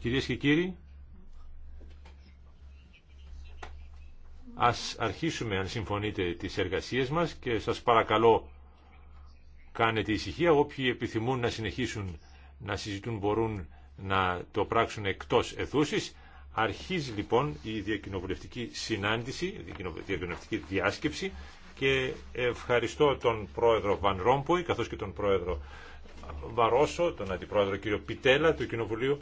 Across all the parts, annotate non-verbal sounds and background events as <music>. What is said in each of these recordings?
Κυρίες και κύριοι, ας αρχίσουμε αν συμφωνείτε τις εργασίες μας και σας παρακαλώ κάνετε ησυχία. Όποιοι επιθυμούν να συνεχίσουν να συζητούν μπορούν να το πράξουν εκτός εθούσης. Αρχίζει λοιπόν η διακοινοβουλευτική συνάντηση, η διακοινοβουλευτική διάσκεψη και ευχαριστώ τον πρόεδρο Βαν Ρόμποη καθώς και τον πρόεδρο Βαρόσο, τον Αντιπρόεδρο κύριο Πιτέλα του Κοινοβουλίου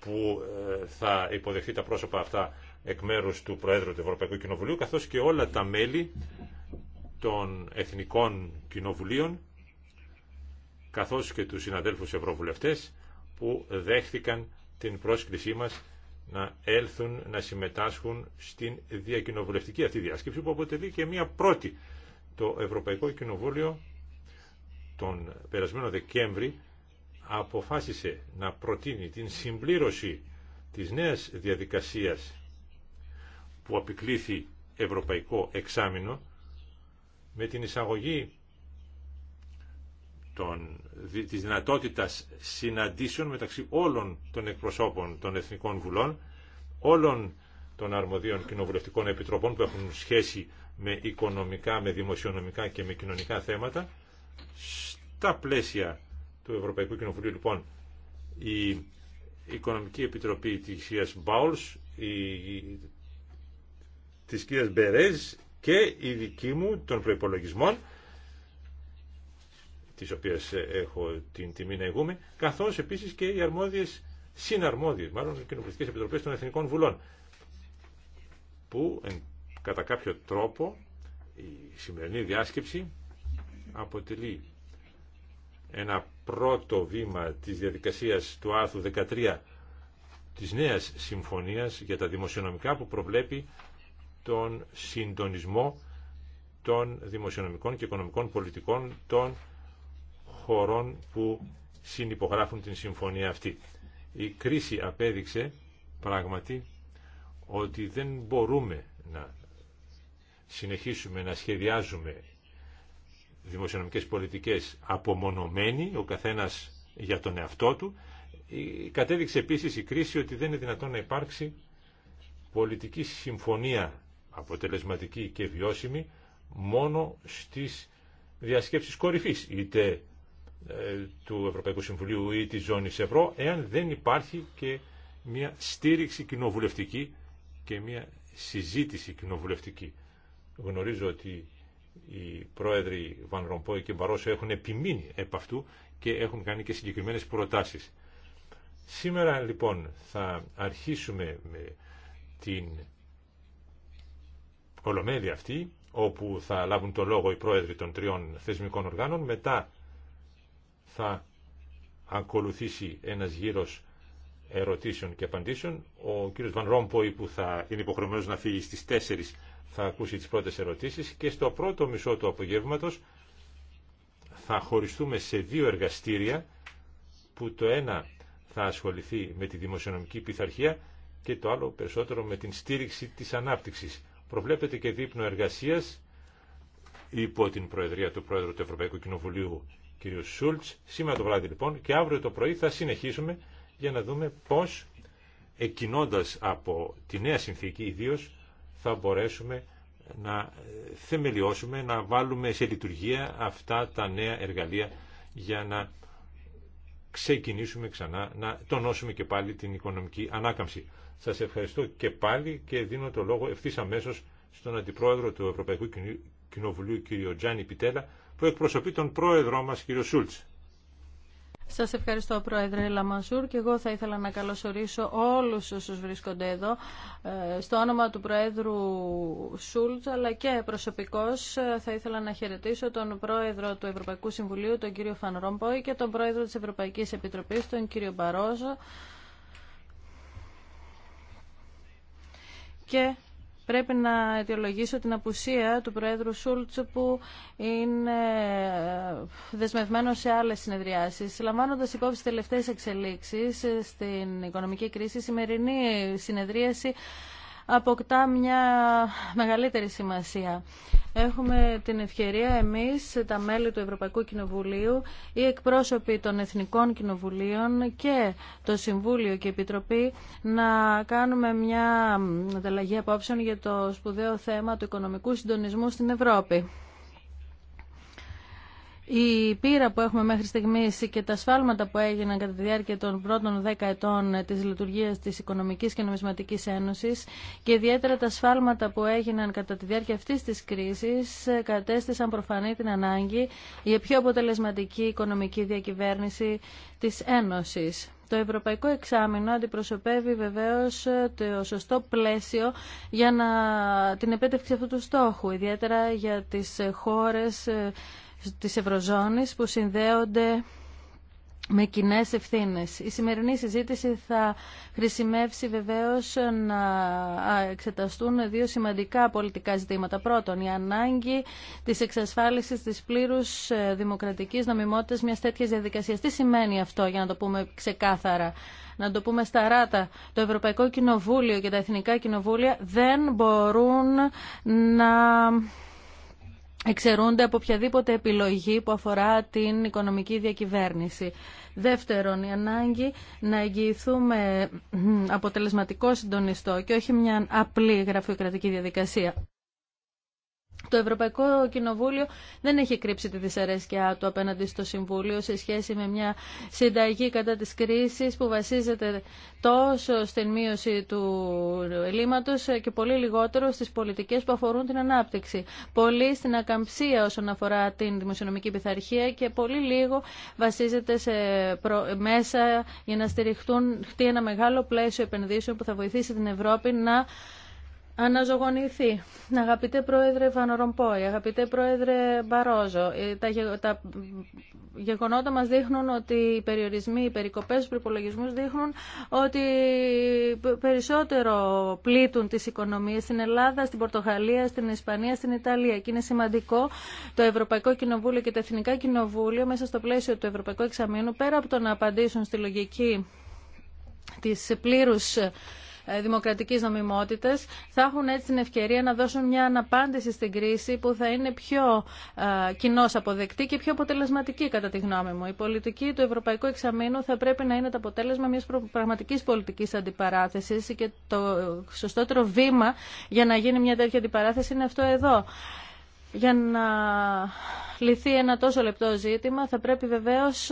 που ε, θα υποδεχθεί τα πρόσωπα αυτά εκ μέρου του Προέδρου του Ευρωπαϊκού Κοινοβουλίου καθώς και όλα τα μέλη των Εθνικών Κοινοβουλίων καθώς και τους συναδέλφους Ευρωβουλευτές που δέχθηκαν την πρόσκλησή μας να έλθουν να συμμετάσχουν στην διακοινοβουλευτική αυτή διάσκεψη που αποτελεί και μια πρώτη το Ευρωπαϊκό Κοινοβούλιο τον περασμένο Δεκέμβρη αποφάσισε να προτείνει την συμπλήρωση της νέας διαδικασίας που απεικλήθη ευρωπαϊκό εξάμεινο με την εισαγωγή των, της δυνατότητας συναντήσεων μεταξύ όλων των εκπροσώπων των Εθνικών Βουλών, όλων των αρμοδίων κοινοβουλευτικών επιτροπών που έχουν σχέση με οικονομικά, με δημοσιονομικά και με κοινωνικά θέματα στα πλαίσια του Ευρωπαϊκού Κοινοβουλίου λοιπόν η Οικονομική Επιτροπή της κυρίας Μπάουλς, η, της κυρίας Μπερέζ και η δική μου των προϋπολογισμών τις οποίες έχω την τιμή να ηγούμε, καθώς επίσης και οι αρμόδιες συναρμόδιες, μάλλον οι κοινοβουλευτικές επιτροπές των Εθνικών Βουλών, που κατά κάποιο τρόπο η σημερινή διάσκεψη αποτελεί ένα πρώτο βήμα της διαδικασίας του άρθρου 13 της νέας συμφωνίας για τα δημοσιονομικά που προβλέπει τον συντονισμό των δημοσιονομικών και οικονομικών πολιτικών των χωρών που συνυπογράφουν την συμφωνία αυτή. Η κρίση απέδειξε πράγματι ότι δεν μπορούμε να συνεχίσουμε να σχεδιάζουμε δημοσιονομικές πολιτικές απομονωμένοι, ο καθένας για τον εαυτό του. Κατέδειξε επίσης η κρίση ότι δεν είναι δυνατόν να υπάρξει πολιτική συμφωνία αποτελεσματική και βιώσιμη μόνο στις διασκέψεις κορυφής, είτε ε, του Ευρωπαϊκού Συμβουλίου ή της Ζώνης Ευρώ, εάν δεν υπάρχει και μια στήριξη κοινοβουλευτική και μια συζήτηση κοινοβουλευτική. Γνωρίζω ότι οι πρόεδροι Βαν Ρομπόη και Μπαρόσο έχουν επιμείνει επ' αυτού και έχουν κάνει και συγκεκριμένες προτάσεις. Σήμερα λοιπόν θα αρχίσουμε με την ολομέλεια αυτή όπου θα λάβουν το λόγο οι πρόεδροι των τριών θεσμικών οργάνων. Μετά θα ακολουθήσει ένας γύρος ερωτήσεων και απαντήσεων. Ο κύριος Βαν Ρόμποη που θα είναι υποχρεωμένος να φύγει στις θα ακούσει τις πρώτες ερωτήσεις και στο πρώτο μισό του απογεύματος θα χωριστούμε σε δύο εργαστήρια που το ένα θα ασχοληθεί με τη δημοσιονομική πειθαρχία και το άλλο περισσότερο με την στήριξη της ανάπτυξης. Προβλέπεται και δείπνο εργασίας υπό την Προεδρία του Πρόεδρου του Ευρωπαϊκού Κοινοβουλίου κ. Σούλτς. Σήμερα το βράδυ λοιπόν και αύριο το πρωί θα συνεχίσουμε για να δούμε πώς εκκινώντα από τη νέα συνθήκη ιδίω θα μπορέσουμε να θεμελιώσουμε, να βάλουμε σε λειτουργία αυτά τα νέα εργαλεία για να ξεκινήσουμε ξανά, να τονώσουμε και πάλι την οικονομική ανάκαμψη. Σας ευχαριστώ και πάλι και δίνω το λόγο ευθύ αμέσω στον Αντιπρόεδρο του Ευρωπαϊκού Κοινοβουλίου, κ. Τζάνι Πιτέλα, που εκπροσωπεί τον πρόεδρό μας, κ. Σούλτς. Σας ευχαριστώ Πρόεδρε Λαμαζούρ, και εγώ θα ήθελα να καλωσορίσω όλους όσους βρίσκονται εδώ ε, στο όνομα του Προέδρου Σούλτ αλλά και προσωπικώ ε, θα ήθελα να χαιρετήσω τον Πρόεδρο του Ευρωπαϊκού Συμβουλίου τον κύριο Φαν Ρομπόη, και τον Πρόεδρο της Ευρωπαϊκής Επιτροπής τον κύριο Μπαρόζο και Πρέπει να αιτιολογήσω την απουσία του Προέδρου Σούλτσου που είναι ε, δεσμευμένο σε άλλες συνεδριάσεις. Λαμβάνοντας υπόψη τελευταίες εξελίξεις ε, στην οικονομική κρίση, η σημερινή συνεδρίαση αποκτά μια μεγαλύτερη σημασία. Έχουμε την ευκαιρία εμείς, τα μέλη του Ευρωπαϊκού Κοινοβουλίου, οι εκπρόσωποι των Εθνικών Κοινοβουλίων και το Συμβούλιο και η Επιτροπή να κάνουμε μια ανταλλαγή απόψεων για το σπουδαίο θέμα του οικονομικού συντονισμού στην Ευρώπη. Η πείρα που έχουμε μέχρι στιγμής και τα σφάλματα που έγιναν κατά τη διάρκεια των πρώτων δέκα ετών της λειτουργίας της Οικονομικής και Νομισματικής Ένωσης και ιδιαίτερα τα σφάλματα που έγιναν κατά τη διάρκεια αυτής της κρίσης ε, κατέστησαν προφανή την ανάγκη για πιο αποτελεσματική οικονομική διακυβέρνηση της Ένωσης. Το Ευρωπαϊκό Εξάμεινο αντιπροσωπεύει βεβαίως ε, το σωστό πλαίσιο για να... την επέτευξη αυτού του στόχου, ιδιαίτερα για τι χώρε. Ε, της Ευρωζώνης που συνδέονται με κοινέ ευθύνε. Η σημερινή συζήτηση θα χρησιμεύσει βεβαίω να εξεταστούν δύο σημαντικά πολιτικά ζητήματα. Πρώτον, η ανάγκη τη εξασφάλιση τη πλήρου δημοκρατική νομιμότητα μια τέτοια διαδικασία. Τι σημαίνει αυτό, για να το πούμε ξεκάθαρα, να το πούμε στα ράτα. Το Ευρωπαϊκό Κοινοβούλιο και τα Εθνικά Κοινοβούλια δεν μπορούν να εξαιρούνται από οποιαδήποτε επιλογή που αφορά την οικονομική διακυβέρνηση. Δεύτερον, η ανάγκη να εγγυηθούμε αποτελεσματικό συντονιστό και όχι μια απλή γραφειοκρατική διαδικασία. Το Ευρωπαϊκό Κοινοβούλιο δεν έχει κρύψει τη δυσαρέσκειά του απέναντι στο Συμβούλιο σε σχέση με μια συνταγή κατά της κρίσης που βασίζεται τόσο στην μείωση του ελλείμματος και πολύ λιγότερο στις πολιτικές που αφορούν την ανάπτυξη. Πολύ στην ακαμψία όσον αφορά την δημοσιονομική πειθαρχία και πολύ λίγο βασίζεται σε μέσα για να στηριχτούν ένα μεγάλο πλαίσιο επενδύσεων που θα βοηθήσει την Ευρώπη να αναζωογονηθεί. Αγαπητέ Πρόεδρε Βανορομπόη, αγαπητέ Πρόεδρε Μπαρόζο, ε, τα, γεγονότα μας δείχνουν ότι οι περιορισμοί, οι περικοπές του προπολογισμού δείχνουν ότι περισσότερο πλήττουν τις οικονομίες στην Ελλάδα, στην Πορτογαλία, στην Ισπανία, στην Ιταλία. Και είναι σημαντικό το Ευρωπαϊκό Κοινοβούλιο και τα Εθνικά Κοινοβούλια μέσα στο πλαίσιο του Ευρωπαϊκού Εξαμήνου, πέρα από το να απαντήσουν στη λογική της πλήρους ε, Δημοκρατική νομιμότητα, θα έχουν έτσι την ευκαιρία να δώσουν μια αναπάντηση στην κρίση που θα είναι πιο ε, κοινώ αποδεκτή και πιο αποτελεσματική κατά τη γνώμη μου. Η πολιτική του Ευρωπαϊκού Εξαμήνου θα πρέπει να είναι το αποτέλεσμα μιας πραγματικής πολιτικής αντιπαράθεσης και το σωστότερο βήμα για να γίνει μια τέτοια αντιπαράθεση είναι αυτό εδώ. Για να λυθεί ένα τόσο λεπτό ζήτημα, θα πρέπει βεβαίως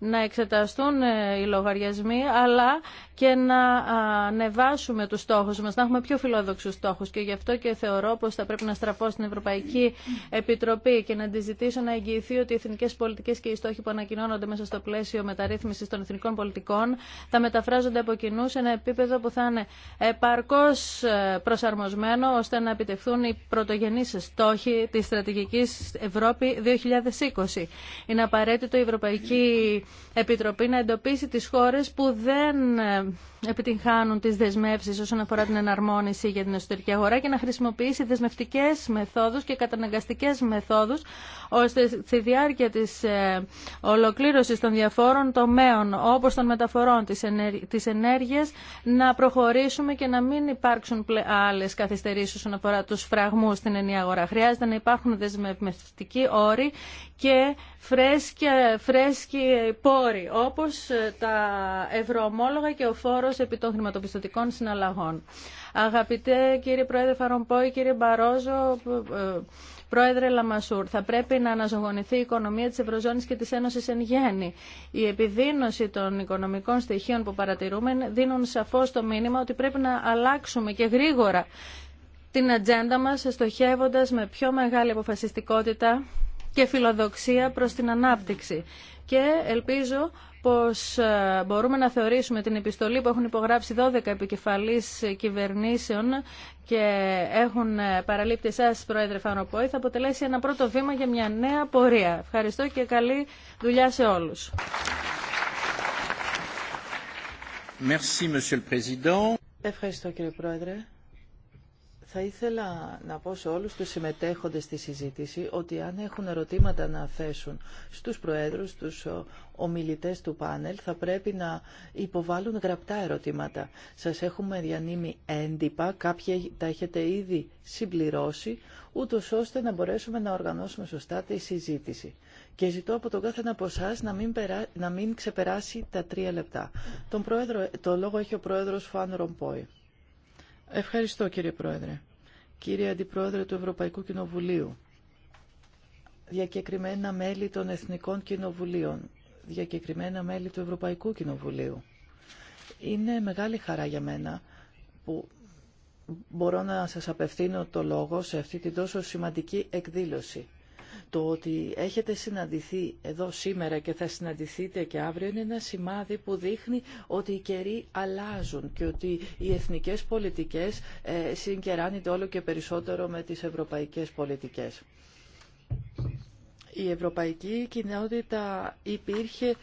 να εξεταστούν ε, οι λογαριασμοί, αλλά και να ανεβάσουμε τους στόχους μας, να έχουμε πιο φιλόδοξους στόχους. Και γι' αυτό και θεωρώ πως θα πρέπει να στραφώ στην Ευρωπαϊκή Επιτροπή και να τη ζητήσω να εγγυηθεί ότι οι εθνικές πολιτικές και οι στόχοι που ανακοινώνονται μέσα στο πλαίσιο μεταρρύθμισης των εθνικών πολιτικών θα μεταφράζονται από κοινού σε ένα επίπεδο που θα είναι επαρκώς ε, προσαρμοσμένο ώστε να επιτευχθούν οι πρωτογενείς στόχοι της στρατηγικής Ευρώπη 2020. Είναι απαραίτητο η Ευρωπαϊκή Επιτροπή να εντοπίσει τις χώρες που δεν ε, επιτυγχάνουν τις δεσμεύσεις όσον αφορά την εναρμόνιση για την εσωτερική αγορά και να χρησιμοποιήσει δεσμευτικές μεθόδους και καταναγκαστικές μεθόδους ώστε στη διάρκεια της ε, ολοκλήρωσης των διαφόρων τομέων όπως των μεταφορών της ενέργειας να προχωρήσουμε και να μην υπάρξουν άλλες καθυστερήσεις όσον αφορά τους φραγμούς στην ενιαία αγορά. Χρειάζεται να υπάρχουν δεσμευτικοί και φρέσκια, φρέσκοι πόροι, όπως ε, τα ευρωομόλογα και ο φόρος επί των χρηματοπιστωτικών συναλλαγών. Αγαπητέ κύριε Πρόεδρε Φαρομπόη, κύριε Μπαρόζο, ε, Πρόεδρε Λαμασούρ, θα πρέπει να αναζωογονηθεί η οικονομία της Ευρωζώνης και της Ένωσης εν γέννη. Η επιδείνωση των οικονομικών στοιχείων που παρατηρούμε δίνουν σαφώς το μήνυμα ότι πρέπει να αλλάξουμε και γρήγορα την ατζέντα μας, στοχεύοντας με πιο μεγάλη αποφασιστικότητα και φιλοδοξία προς την ανάπτυξη. Και ελπίζω πως ε, μπορούμε να θεωρήσουμε την επιστολή που έχουν υπογράψει 12 επικεφαλής κυβερνήσεων και έχουν ε, παραλείπτει εσά, Πρόεδρε Φανοπόη, θα αποτελέσει ένα πρώτο βήμα για μια νέα πορεία. Ευχαριστώ και καλή δουλειά σε όλους. Ευχαριστώ κύριε θα ήθελα να πω σε όλους τους συμμετέχοντες στη συζήτηση ότι αν έχουν ερωτήματα να θέσουν στους προέδρους, στους ομιλητές του πάνελ, θα πρέπει να υποβάλουν γραπτά ερωτήματα. Σας έχουμε διανύμει έντυπα, κάποια τα έχετε ήδη συμπληρώσει, ούτω ώστε να μπορέσουμε να οργανώσουμε σωστά τη συζήτηση. Και ζητώ από τον κάθε ένα από εσά να, μην να μην ξεπεράσει τα τρία λεπτά. Τον πρόεδρο... Το λόγο έχει ο πρόεδρος Φαν Ρομπόη. Ευχαριστώ κύριε Πρόεδρε. Κύριε Αντιπρόεδρε του Ευρωπαϊκού Κοινοβουλίου, διακεκριμένα μέλη των Εθνικών Κοινοβουλίων, διακεκριμένα μέλη του Ευρωπαϊκού Κοινοβουλίου. Είναι μεγάλη χαρά για μένα που μπορώ να σας απευθύνω το λόγο σε αυτή την τόσο σημαντική εκδήλωση. Το ότι έχετε συναντηθεί εδώ σήμερα και θα συναντηθείτε και αύριο είναι ένα σημάδι που δείχνει ότι οι καιροί αλλάζουν και ότι οι εθνικές πολιτικές ε, συγκεράνεται όλο και περισσότερο με τις ευρωπαϊκές πολιτικές. Η ευρωπαϊκή κοινότητα υπήρχε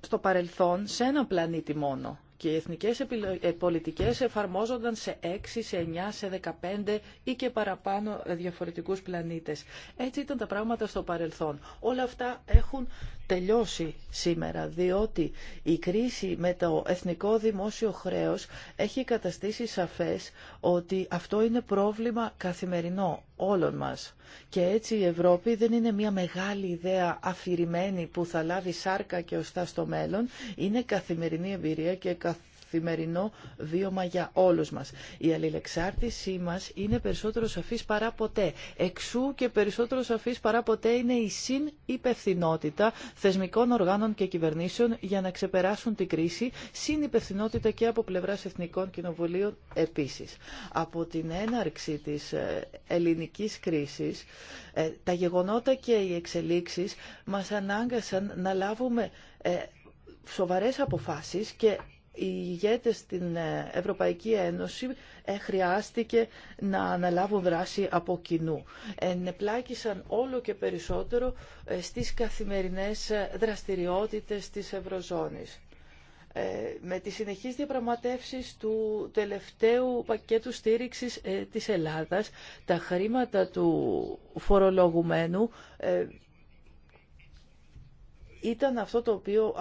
στο παρελθόν σε ένα πλανήτη μόνο και οι εθνικές ε, πολιτικές εφαρμόζονταν σε 6, σε 9, σε 15 ή και παραπάνω διαφορετικούς πλανήτες. Έτσι ήταν τα πράγματα στο παρελθόν. Όλα αυτά έχουν τελειώσει σήμερα, διότι η κρίση με το εθνικό δημόσιο χρέος έχει καταστήσει σαφές ότι αυτό είναι πρόβλημα καθημερινό, όλων μας. Και έτσι η Ευρώπη δεν είναι μια μεγάλη ιδέα αφηρημένη που θα λάβει σάρκα και οστά στο μέλλον. Είναι καθημερινή εμπειρία και καθημερινή καθημερινό βίωμα για όλους μας. Η αλληλεξάρτησή μας είναι περισσότερο σαφής παρά ποτέ. Εξού και περισσότερο σαφής παρά ποτέ είναι η συνυπευθυνότητα θεσμικών οργάνων και κυβερνήσεων για να ξεπεράσουν την κρίση, συνυπευθυνότητα και από πλευράς εθνικών κοινοβουλίων επίσης. Από την έναρξη της ε, ελληνικής κρίσης, ε, τα γεγονότα και οι εξελίξεις μας ανάγκασαν να λάβουμε ε, σοβαρές αποφάσεις και οι ηγέτες στην ε, Ευρωπαϊκή Ένωση ε, χρειάστηκε να αναλάβουν δράση από κοινού. Ενεπλάκησαν όλο και περισσότερο ε, στις καθημερινές δραστηριότητες της Ευρωζώνης. με τις συνεχείς διαπραγματεύσεις του τελευταίου πακέτου στήριξης της Ελλάδας, τα χρήματα του φορολογουμένου ήταν αυτό το οποίο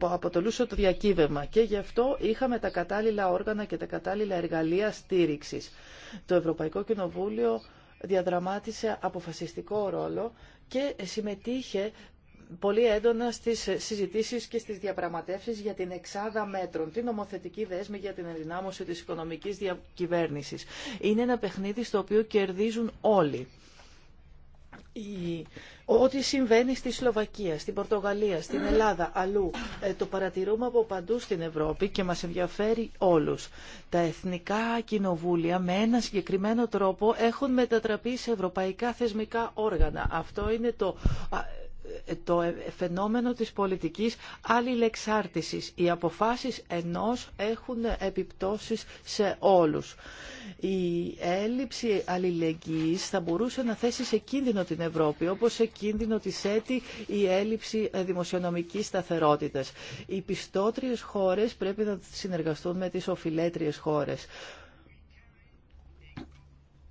αποτελούσε το διακύβευμα και γι' αυτό είχαμε τα κατάλληλα όργανα και τα κατάλληλα εργαλεία στήριξης. Το Ευρωπαϊκό Κοινοβούλιο διαδραμάτισε αποφασιστικό ρόλο και συμμετείχε πολύ έντονα στις συζητήσεις και στις διαπραγματεύσεις για την εξάδα μέτρων, την νομοθετική δέσμη για την ενδυνάμωση της οικονομικής διακυβέρνησης. Είναι ένα παιχνίδι στο οποίο κερδίζουν όλοι η... Ό,τι συμβαίνει στη Σλοβακία, στην Πορτογαλία, στην Ελλάδα, αλλού, ε, το παρατηρούμε από παντού στην Ευρώπη και μας ενδιαφέρει όλους. Τα εθνικά κοινοβούλια με ένα συγκεκριμένο τρόπο έχουν μετατραπεί σε ευρωπαϊκά θεσμικά όργανα. Αυτό είναι το το φαινόμενο της πολιτικής αλληλεξάρτησης. Οι αποφάσεις ενός έχουν επιπτώσεις σε όλους. Η έλλειψη αλληλεγγύης θα μπορούσε να θέσει σε κίνδυνο την Ευρώπη, όπως σε κίνδυνο τη έτη η έλλειψη δημοσιονομικής σταθερότητας. Οι πιστότριες χώρες πρέπει να συνεργαστούν με τις οφειλέτριες χώρες.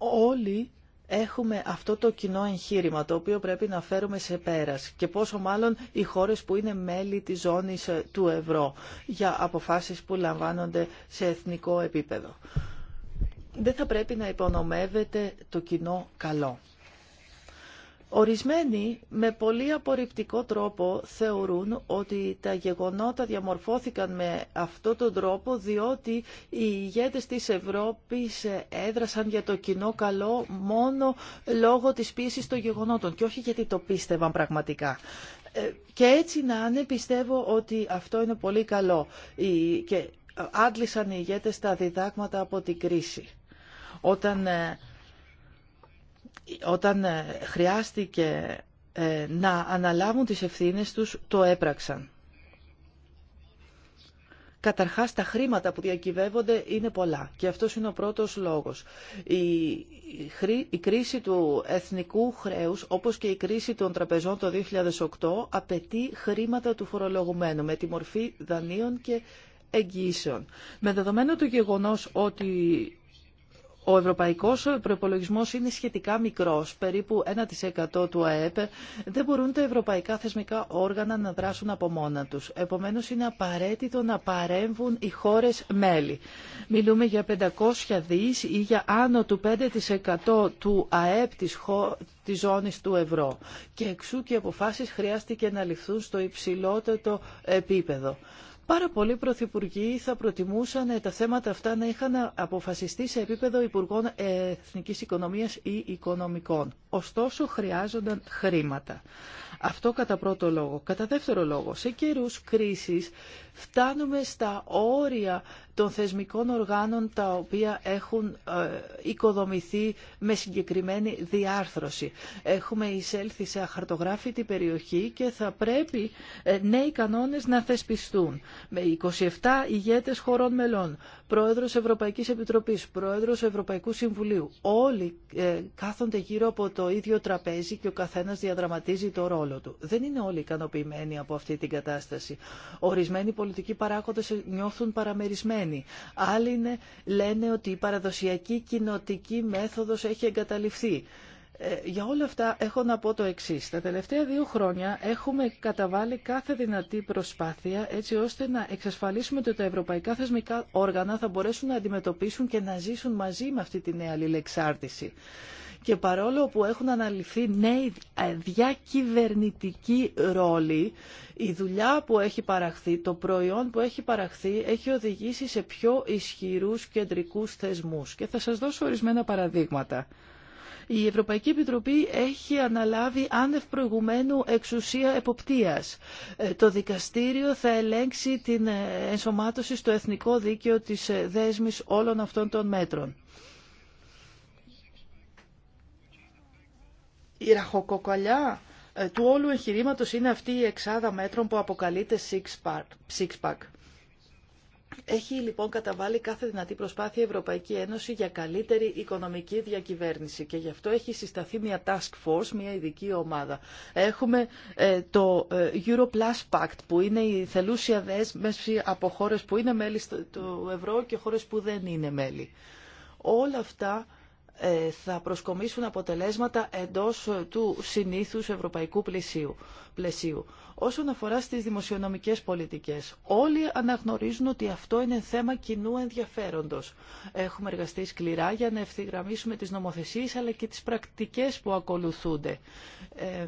Όλοι έχουμε αυτό το κοινό εγχείρημα το οποίο πρέπει να φέρουμε σε πέρας και πόσο μάλλον οι χώρες που είναι μέλη της ζώνης ε, του ευρώ για αποφάσεις που λαμβάνονται σε εθνικό επίπεδο. Δεν θα πρέπει να υπονομεύεται το κοινό καλό. Ορισμένοι με πολύ απορριπτικό τρόπο θεωρούν ότι τα γεγονότα διαμορφώθηκαν με αυτόν τον τρόπο διότι οι ηγέτες της Ευρώπης έδρασαν για το κοινό καλό μόνο λόγω της πίεσης των γεγονότων και όχι γιατί το πίστευαν πραγματικά. Ε, και έτσι να είναι πιστεύω ότι αυτό είναι πολύ καλό και ε, άντλησαν οι ηγέτες τα διδάγματα από την κρίση. Ε, όταν ε, χρειάστηκε ε, να αναλάβουν τις ευθύνες τους, το έπραξαν. Καταρχάς τα χρήματα που διακυβεύονται είναι πολλά και αυτός είναι ο πρώτος λόγος. Η, κρίση του εθνικού χρέους όπως και η κρίση των τραπεζών το 2008 απαιτεί χρήματα του φορολογουμένου με τη μορφή δανείων και εγγύσεων. Με δεδομένο το γεγονός ότι ο ευρωπαϊκός προϋπολογισμός είναι σχετικά μικρός, περίπου 1% του ΑΕΠ. Δεν μπορούν τα ευρωπαϊκά θεσμικά όργανα να δράσουν από μόνα τους. Επομένως, είναι απαραίτητο να παρέμβουν οι χώρες μέλη. Μιλούμε για 500 δις ή για άνω του 5% του ΑΕΠ της, χω... ζώνης του ευρώ. Και εξού και οι αποφάσεις χρειάστηκε να ληφθούν στο υψηλότερο επίπεδο. Πάρα πολλοί πρωθυπουργοί θα προτιμούσαν ε, τα θέματα αυτά να είχαν αποφασιστεί σε επίπεδο Υπουργών Εθνικής Οικονομίας ή Οικονομικών ωστόσο χρειάζονταν χρήματα. Αυτό κατά πρώτο λόγο. Κατά δεύτερο λόγο, σε καιρούς κρίσης φτάνουμε στα όρια των θεσμικών οργάνων τα οποία έχουν ε, οικοδομηθεί με συγκεκριμένη διάρθρωση. Έχουμε εισέλθει σε αχαρτογράφητη περιοχή και θα πρέπει ε, νέοι κανόνες να θεσπιστούν. Με 27 ηγέτες χωρών μελών, πρόεδρος Ευρωπαϊκής Επιτροπής, πρόεδρος Ευρωπαϊκού Συμβουλίου, όλοι ε, κάθονται γύρω από το ίδιο τραπέζι και ο καθένας διαδραματίζει το ρόλο του. Δεν είναι όλοι ικανοποιημένοι από αυτή την κατάσταση. Ορισμένοι πολιτικοί παράγοντες νιώθουν παραμερισμένοι. Άλλοι είναι, λένε ότι η παραδοσιακή κοινοτική μέθοδος έχει εγκαταληφθεί. Ε, για όλα αυτά έχω να πω το εξή. Τα τελευταία δύο χρόνια έχουμε καταβάλει κάθε δυνατή προσπάθεια έτσι ώστε να εξασφαλίσουμε ότι τα ευρωπαϊκά θεσμικά όργανα θα μπορέσουν να αντιμετωπίσουν και να ζήσουν μαζί με αυτή τη νέα αλληλεξάρτηση και παρόλο που έχουν αναλυθεί νέοι ε, διακυβερνητικοί ρόλοι, η δουλειά που έχει παραχθεί, το προϊόν που έχει παραχθεί, έχει οδηγήσει σε πιο ισχυρούς κεντρικούς θεσμούς. Και θα σας δώσω ορισμένα παραδείγματα. Η Ευρωπαϊκή Επιτροπή έχει αναλάβει άνευ προηγουμένου εξουσία εποπτείας. Ε, το δικαστήριο θα ελέγξει την ε, ενσωμάτωση στο εθνικό δίκαιο της δέσμης όλων αυτών των μέτρων. η ραχοκοκαλιά ε, του όλου εγχειρήματο είναι αυτή η εξάδα μέτρων που αποκαλείται six-pack. Έχει λοιπόν καταβάλει κάθε δυνατή προσπάθεια η Ευρωπαϊκή Ένωση για καλύτερη οικονομική διακυβέρνηση και γι' αυτό έχει συσταθεί μια task force, μια ειδική ομάδα. Έχουμε ε, το ε, plus Pact που είναι η θελούσια δέσμευση από χώρες που είναι μέλη του ευρώ και χώρες που δεν είναι μέλη. Όλα αυτά ε, θα προσκομίσουν αποτελέσματα εντός ε, του συνήθους ευρωπαϊκού πλαισίου. πλαισίου. Όσον αφορά στις δημοσιονομικές πολιτικές, όλοι αναγνωρίζουν ότι αυτό είναι θέμα κοινού ενδιαφέροντος. Έχουμε εργαστεί σκληρά για να ευθυγραμμίσουμε τις νομοθεσίες αλλά και τις πρακτικές που ακολουθούνται. Ε,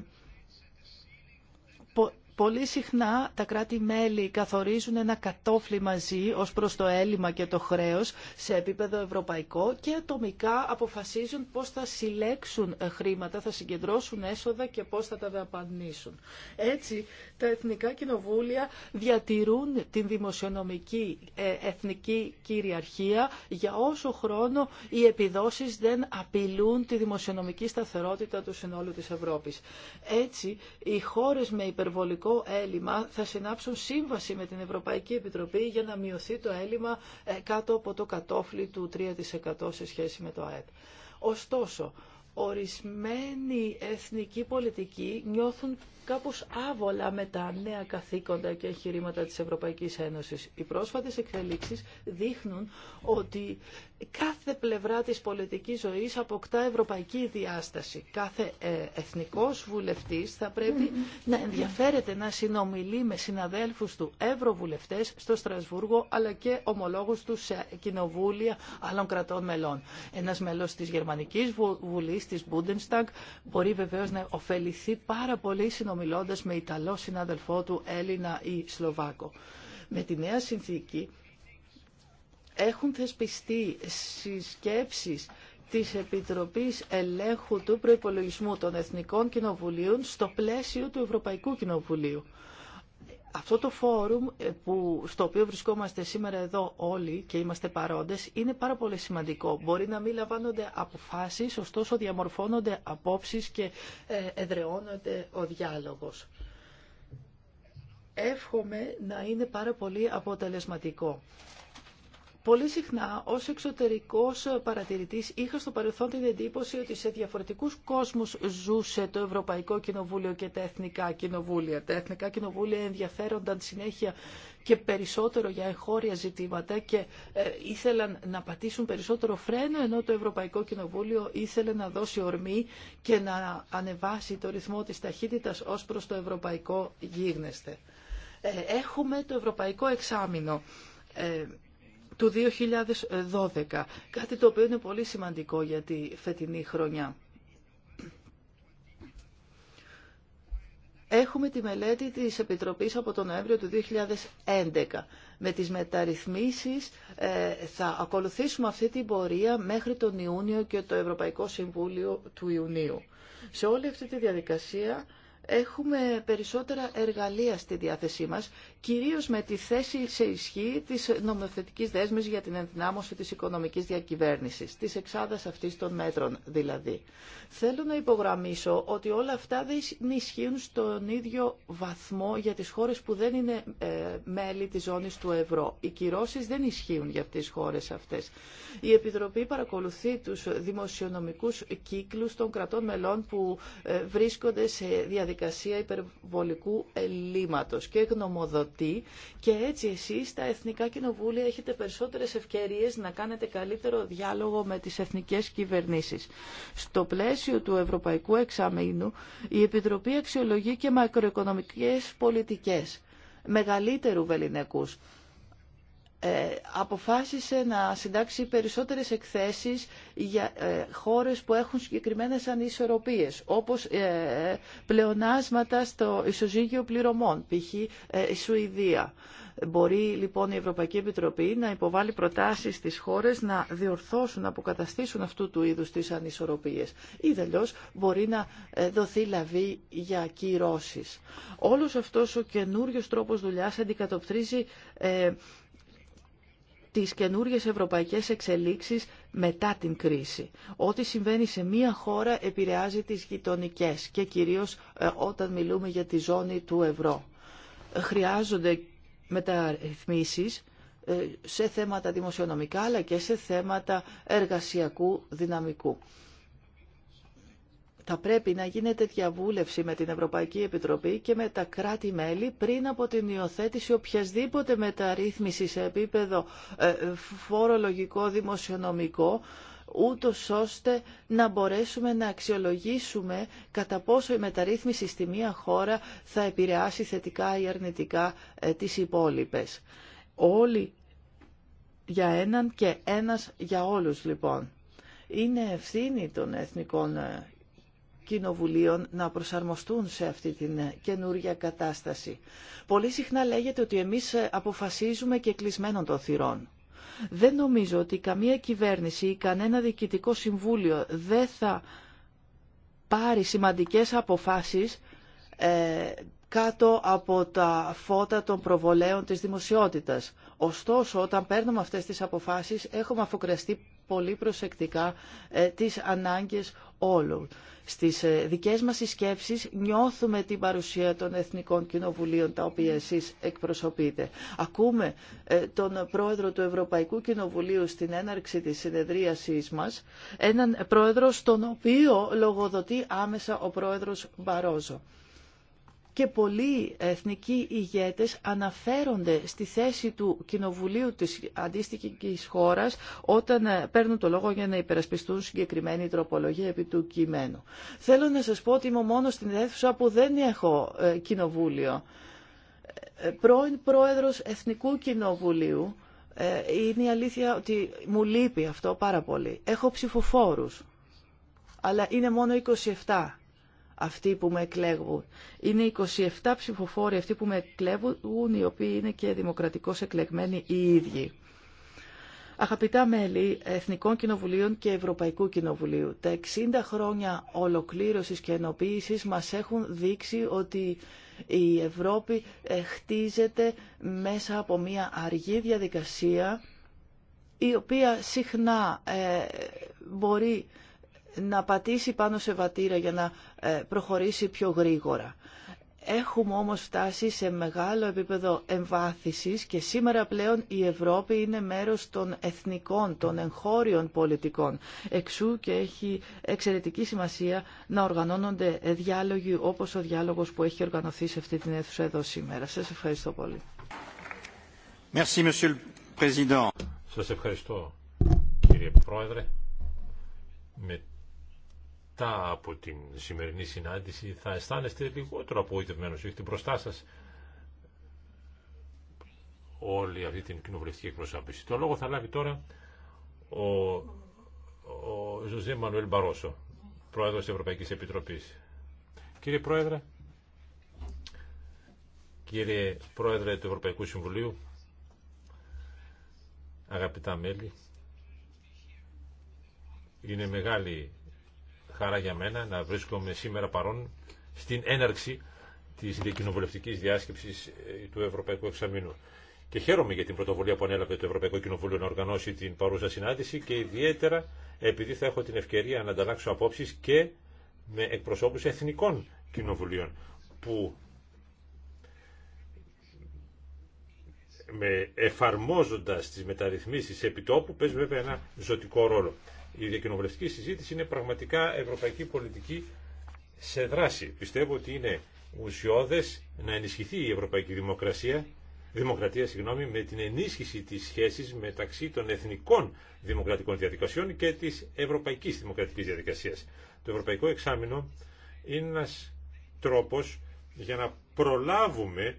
Πολύ συχνά τα κράτη-μέλη καθορίζουν ένα κατόφλι μαζί ως προς το έλλειμμα και το χρέος σε επίπεδο ευρωπαϊκό και ατομικά αποφασίζουν πώς θα συλλέξουν ε, χρήματα, θα συγκεντρώσουν έσοδα και πώς θα τα δαπανίσουν. Έτσι, τα εθνικά κοινοβούλια διατηρούν την δημοσιονομική ε, εθνική κυριαρχία για όσο χρόνο οι επιδόσεις δεν απειλούν τη δημοσιονομική σταθερότητα του συνόλου της Ευρώπης. Έτσι, οι χώρες με υπερβολικό το έλλειμμα θα συνάψουν σύμβαση με την Ευρωπαϊκή Επιτροπή για να μειωθεί το έλλειμμα ε, κάτω από το κατόφλι του 3% σε σχέση με το ΑΕΠ. Ωστόσο, ορισμένοι εθνικοί πολιτικοί νιώθουν κάπως άβολα με τα νέα καθήκοντα και εγχειρήματα της Ευρωπαϊκής Ένωσης. Οι πρόσφατες εξελίξεις δείχνουν ότι κάθε πλευρά της πολιτικής ζωής αποκτά ευρωπαϊκή διάσταση. Κάθε ε, εθνικός βουλευτής θα πρέπει να ενδιαφέρεται να συνομιλεί με συναδέλφους του ευρωβουλευτές στο Στρασβούργο αλλά και ομολόγους του σε κοινοβούλια άλλων κρατών μελών. Ένας μέλος της Γερμανικής Βουλής, της Bundestag, μπορεί βεβαίως να ωφεληθεί πάρα πολύ ομιλώντας με Ιταλό συνάδελφό του, Έλληνα ή Σλοβάκο. Με τη νέα συνθήκη έχουν θεσπιστεί συσκέψεις της Επιτροπής Ελέγχου του Προϋπολογισμού των Εθνικών Κοινοβουλίων στο πλαίσιο του Ευρωπαϊκού Κοινοβουλίου. Αυτό το φόρουμ ε, που, στο οποίο βρισκόμαστε σήμερα εδώ όλοι και είμαστε παρόντες είναι πάρα πολύ σημαντικό. Μπορεί να μην λαμβάνονται αποφάσεις, ωστόσο διαμορφώνονται απόψεις και ε, εδρεώνονται ο διάλογος. Εύχομαι να είναι πάρα πολύ αποτελεσματικό. Πολύ συχνά ως εξωτερικός παρατηρητής είχα στο παρελθόν την εντύπωση ότι σε διαφορετικούς κόσμους ζούσε το Ευρωπαϊκό Κοινοβούλιο και τα Εθνικά Κοινοβούλια. Τα Εθνικά Κοινοβούλια ενδιαφέρονταν συνέχεια και περισσότερο για εγχώρια ζητήματα και ε, ήθελαν να πατήσουν περισσότερο φρένο ενώ το Ευρωπαϊκό Κοινοβούλιο ήθελε να δώσει ορμή και να ανεβάσει το ρυθμό της ταχύτητας ως προς το ευρωπαϊκό γίγνεσθε. Ε, έχουμε το ευρωπαϊκό εξάμεινο ε, του 2012. Κάτι το οποίο είναι πολύ σημαντικό για τη φετινή χρονιά. Έχουμε τη μελέτη της Επιτροπής από τον Νοέμβριο του 2011. Με τις μεταρρυθμίσεις ε, θα ακολουθήσουμε αυτή την πορεία μέχρι τον Ιούνιο και το Ευρωπαϊκό Συμβούλιο του Ιουνίου. Σε όλη αυτή τη διαδικασία έχουμε περισσότερα εργαλεία στη διάθεσή μας κυρίως με τη θέση σε ισχύ της νομοθετικής δέσμης για την ενδυνάμωση της οικονομικής διακυβέρνησης, της εξάδας αυτής των μέτρων δηλαδή. Θέλω να υπογραμμίσω ότι όλα αυτά δεν ισχύουν στον ίδιο βαθμό για τις χώρες που δεν είναι ε, μέλη της ζώνης του ευρώ. Οι κυρώσεις δεν ισχύουν για τις χώρες αυτές. Η Επιτροπή παρακολουθεί τους δημοσιονομικούς κύκλους των κρατών μελών που ε, βρίσκονται σε διαδικασία υπερβολικού ελλείμματος και γνωμοδοτη και έτσι εσείς στα Εθνικά Κοινοβούλια έχετε περισσότερες ευκαιρίες να κάνετε καλύτερο διάλογο με τις εθνικές κυβερνήσεις. Στο πλαίσιο του Ευρωπαϊκού Εξαμείνου η Επιτροπή αξιολογεί και μακροοικονομικές πολιτικές μεγαλύτερου βεληνικούς. Ε, αποφάσισε να συντάξει περισσότερες εκθέσεις για ε, χώρες που έχουν συγκεκριμένες ανισορροπίες, όπως ε, πλεονάσματα στο ισοζύγιο πληρωμών, π.χ. η Σουηδία. Μπορεί λοιπόν η Ευρωπαϊκή Επιτροπή να υποβάλει προτάσεις στις χώρες να διορθώσουν, να αποκαταστήσουν αυτού του είδους τις ανισορροπίες. Ή δελώς μπορεί να δοθεί λαβή για κυρώσεις. Όλος αυτός ο καινούριο τρόπος δουλειάς αντικατοπτρίζει τις καινούργιες ευρωπαϊκές εξελίξεις μετά την κρίση. Ό,τι συμβαίνει σε μία χώρα επηρεάζει τις γειτονικέ και κυρίως ε, όταν μιλούμε για τη ζώνη του ευρώ. Χρειάζονται μεταρρυθμίσεις ε, σε θέματα δημοσιονομικά αλλά και σε θέματα εργασιακού δυναμικού θα πρέπει να γίνεται διαβούλευση με την Ευρωπαϊκή Επιτροπή και με τα κράτη-μέλη πριν από την υιοθέτηση οποιασδήποτε μεταρρύθμιση σε επίπεδο ε, φορολογικό, δημοσιονομικό, ούτω ώστε να μπορέσουμε να αξιολογήσουμε κατά πόσο η μεταρρύθμιση στη μία χώρα θα επηρεάσει θετικά ή αρνητικά ε, τις υπόλοιπες. Όλοι για έναν και ένας για όλους λοιπόν. Είναι ευθύνη των εθνικών ε, κοινοβουλίων να προσαρμοστούν σε αυτή την καινούργια κατάσταση. Πολύ συχνά λέγεται ότι εμείς αποφασίζουμε και κλεισμένων των θυρών. Δεν νομίζω ότι καμία κυβέρνηση ή κανένα διοικητικό συμβούλιο δεν θα πάρει σημαντικές αποφάσεις ε, κάτω από τα φώτα των προβολέων της δημοσιότητας. Ωστόσο, όταν παίρνουμε αυτές τις αποφάσεις, έχουμε αφοκραστεί πολύ προσεκτικά ε, τις ανάγκες όλων. Στις ε, δικές μας συσκέψει νιώθουμε την παρουσία των Εθνικών Κοινοβουλίων τα οποία εσείς εκπροσωπείτε. Ακούμε ε, τον πρόεδρο του Ευρωπαϊκού Κοινοβουλίου στην έναρξη της συνεδρίασής μας, έναν πρόεδρο στον οποίο λογοδοτεί άμεσα ο πρόεδρος Μπαρόζο και πολλοί εθνικοί ηγέτες αναφέρονται στη θέση του Κοινοβουλίου της αντίστοιχης χώρας όταν ε, παίρνουν το λόγο για να υπερασπιστούν συγκεκριμένη τροπολογία επί του κειμένου. Θέλω να σας πω ότι είμαι μόνο στην αίθουσα που δεν έχω ε, κοινοβούλιο. Ε, πρώην πρόεδρος Εθνικού Κοινοβουλίου, είναι η αλήθεια ότι μου λείπει αυτό πάρα πολύ. Έχω ψηφοφόρους, αλλά είναι μόνο 27 αυτοί που με εκλέγουν. Είναι 27 ψηφοφόροι αυτοί που με εκλέγουν, οι οποίοι είναι και δημοκρατικώς εκλεγμένοι οι ίδιοι. Αγαπητά μέλη Εθνικών Κοινοβουλίων και Ευρωπαϊκού Κοινοβουλίου, τα 60 χρόνια ολοκλήρωσης και ενοποίησης μας έχουν δείξει ότι η Ευρώπη ε, χτίζεται μέσα από μια αργή διαδικασία η οποία συχνά ε, μπορεί να πατήσει πάνω σε βατήρα για να ε, προχωρήσει πιο γρήγορα. Έχουμε όμως φτάσει σε μεγάλο επίπεδο εμβάθυσης και σήμερα πλέον η Ευρώπη είναι μέρος των εθνικών, των εγχώριων πολιτικών. Εξού και έχει εξαιρετική σημασία να οργανώνονται διάλογοι όπως ο διάλογος που έχει οργανωθεί σε αυτή την αίθουσα εδώ σήμερα. Σας ευχαριστώ πολύ. Merci, Σας ευχαριστώ κύριε Πρόεδρε μετά από την σημερινή συνάντηση θα αισθάνεστε λιγότερο απογοητευμένος, έχετε μπροστά σας όλη αυτή την κοινοβουλευτική εκπροσώπηση. Το λόγο θα λάβει τώρα ο, ο Ζωζέ Μανουέλ Μπαρόσο, πρόεδρος της Ευρωπαϊκής Επιτροπής. Κύριε Πρόεδρε, κύριε Πρόεδρε του Ευρωπαϊκού Συμβουλίου, αγαπητά μέλη, είναι μεγάλη χαρά για μένα να βρίσκομαι σήμερα παρόν στην έναρξη της διακοινοβουλευτικής διάσκεψης ε, του Ευρωπαϊκού Εξαμήνου. Και χαίρομαι για την πρωτοβουλία που ανέλαβε το Ευρωπαϊκό Κοινοβούλιο να οργανώσει την παρούσα συνάντηση και ιδιαίτερα επειδή θα έχω την ευκαιρία να ανταλλάξω απόψεις και με εκπροσώπους εθνικών κοινοβουλίων που με εφαρμόζοντας τις μεταρρυθμίσεις επιτόπου παίζει βέβαια ένα ζωτικό ρόλο. Η διακοινοβουλευτική συζήτηση είναι πραγματικά ευρωπαϊκή πολιτική σε δράση. Πιστεύω ότι είναι ουσιώδες να ενισχυθεί η ευρωπαϊκή δημοκρασία, δημοκρατία συγγνώμη, με την ενίσχυση της σχέσης μεταξύ των εθνικών δημοκρατικών διαδικασιών και της ευρωπαϊκής δημοκρατικής διαδικασίας. Το ευρωπαϊκό εξάμεινο είναι ένας τρόπος για να προλάβουμε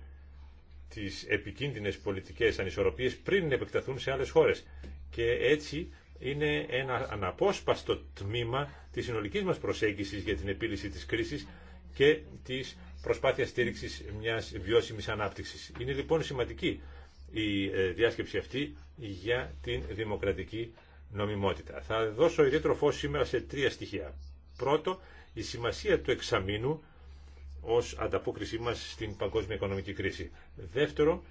τις επικίνδυνες πολιτικές ανισορροπίες πριν επεκταθούν σε άλλες χώρες και έτσι είναι ένα αναπόσπαστο τμήμα της συνολικής μας προσέγγισης για την επίλυση της κρίσης και της προσπάθειας στήριξης μιας βιώσιμης ανάπτυξης. Είναι λοιπόν σημαντική η ε, διάσκεψη αυτή για την δημοκρατική νομιμότητα. Θα δώσω ιδιαίτερο φως σήμερα σε τρία στοιχεία. Πρώτο, η σημασία του εξαμήνου ως ανταπόκρισή μας στην παγκόσμια οικονομική κρίση. Δεύτερο,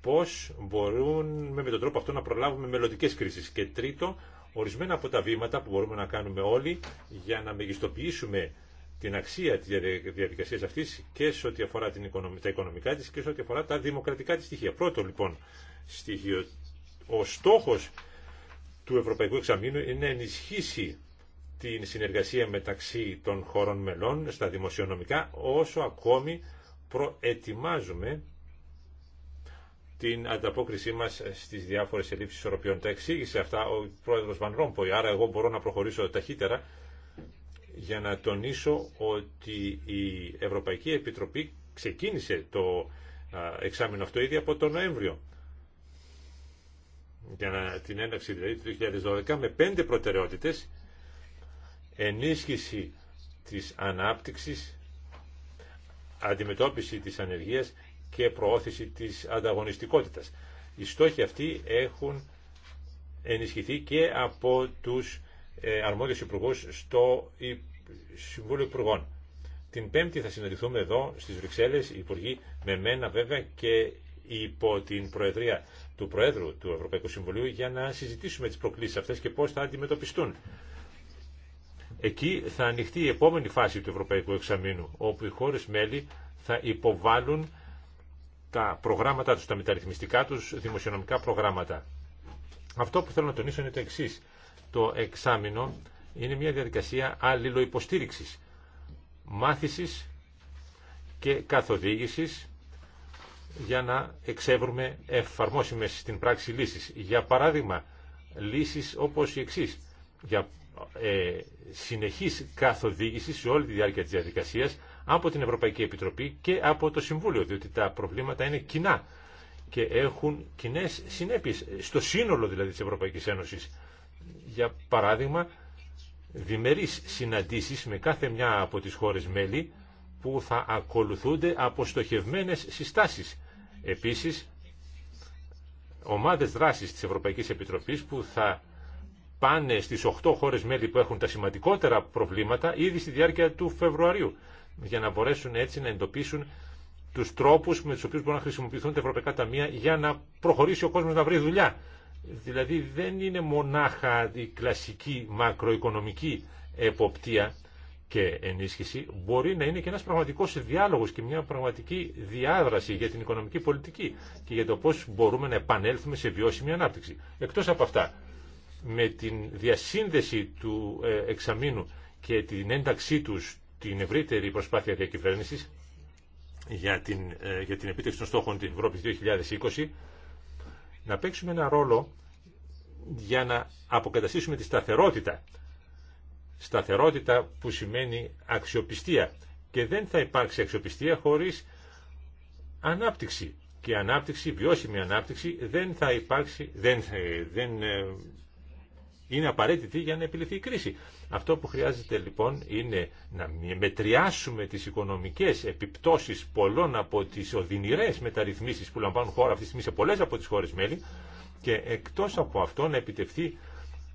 Πώ μπορούμε με τον τρόπο αυτό να προλάβουμε μελλοντικέ κρίσει. Και τρίτο, ορισμένα από τα βήματα που μπορούμε να κάνουμε όλοι για να μεγιστοποιήσουμε την αξία τη διαδικασία αυτή και σε ό,τι αφορά την τα οικονομικά τη και σε ό,τι αφορά τα δημοκρατικά τη στοιχεία. Πρώτο λοιπόν στοιχείο, ο στόχο του Ευρωπαϊκού Εξαμήνου είναι να ενισχύσει την συνεργασία μεταξύ των χωρών μελών στα δημοσιονομικά όσο ακόμη προετοιμάζουμε την ανταπόκρισή μας στις διάφορες ελλείψεις ισορροπιών. Τα εξήγησε αυτά ο πρόεδρο Βαν Ρόμποϊ, άρα εγώ μπορώ να προχωρήσω ταχύτερα για να τονίσω ότι η Ευρωπαϊκή Επιτροπή ξεκίνησε το εξάμεινο αυτό ήδη από τον Νοέμβριο για να, την έναρξη δηλαδή του 2012 με πέντε προτεραιότητες ενίσχυση της ανάπτυξης αντιμετώπιση της ανεργίας και προώθηση της ανταγωνιστικότητας. Οι στόχοι αυτοί έχουν ενισχυθεί και από τους ε, αρμόδιους υπουργού στο Συμβούλιο Υπουργών. Την Πέμπτη θα συναντηθούμε εδώ στις Βρυξέλλες, οι υπουργοί με μένα βέβαια και υπό την Προεδρία του Προέδρου του Ευρωπαϊκού Συμβουλίου για να συζητήσουμε τις προκλήσεις αυτές και πώς θα αντιμετωπιστούν. Εκεί θα ανοιχτεί η επόμενη φάση του Ευρωπαϊκού Εξαμήνου, όπου οι χώρες μέλη θα υποβάλουν τα προγράμματα τους, τα μεταρρυθμιστικά τους δημοσιονομικά προγράμματα. Αυτό που θέλω να τονίσω είναι το εξή. Το εξάμεινο είναι μια διαδικασία αλληλοϋποστήριξης, μάθησης και καθοδήγησης για να εξεύρουμε εφαρμόσιμες στην πράξη λύσεις. Για παράδειγμα, λύσεις όπως η εξής. Για ε, συνεχής καθοδήγηση σε όλη τη διάρκεια της διαδικασίας από την Ευρωπαϊκή Επιτροπή και από το Συμβούλιο, διότι τα προβλήματα είναι κοινά και έχουν κοινέ συνέπειε στο σύνολο δηλαδή τη Ευρωπαϊκή Ένωση. Για παράδειγμα, διμερείς συναντήσεις με κάθε μια από τις χώρες μέλη που θα ακολουθούνται από στοχευμένε συστάσεις. Επίσης, ομάδε δράση της Ευρωπαϊκής Επιτροπή, που θα πάνε στις 8 χώρες μέλη που έχουν τα σημαντικότερα προβλήματα ήδη στη διάρκεια του Φεβρουαρίου για να μπορέσουν έτσι να εντοπίσουν του τρόπου με του οποίου μπορούν να χρησιμοποιηθούν τα ευρωπαϊκά ταμεία για να προχωρήσει ο κόσμο να βρει δουλειά. Δηλαδή δεν είναι μονάχα η κλασική μακροοικονομική εποπτεία και ενίσχυση, μπορεί να είναι και ένας πραγματικός διάλογος και μια πραγματική διάδραση για την οικονομική πολιτική και για το πώς μπορούμε να επανέλθουμε σε βιώσιμη ανάπτυξη. Εκτός από αυτά, με την διασύνδεση του ε, εξαμήνου και την ένταξή του την ευρύτερη προσπάθεια διακυβέρνηση για την, ε, για την επίτευξη των στόχων της Ευρώπης 2020 να παίξουμε ένα ρόλο για να αποκαταστήσουμε τη σταθερότητα. Σταθερότητα που σημαίνει αξιοπιστία. Και δεν θα υπάρξει αξιοπιστία χωρίς ανάπτυξη. Και ανάπτυξη, βιώσιμη ανάπτυξη, δεν θα υπάρξει, δεν, δεν ε, είναι απαραίτητη για να επιληθεί η κρίση. Αυτό που χρειάζεται λοιπόν είναι να μετριάσουμε τις οικονομικές επιπτώσεις πολλών από τις οδυνηρές μεταρρυθμίσεις που λαμβάνουν χώρα αυτή τη στιγμή σε πολλές από τις χώρες μέλη και εκτός από αυτό να επιτευχθεί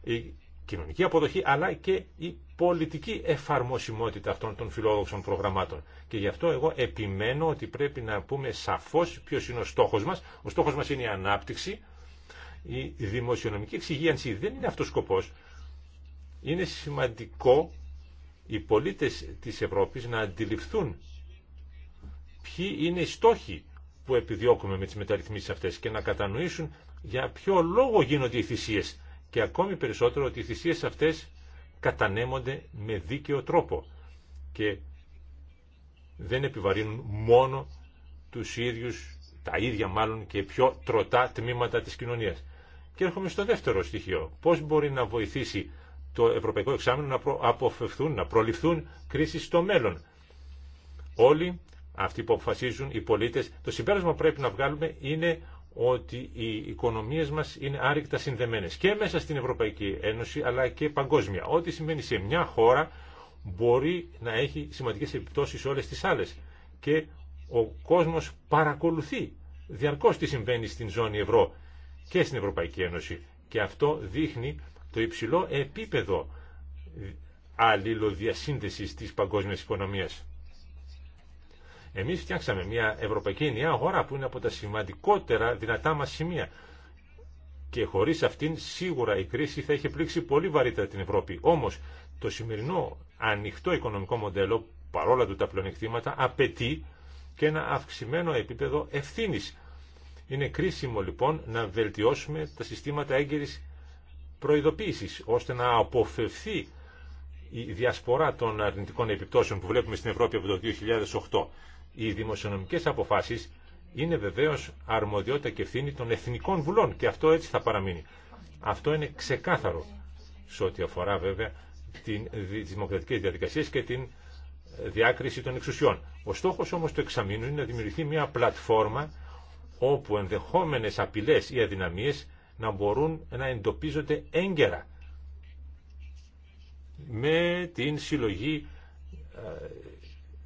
η κοινωνική αποδοχή αλλά και η πολιτική εφαρμοσιμότητα αυτών των φιλόδοξων προγραμμάτων. Και γι' αυτό εγώ επιμένω ότι πρέπει να πούμε σαφώς ποιος είναι ο στόχος μας. Ο στόχος μας είναι η ανάπτυξη η δημοσιονομική εξυγίανση δεν είναι αυτός ο σκοπός. Είναι σημαντικό οι πολίτες της Ευρώπης να αντιληφθούν ποιοι είναι οι στόχοι που επιδιώκουμε με τις μεταρρυθμίσεις αυτές και να κατανοήσουν για ποιο λόγο γίνονται οι θυσίες και ακόμη περισσότερο ότι οι θυσίες αυτές κατανέμονται με δίκαιο τρόπο και δεν επιβαρύνουν μόνο τους ίδιους, τα ίδια μάλλον και πιο τροτά τμήματα της κοινωνίας. Και έρχομαι στο δεύτερο στοιχείο. Πώ μπορεί να βοηθήσει το Ευρωπαϊκό Εξάμεινο να αποφευθούν, να προληφθούν κρίσει στο μέλλον. Όλοι αυτοί που αποφασίζουν, οι πολίτε, το συμπέρασμα που πρέπει να βγάλουμε είναι ότι οι οικονομίες μας είναι άρρηκτα συνδεμένες και μέσα στην Ευρωπαϊκή Ένωση αλλά και παγκόσμια. Ό,τι συμβαίνει σε μια χώρα μπορεί να έχει σημαντικές επιπτώσεις σε όλες τις άλλες και ο κόσμος παρακολουθεί διαρκώς τι συμβαίνει στην ζώνη ευρώ και στην Ευρωπαϊκή Ένωση. Και αυτό δείχνει το υψηλό επίπεδο αλληλοδιασύνδεσης της παγκόσμιας οικονομίας. Εμείς φτιάξαμε μια ευρωπαϊκή ενιαία αγορά που είναι από τα σημαντικότερα δυνατά μας σημεία. Και χωρίς αυτήν σίγουρα η κρίση θα είχε πλήξει πολύ βαρύτερα την Ευρώπη. Όμως το σημερινό ανοιχτό οικονομικό μοντέλο, παρόλα του τα πλονεκτήματα απαιτεί και ένα αυξημένο επίπεδο ευθύνης είναι κρίσιμο λοιπόν να βελτιώσουμε τα συστήματα έγκαιρης προειδοποίησης, ώστε να αποφευθεί η διασπορά των αρνητικών επιπτώσεων που βλέπουμε στην Ευρώπη από το 2008. Οι δημοσιονομικές αποφάσεις είναι βεβαίως αρμοδιότητα και ευθύνη των εθνικών βουλών και αυτό έτσι θα παραμείνει. Αυτό είναι ξεκάθαρο σε ό,τι αφορά βέβαια τι δημοκρατικές διαδικασίες και την διάκριση των εξουσιών. Ο στόχος όμως του εξαμήνου είναι να δημιουργηθεί μια πλατφόρμα όπου ενδεχόμενες απειλές ή αδυναμίες να μπορούν να εντοπίζονται έγκαιρα με την συλλογή ε,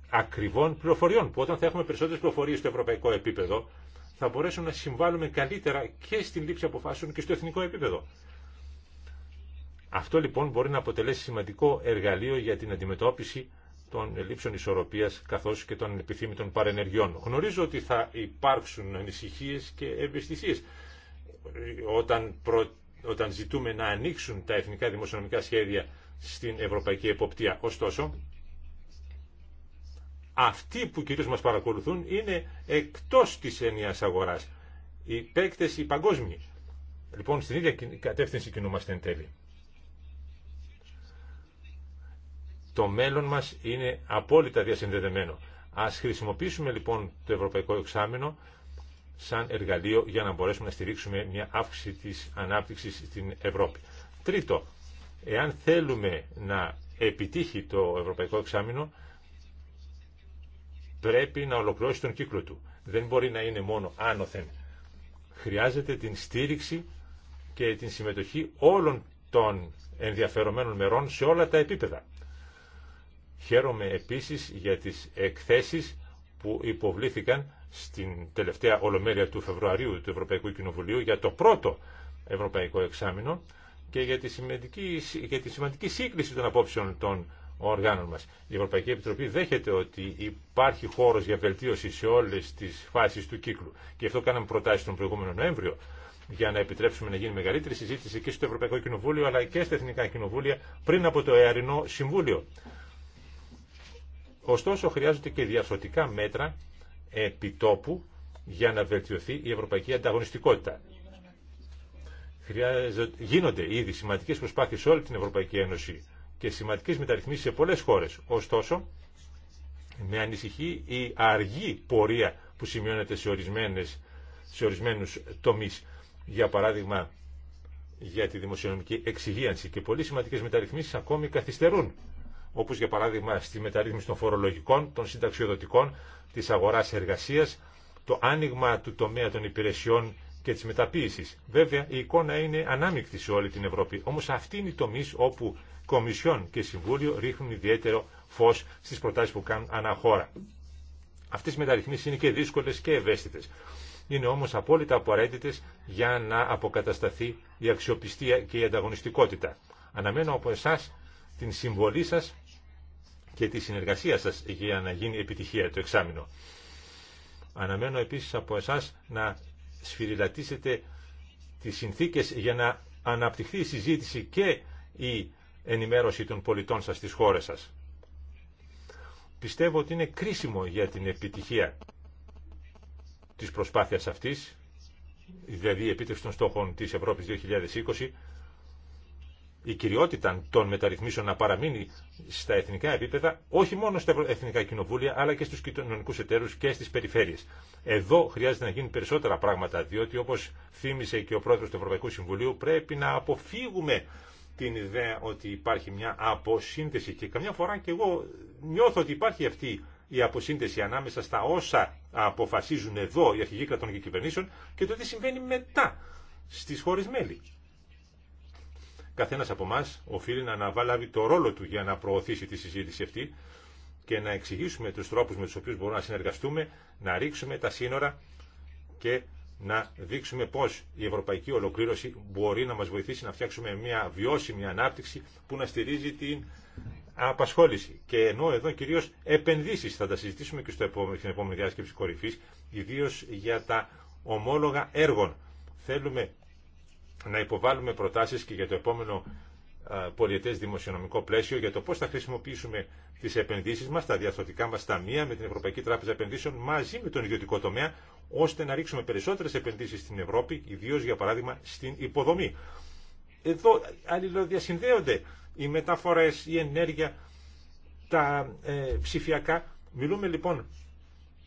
ακριβών πληροφοριών που όταν θα έχουμε περισσότερες πληροφορίες στο ευρωπαϊκό επίπεδο θα μπορέσουν να συμβάλλουμε καλύτερα και στην λήψη αποφάσεων και στο εθνικό επίπεδο. Αυτό λοιπόν μπορεί να αποτελέσει σημαντικό εργαλείο για την αντιμετώπιση των ελλείψεων ισορροπίας καθώς και των επιθύμητων παρενεργειών. Γνωρίζω ότι θα υπάρξουν ανησυχίες και ευαισθησίες όταν, προ... όταν ζητούμε να ανοίξουν τα εθνικά δημοσιονομικά σχέδια στην ευρωπαϊκή εποπτεία. Ωστόσο, αυτοί που κυρίως μας παρακολουθούν είναι εκτός της ενίας αγοράς. Οι παίκτες οι παγκόσμιοι. Λοιπόν, στην ίδια κατεύθυνση κινούμαστε εν τέλει. Το μέλλον μας είναι απόλυτα διασυνδεδεμένο. Ας χρησιμοποιήσουμε λοιπόν το Ευρωπαϊκό Εξάμεινο σαν εργαλείο για να μπορέσουμε να στηρίξουμε μια αύξηση της ανάπτυξης στην Ευρώπη. Τρίτο, εάν θέλουμε να επιτύχει το Ευρωπαϊκό Εξάμεινο, πρέπει να ολοκληρώσει τον κύκλο του. Δεν μπορεί να είναι μόνο άνωθεν. Χρειάζεται την στήριξη και την συμμετοχή όλων των ενδιαφερομένων μερών σε όλα τα επίπεδα. Χαίρομαι επίσης για τις εκθέσεις που υποβλήθηκαν στην τελευταία ολομέλεια του Φεβρουαρίου του Ευρωπαϊκού Κοινοβουλίου για το πρώτο Ευρωπαϊκό Εξάμεινο και για τη σημαντική, για τη σημαντική σύγκριση των απόψεων των οργάνων μας. Η Ευρωπαϊκή Επιτροπή δέχεται ότι υπάρχει χώρος για βελτίωση σε όλες τις φάσεις του κύκλου. Και αυτό κάναμε προτάσεις τον προηγούμενο Νοέμβριο για να επιτρέψουμε να γίνει μεγαλύτερη συζήτηση και στο Ευρωπαϊκό Κοινοβούλιο αλλά και στα Εθνικά Κοινοβούλια πριν από το Εαρινό Συμβούλιο. Ωστόσο χρειάζονται και διαφορετικά μέτρα επιτόπου για να βελτιωθεί η ευρωπαϊκή ανταγωνιστικότητα. Χρειάζονται, γίνονται ήδη σημαντικέ προσπάθειε σε όλη την Ευρωπαϊκή Ένωση και σημαντικέ μεταρρυθμίσει σε πολλέ χώρε. Ωστόσο, με ανησυχεί η αργή πορεία που σημειώνεται σε, ορισμένες, σε ορισμένους τομείς. Για παράδειγμα, για τη δημοσιονομική εξυγίανση και πολύ σημαντικές μεταρρυθμίσεις ακόμη καθυστερούν Όπω για παράδειγμα στη μεταρρύθμιση των φορολογικών, των συνταξιοδοτικών, τη αγορά εργασία, το άνοιγμα του τομέα των υπηρεσιών και τη μεταποίηση. Βέβαια, η εικόνα είναι ανάμεικτη σε όλη την Ευρώπη, όμω αυτή είναι η τομή όπου Κομισιόν και Συμβούλιο ρίχνουν ιδιαίτερο φω στι προτάσει που κάνουν αναχώρα. χώρα. Αυτές οι μεταρρυθμίσεις είναι και δύσκολε και ευαίσθητε. Είναι όμω απόλυτα απαραίτητε για να αποκατασταθεί η αξιοπιστία και η ανταγωνιστικότητα. Αναμένω από εσά, την συμβολή σας και τη συνεργασία σας για να γίνει επιτυχία το εξάμεινο. Αναμένω επίσης από εσάς να σφυριλατήσετε τις συνθήκες για να αναπτυχθεί η συζήτηση και η ενημέρωση των πολιτών σας στις χώρες σας. Πιστεύω ότι είναι κρίσιμο για την επιτυχία της προσπάθειας αυτής, δηλαδή η επίτευξη των στόχων της Ευρώπης 2020, η κυριότητα των μεταρρυθμίσεων να παραμείνει στα εθνικά επίπεδα, όχι μόνο στα εθνικά κοινοβούλια, αλλά και στους κοινωνικού εταίρους και στις περιφέρειες. Εδώ χρειάζεται να γίνουν περισσότερα πράγματα, διότι όπως θύμισε και ο πρόεδρος του Ευρωπαϊκού Συμβουλίου, πρέπει να αποφύγουμε την ιδέα ότι υπάρχει μια αποσύνδεση και καμιά φορά και εγώ νιώθω ότι υπάρχει αυτή η αποσύνδεση ανάμεσα στα όσα αποφασίζουν εδώ οι αρχηγοί κρατών και κυβερνήσεων και το τι συμβαίνει μετά στις χώρες μέλη. Καθένα από εμά οφείλει να αναβάλει το ρόλο του για να προωθήσει τη συζήτηση αυτή και να εξηγήσουμε τους τρόπους με τους οποίους μπορούμε να συνεργαστούμε, να ρίξουμε τα σύνορα και να δείξουμε πώς η ευρωπαϊκή ολοκλήρωση μπορεί να μας βοηθήσει να φτιάξουμε μια βιώσιμη ανάπτυξη που να στηρίζει την απασχόληση. Και ενώ εδώ κυρίω επενδύσει, θα τα συζητήσουμε και στο στην επόμενη διάσκεψη κορυφή, ιδίω για τα ομόλογα έργων. Θέλουμε να υποβάλουμε προτάσεις και για το επόμενο πολιετές δημοσιονομικό πλαίσιο για το πώς θα χρησιμοποιήσουμε τις επενδύσεις μας, τα διαφθορτικά μας ταμεία με την Ευρωπαϊκή Τράπεζα Επενδύσεων μαζί με τον ιδιωτικό τομέα, ώστε να ρίξουμε περισσότερες επενδύσεις στην Ευρώπη, ιδίως για παράδειγμα στην υποδομή. Εδώ αλληλοδιασυνδέονται οι μεταφορές, η ενέργεια, τα ε, ψηφιακά. Μιλούμε λοιπόν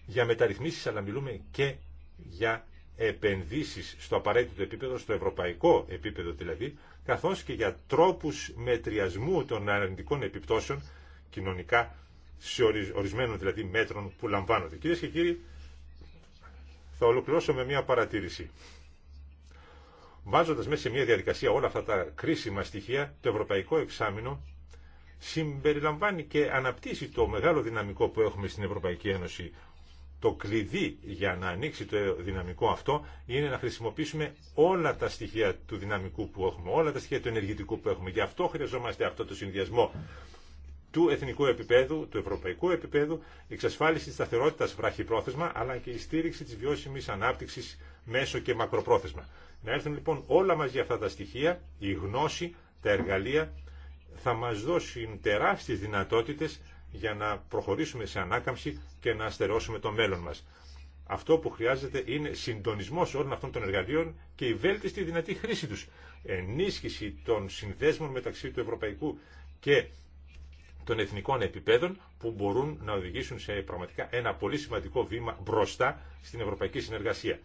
για μεταρρυθμίσεις, αλλά μιλούμε και για επενδύσεις στο απαραίτητο επίπεδο, στο ευρωπαϊκό επίπεδο δηλαδή, καθώς και για τρόπους μετριασμού των αρνητικών επιπτώσεων κοινωνικά σε ορισμένων δηλαδή μέτρων που λαμβάνονται. Κυρίε και κύριοι, θα ολοκληρώσω με μια παρατήρηση. Βάζοντας μέσα σε μια διαδικασία όλα αυτά τα κρίσιμα στοιχεία, το Ευρωπαϊκό Εξάμεινο συμπεριλαμβάνει και αναπτύσσει το μεγάλο δυναμικό που έχουμε στην Ευρωπαϊκή Ένωση το κλειδί για να ανοίξει το δυναμικό αυτό είναι να χρησιμοποιήσουμε όλα τα στοιχεία του δυναμικού που έχουμε, όλα τα στοιχεία του ενεργητικού που έχουμε. Γι' αυτό χρειαζόμαστε αυτό το συνδυασμό του εθνικού επίπεδου, του ευρωπαϊκού επίπεδου, εξασφάλιση της σταθερότητας βραχυπρόθεσμα, αλλά και η στήριξη της βιώσιμης ανάπτυξης μέσω και μακροπρόθεσμα. Να έρθουν λοιπόν όλα μαζί αυτά τα στοιχεία, η γνώση, τα εργαλεία, θα μας δώσουν τεράστιες δυνατότητες για να προχωρήσουμε σε ανάκαμψη και να αστερώσουμε το μέλλον μας. Αυτό που χρειάζεται είναι συντονισμός όλων αυτών των εργαλείων και η βέλτιστη δυνατή χρήση τους. Ενίσχυση των συνδέσμων μεταξύ του ευρωπαϊκού και των εθνικών επιπέδων που μπορούν να οδηγήσουν σε πραγματικά ένα πολύ σημαντικό βήμα μπροστά στην ευρωπαϊκή συνεργασία.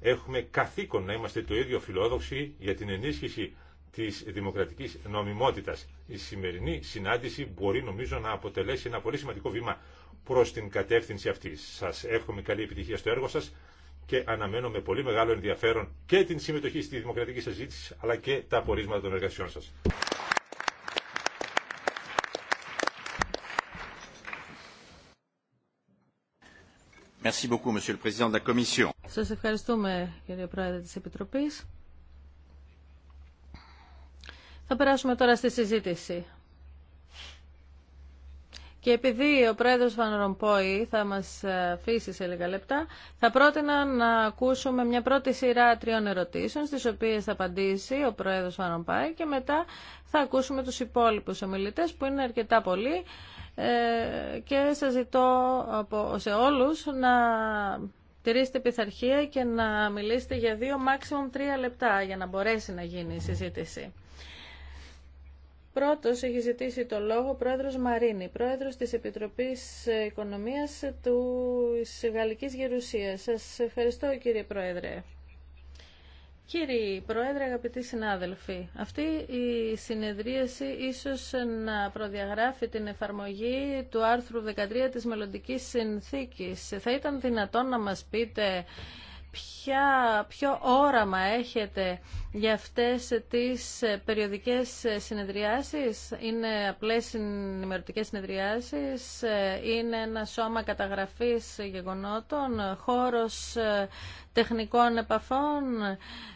Έχουμε καθήκον να είμαστε το ίδιο φιλόδοξοι για την ενίσχυση της δημοκρατικής νομιμότητας. Η σημερινή συνάντηση μπορεί νομίζω να αποτελέσει ένα πολύ σημαντικό βήμα προς την κατεύθυνση αυτή. Σας εύχομαι καλή επιτυχία στο έργο σας και αναμένω με πολύ μεγάλο ενδιαφέρον και την συμμετοχή στη δημοκρατική συζήτηση αλλά και τα απορίσματα των εργασιών σας. Merci Σας ευχαριστούμε, κύριε Πρόεδρε της Επιτροπής. Θα περάσουμε τώρα στη συζήτηση. Και επειδή ο πρόεδρος Βαν θα μας αφήσει σε λίγα λεπτά, θα πρότεινα να ακούσουμε μια πρώτη σειρά τριών ερωτήσεων, στις οποίες θα απαντήσει ο πρόεδρος Βαν και μετά θα ακούσουμε τους υπόλοιπους ομιλητές, που είναι αρκετά πολλοί. Ε, και σας ζητώ σε όλους να τηρήσετε πειθαρχία και να μιλήσετε για δύο, maximum τρία λεπτά, για να μπορέσει να γίνει η συζήτηση. Πρώτος έχει ζητήσει το λόγο ο πρόεδρος Μαρίνη, πρόεδρος της Επιτροπής Οικονομίας του Γαλλικής Γερουσίας. Σας ευχαριστώ κύριε Πρόεδρε. Κύριε Πρόεδρε, αγαπητοί συνάδελφοι, αυτή η συνεδρίαση ίσως να προδιαγράφει την εφαρμογή του άρθρου 13 της μελλοντικής συνθήκης. Θα ήταν δυνατόν να μας πείτε ποια, ποιο όραμα έχετε για αυτές τις περιοδικές συνεδριάσεις. Είναι απλές ενημερωτικές συνεδριάσεις, ε, είναι ένα σώμα καταγραφής γεγονότων, χώρος ε, τεχνικών επαφών,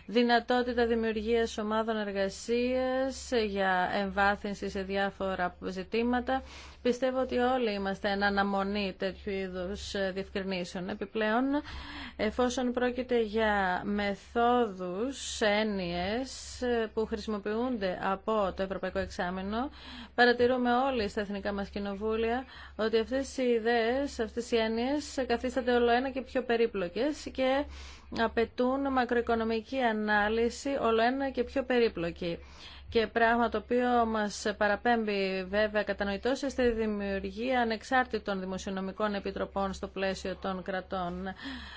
δυνατότητα δημιουργίας ομάδων εργασίας για εμβάθυνση σε διάφορα ζητήματα. Πιστεύω ότι όλοι είμαστε εν αναμονή τέτοιου είδους διευκρινήσεων. Επιπλέον, εφόσον πρόκειται για μεθόδους, έννοιες που χρησιμοποιούνται από το Ευρωπαϊκό Εξάμεινο, παρατηρούμε όλοι στα εθνικά μας κοινοβούλια ότι αυτές οι ιδέες, αυτές οι έννοιες καθίστανται όλο ένα και πιο περίπλοκες και απαιτούν μακροοικονομική ανάλυση όλο ένα και πιο περίπλοκη και πράγμα το οποίο μας παραπέμπει βέβαια κατανοητό στη δημιουργία ανεξάρτητων δημοσιονομικών επιτροπών στο πλαίσιο των κρατών.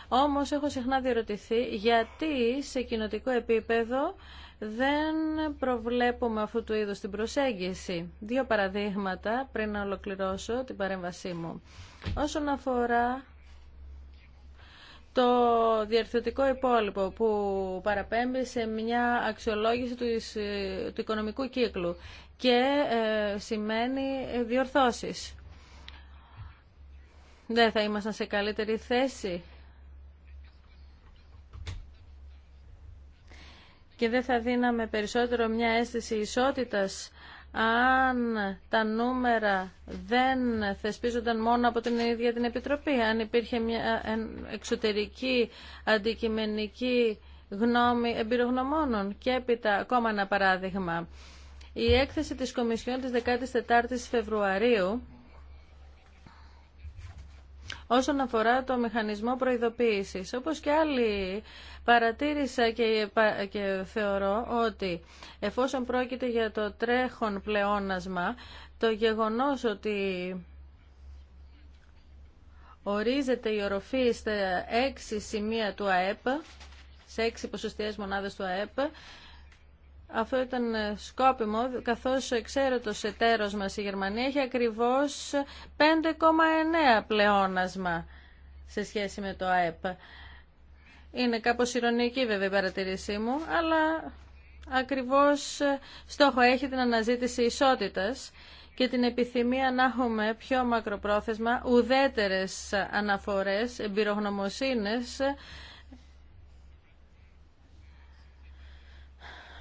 Όμως έχω συχνά διερωτηθεί γιατί σε κοινοτικό επίπεδο δεν προβλέπουμε αυτού του είδους την προσέγγιση. Δύο παραδείγματα πριν να ολοκληρώσω την παρέμβασή μου. Όσον αφορά το διαρθρωτικό υπόλοιπο που παραπέμπει σε μια αξιολόγηση του, ε, του οικονομικού κύκλου και ε, σημαίνει διορθώσεις. Δεν θα ήμασταν σε καλύτερη θέση και δεν θα δίναμε περισσότερο μια αίσθηση ισότητας αν τα νούμερα δεν θεσπίζονταν μόνο από την ίδια την Επιτροπή, αν υπήρχε μια εξωτερική αντικειμενική γνώμη εμπειρογνωμόνων. Και έπειτα, ακόμα ένα παράδειγμα, η έκθεση της Κομισιόν της 14ης Φεβρουαρίου όσον αφορά το μηχανισμό προειδοποίησης. Όπως και άλλοι παρατήρησα και, και θεωρώ ότι εφόσον πρόκειται για το τρέχον πλεόνασμα, το γεγονός ότι ορίζεται η οροφή στα έξι σημεία του ΑΕΠ, σε έξι ποσοστιαίες μονάδες του ΑΕΠ, αυτό ήταν ε, σκόπιμο, καθώς εξαίρετος εταίρος μας η Γερμανία έχει ακριβώς 5,9 πλεόνασμα σε σχέση με το ΑΕΠ. Είναι κάπως ηρωνική βέβαια η παρατηρήσή μου, αλλά ακριβώς ε, στόχο έχει την αναζήτηση ισότητας και την επιθυμία να έχουμε πιο μακροπρόθεσμα ουδέτερες αναφορές, εμπειρογνωμοσύνες,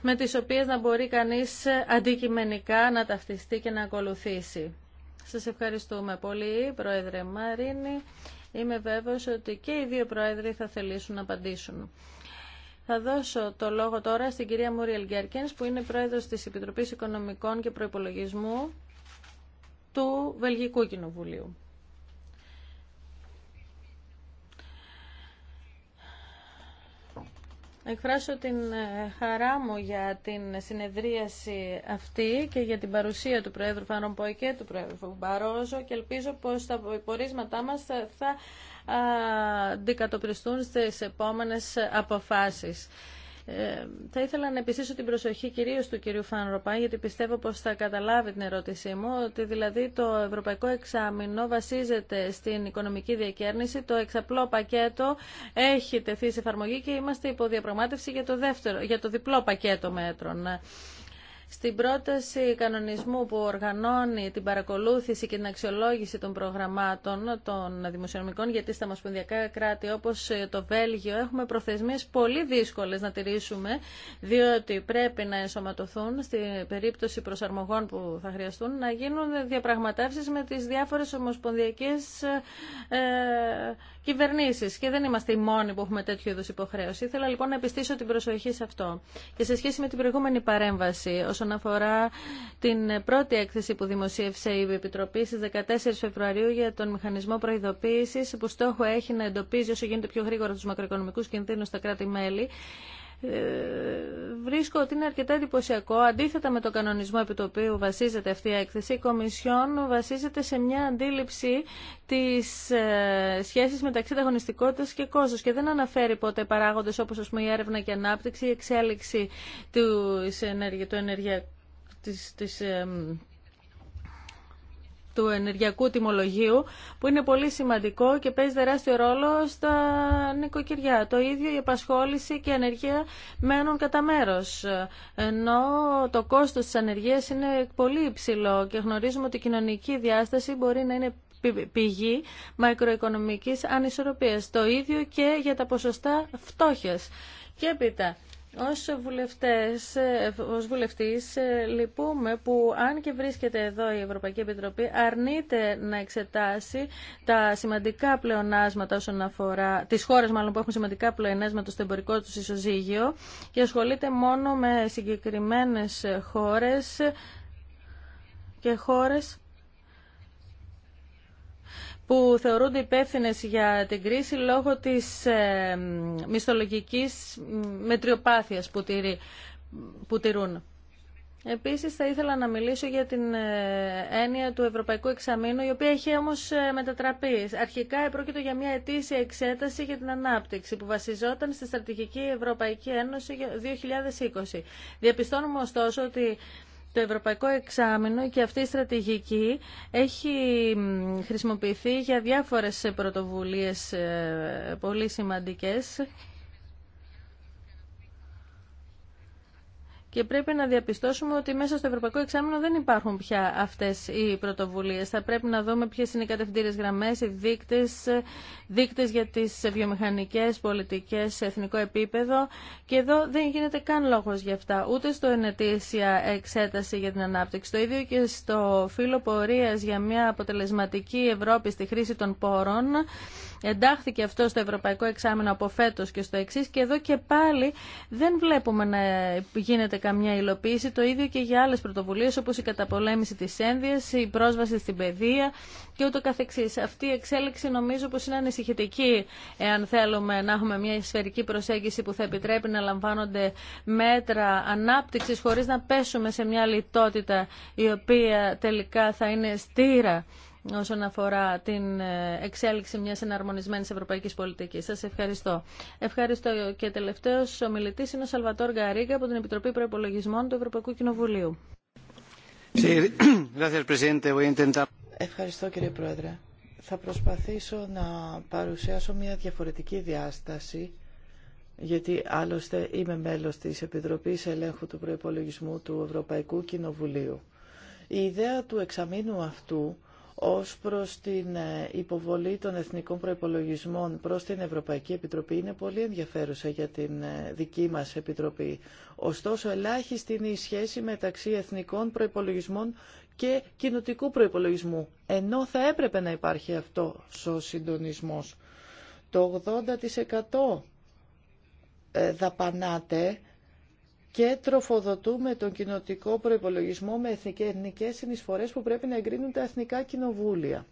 με τις οποίες να μπορεί κανείς αντικειμενικά να ταυτιστεί και να ακολουθήσει. Σας ευχαριστούμε πολύ, Πρόεδρε Μαρίνη. Είμαι βέβαιος ότι και οι δύο Πρόεδροι θα θελήσουν να απαντήσουν. Θα δώσω το λόγο τώρα στην κυρία Μουριελ Γκέρκενς, που είναι Πρόεδρος της Επιτροπής Οικονομικών και Προϋπολογισμού του Βελγικού Κοινοβουλίου. εκφράσω την ε, χαρά μου για την συνεδρίαση αυτή και για την παρουσία του Προέδρου Φανρομποϊ και του Προέδρου Μπαρόζο και ελπίζω πως τα υπορίσματά μας θα αντικατοπριστούν στις επόμενες αποφάσεις. Ε, θα ήθελα να επιστήσω την προσοχή κυρίως του κυρίου Φαν γιατί πιστεύω πως θα καταλάβει την ερώτησή μου, ότι δηλαδή το Ευρωπαϊκό Εξάμεινο βασίζεται στην οικονομική διακέρνηση, το εξαπλό πακέτο έχει τεθεί σε εφαρμογή και είμαστε υπό διαπραγμάτευση για το, δεύτερο, για το διπλό πακέτο μέτρων. Στην πρόταση κανονισμού που οργανώνει την παρακολούθηση και την αξιολόγηση των προγραμμάτων των δημοσιονομικών, γιατί στα μοσπονδιακά κράτη όπως ε, το Βέλγιο έχουμε προθεσμίες πολύ δύσκολες να τηρήσουμε, διότι πρέπει να ενσωματωθούν στην περίπτωση προσαρμογών που θα χρειαστούν, να γίνουν διαπραγματεύσεις με τις διάφορες ομοσπονδιακές ε, κυβερνήσεις και δεν είμαστε οι μόνοι που έχουμε τέτοιου είδους υποχρέωση. Ήθελα λοιπόν να επιστήσω την προσοχή σε αυτό. Και σε σχέση με την προηγούμενη παρέμβαση όσον αφορά την πρώτη έκθεση που δημοσίευσε η Επιτροπή στις 14 Φεβρουαρίου για τον μηχανισμό προειδοποίησης που στόχο έχει να εντοπίζει όσο γίνεται πιο γρήγορα τους μακροοικονομικούς κινδύνους στα κράτη-μέλη ε, βρίσκω ότι είναι αρκετά εντυπωσιακό. Αντίθετα με το κανονισμό επί το οποίο βασίζεται αυτή η έκθεση, η Κομισιόν βασίζεται σε μια αντίληψη της ε, σχέσης μεταξύ ανταγωνιστικότητα και κόστο και δεν αναφέρει πότε παράγοντες όπως η έρευνα και ανάπτυξη, η εξέλιξη του, του ενεργειακού της, της, του ενεργειακού τιμολογίου που είναι πολύ σημαντικό και παίζει τεράστιο ρόλο στα νοικοκυριά. Το ίδιο η απασχόληση και η ανεργία μένουν κατά μέρο. Ενώ το κόστος της ανεργία είναι πολύ υψηλό και γνωρίζουμε ότι η κοινωνική διάσταση μπορεί να είναι πηγή μακροοικονομικής ανισορροπίας. Το ίδιο και για τα ποσοστά φτώχειας. Και έπειτα, ως, βουλευτές, ως βουλευτής λυπούμε που αν και βρίσκεται εδώ η Ευρωπαϊκή Επιτροπή αρνείται να εξετάσει τα σημαντικά πλεονάσματα όσον αφορά τις χώρες μάλλον που έχουν σημαντικά πλεονάσματα στο εμπορικό τους ισοζύγιο και ασχολείται μόνο με συγκεκριμένες χώρες και χώρες που θεωρούνται υπεύθυνε για την κρίση λόγω της ε, μισθολογικής μετριοπάθειας που, τηρεί, που τηρούν. Επίσης θα ήθελα να μιλήσω για την ε, έννοια του Ευρωπαϊκού Εξαμήνου, η οποία έχει όμως ε, μετατραπεί. Αρχικά επρόκειτο για μια ετήσια εξέταση για την ανάπτυξη που βασιζόταν στη Στρατηγική Ευρωπαϊκή Ένωση 2020. Διαπιστώνουμε ωστόσο ότι το Ευρωπαϊκό Εξάμεινο και αυτή η στρατηγική έχει χρησιμοποιηθεί για διάφορες πρωτοβουλίες ε, πολύ σημαντικές και πρέπει να διαπιστώσουμε ότι μέσα στο Ευρωπαϊκό Εξάμεινο δεν υπάρχουν πια αυτέ οι πρωτοβουλίε. Θα πρέπει να δούμε ποιε είναι οι κατευθυντήρες γραμμέ οι δείκτες, για τι βιομηχανικέ, πολιτικέ, σε εθνικό επίπεδο και εδώ δεν γίνεται καν λόγο για αυτά, ούτε στο ενετήσια εξέταση για την ανάπτυξη. Το ίδιο και στο φύλλο πορεία για μια αποτελεσματική Ευρώπη στη χρήση των πόρων. Εντάχθηκε αυτό στο Ευρωπαϊκό Εξάμεινο από φέτο και στο εξή και εδώ και πάλι δεν βλέπουμε να γίνεται μια υλοποίηση. Το ίδιο και για άλλες πρωτοβουλίες όπως η καταπολέμηση της ένδυα, η πρόσβαση στην παιδεία και ούτω καθεξής. Αυτή η εξέλιξη νομίζω πως είναι ανησυχητική εάν θέλουμε να έχουμε μια σφαιρική προσέγγιση που θα επιτρέπει να λαμβάνονται μέτρα ανάπτυξης χωρίς να πέσουμε σε μια λιτότητα η οποία τελικά θα είναι στήρα όσον αφορά την ε, εξέλιξη μια εναρμονισμένη Ευρωπαϊκή πολιτική. Σα ευχαριστώ. Ευχαριστώ και τελευταίο ο μιλητής είναι ο Σαλβατόρ Γκαρίγκα από την Επιτροπή Προπολογισμών του Ευρωπαϊκού Κοινοβουλίου. <clears throat> Ευχαριστώ κύριε Πρόεδρε. Θα προσπαθήσω να παρουσιάσω μια διαφορετική διάσταση γιατί άλλωστε είμαι μέλος της Επιτροπής Ελέγχου του Προϋπολογισμού του Ευρωπαϊκού Κοινοβουλίου. Η ιδέα του εξαμήνου αυτού ως προς την ε, υποβολή των εθνικών προϋπολογισμών προς την Ευρωπαϊκή Επιτροπή είναι πολύ ενδιαφέρουσα για την ε, δική μας Επιτροπή. Ωστόσο, ελάχιστη είναι η σχέση μεταξύ εθνικών προϋπολογισμών και κοινοτικού προϋπολογισμού, ενώ θα έπρεπε να υπάρχει αυτό ο συντονισμός. Το 80% ε, δαπανάται και τροφοδοτούμε τον κοινοτικό προϋπολογισμό με εθνικές συνεισφορές που πρέπει να εγκρίνουν τα εθνικά κοινοβούλια.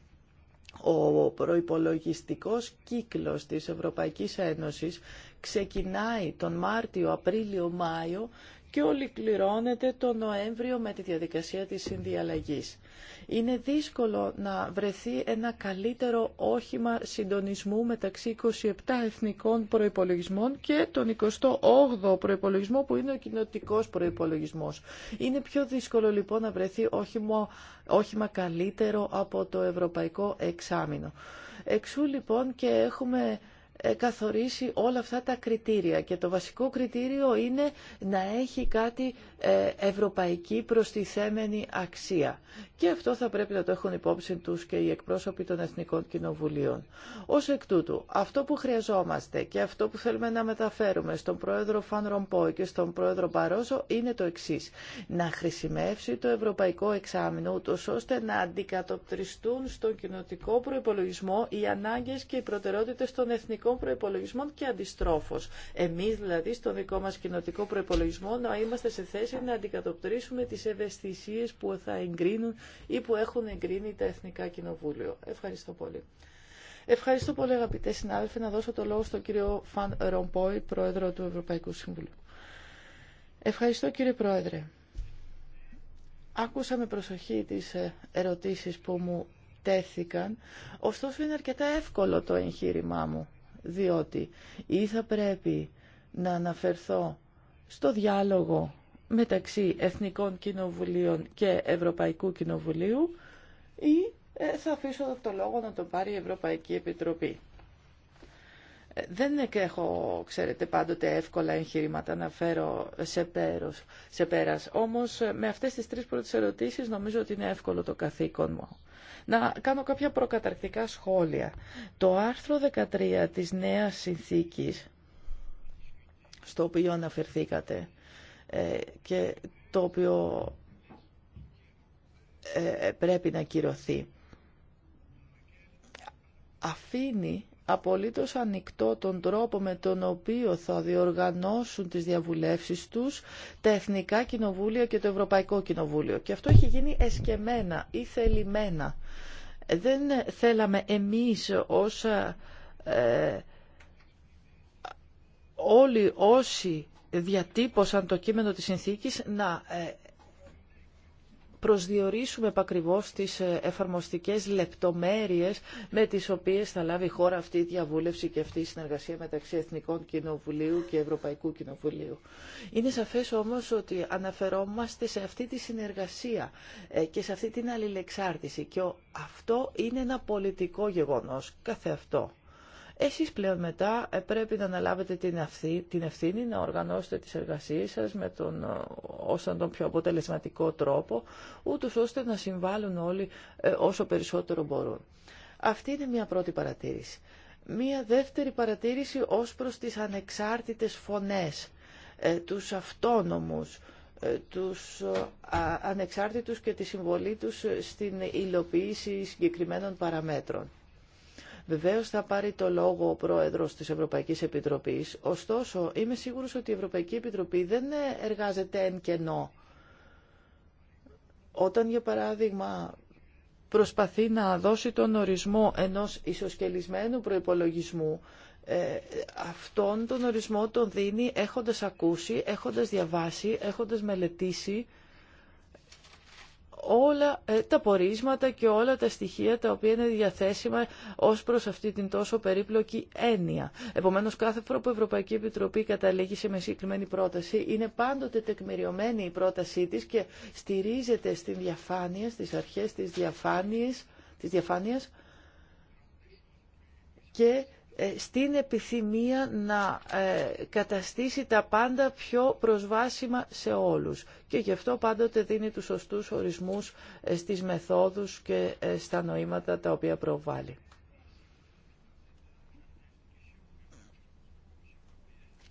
Ο προϋπολογιστικός κύκλος της Ευρωπαϊκής Ένωσης ξεκινάει τον Μάρτιο, Απρίλιο, Μάιο και ολοκληρώνεται το Νοέμβριο με τη διαδικασία της συνδιαλλαγής. Είναι δύσκολο να βρεθεί ένα καλύτερο όχημα συντονισμού μεταξύ 27 εθνικών προϋπολογισμών και τον 28ο προϋπολογισμό που είναι ο κοινοτικό προϋπολογισμός. Είναι πιο δύσκολο λοιπόν να βρεθεί όχημα, όχημα καλύτερο από το ευρωπαϊκό εξάμεινο. Εξού λοιπόν και έχουμε ε, καθορίσει όλα αυτά τα κριτήρια και το βασικό κριτήριο είναι να έχει κάτι ε, ευρωπαϊκή προστιθέμενη αξία. Και αυτό θα πρέπει να το έχουν υπόψη τους και οι εκπρόσωποι των Εθνικών Κοινοβουλίων. Ως εκ τούτου, αυτό που χρειαζόμαστε και αυτό που θέλουμε να μεταφέρουμε στον Πρόεδρο Φαν Ρομπό και στον Πρόεδρο Μπαρόζο είναι το εξή. Να χρησιμεύσει το Ευρωπαϊκό Εξάμεινο ούτως ώστε να αντικατοπτριστούν στον κοινοτικό προπολογισμό οι ανάγκες και οι προτεραιότητες των Εθνικών κοινοτικών προπολογισμών και αντιστρόφως. Εμείς δηλαδή στον δικό μα κοινοτικό προπολογισμό, να είμαστε σε θέση να αντικατοπτρίσουμε τι ευαισθησίε που θα εγκρίνουν ή που έχουν εγκρίνει τα Εθνικά Κοινοβούλια. Ευχαριστώ πολύ. Ευχαριστώ πολύ αγαπητέ συνάδελφοι. Να δώσω το λόγο στον κύριο Φαν Ρομπόη, πρόεδρο του Ευρωπαϊκού Συμβουλίου. Ευχαριστώ κύριε Πρόεδρε. Άκουσα με προσοχή τις ε, ερωτήσεις που μου τέθηκαν, ωστόσο είναι αρκετά εύκολο το εγχείρημά μου διότι ή θα πρέπει να αναφερθώ στο διάλογο μεταξύ Εθνικών Κοινοβουλίων και Ευρωπαϊκού Κοινοβουλίου ή ε, θα αφήσω το λόγο να το πάρει η Ευρωπαϊκή Επιτροπή. Ε, δεν έχω, ξέρετε, πάντοτε εύκολα εγχειρήματα να φέρω σε, πέρος, σε πέρας. Όμως ε, με αυτές τις τρεις πρώτες ερωτήσεις νομίζω ότι είναι εύκολο το καθήκον μου να κάνω κάποια προκαταρκτικά σχόλια. Το άρθρο 13 της νέας συνθήκης, στο οποίο αναφερθήκατε ε, και το οποίο ε, ε, πρέπει να κυρωθεί, αφήνει απολύτως ανοιχτό τον τρόπο με τον οποίο θα διοργανώσουν τις διαβουλεύσεις τους τα Εθνικά Κοινοβούλια και το Ευρωπαϊκό Κοινοβούλιο. Και αυτό έχει γίνει εσκεμένα ή θελημένα. Δεν θέλαμε εμείς ως ε, όλοι όσοι διατύπωσαν το κείμενο της συνθήκης να ε, προσδιορίσουμε επακριβώς τις ε, εφαρμοστικές λεπτομέρειες με τις οποίες θα λάβει η χώρα αυτή η διαβούλευση και αυτή η συνεργασία μεταξύ Εθνικών Κοινοβουλίου και Ευρωπαϊκού Κοινοβουλίου. Είναι σαφές όμως ότι αναφερόμαστε σε αυτή τη συνεργασία ε, και σε αυτή την αλληλεξάρτηση και αυτό είναι ένα πολιτικό γεγονός καθεαυτό. αυτό. Εσείς πλέον μετά ε, πρέπει να αναλάβετε την, αυθή, την ευθύνη να οργανώσετε τις εργασίες σας με τον, ε, όσον τον πιο αποτελεσματικό τρόπο, ούτως ώστε να συμβάλλουν όλοι ε, όσο περισσότερο μπορούν. Αυτή είναι μια πρώτη παρατήρηση. Μία δεύτερη παρατήρηση ως προς τις ανεξάρτητες φωνές, τους αυτόνομους, τους ανεξάρτητους και τη συμβολή τους στην υλοποίηση συγκεκριμένων παραμέτρων. Βεβαίω θα πάρει το λόγο ο Πρόεδρος της Ευρωπαϊκής Επιτροπής, ωστόσο είμαι σίγουρος ότι η Ευρωπαϊκή Επιτροπή δεν εργάζεται εν κενό. Όταν για παράδειγμα προσπαθεί να δώσει τον ορισμό ενός ισοσκελισμένου προϋπολογισμού, ε, αυτόν τον ορισμό τον δίνει έχοντας ακούσει, έχοντας διαβάσει, έχοντας μελετήσει όλα ε, τα πορίσματα και όλα τα στοιχεία τα οποία είναι διαθέσιμα ως προς αυτή την τόσο περίπλοκη έννοια. Επομένως κάθε φορά που η Ευρωπαϊκή Επιτροπή καταλήγει σε μια συγκεκριμένη πρόταση είναι πάντοτε τεκμηριωμένη η πρότασή της και στηρίζεται στην διαφάνεια, στις αρχές της διαφάνειας, της διαφάνειας και ε, στην επιθυμία να ε, καταστήσει τα πάντα πιο προσβάσιμα σε όλους και γι' αυτό πάντοτε δίνει τους σωστούς ορισμούς ε, στις μεθόδους και στα νοήματα τα οποία προβάλλει.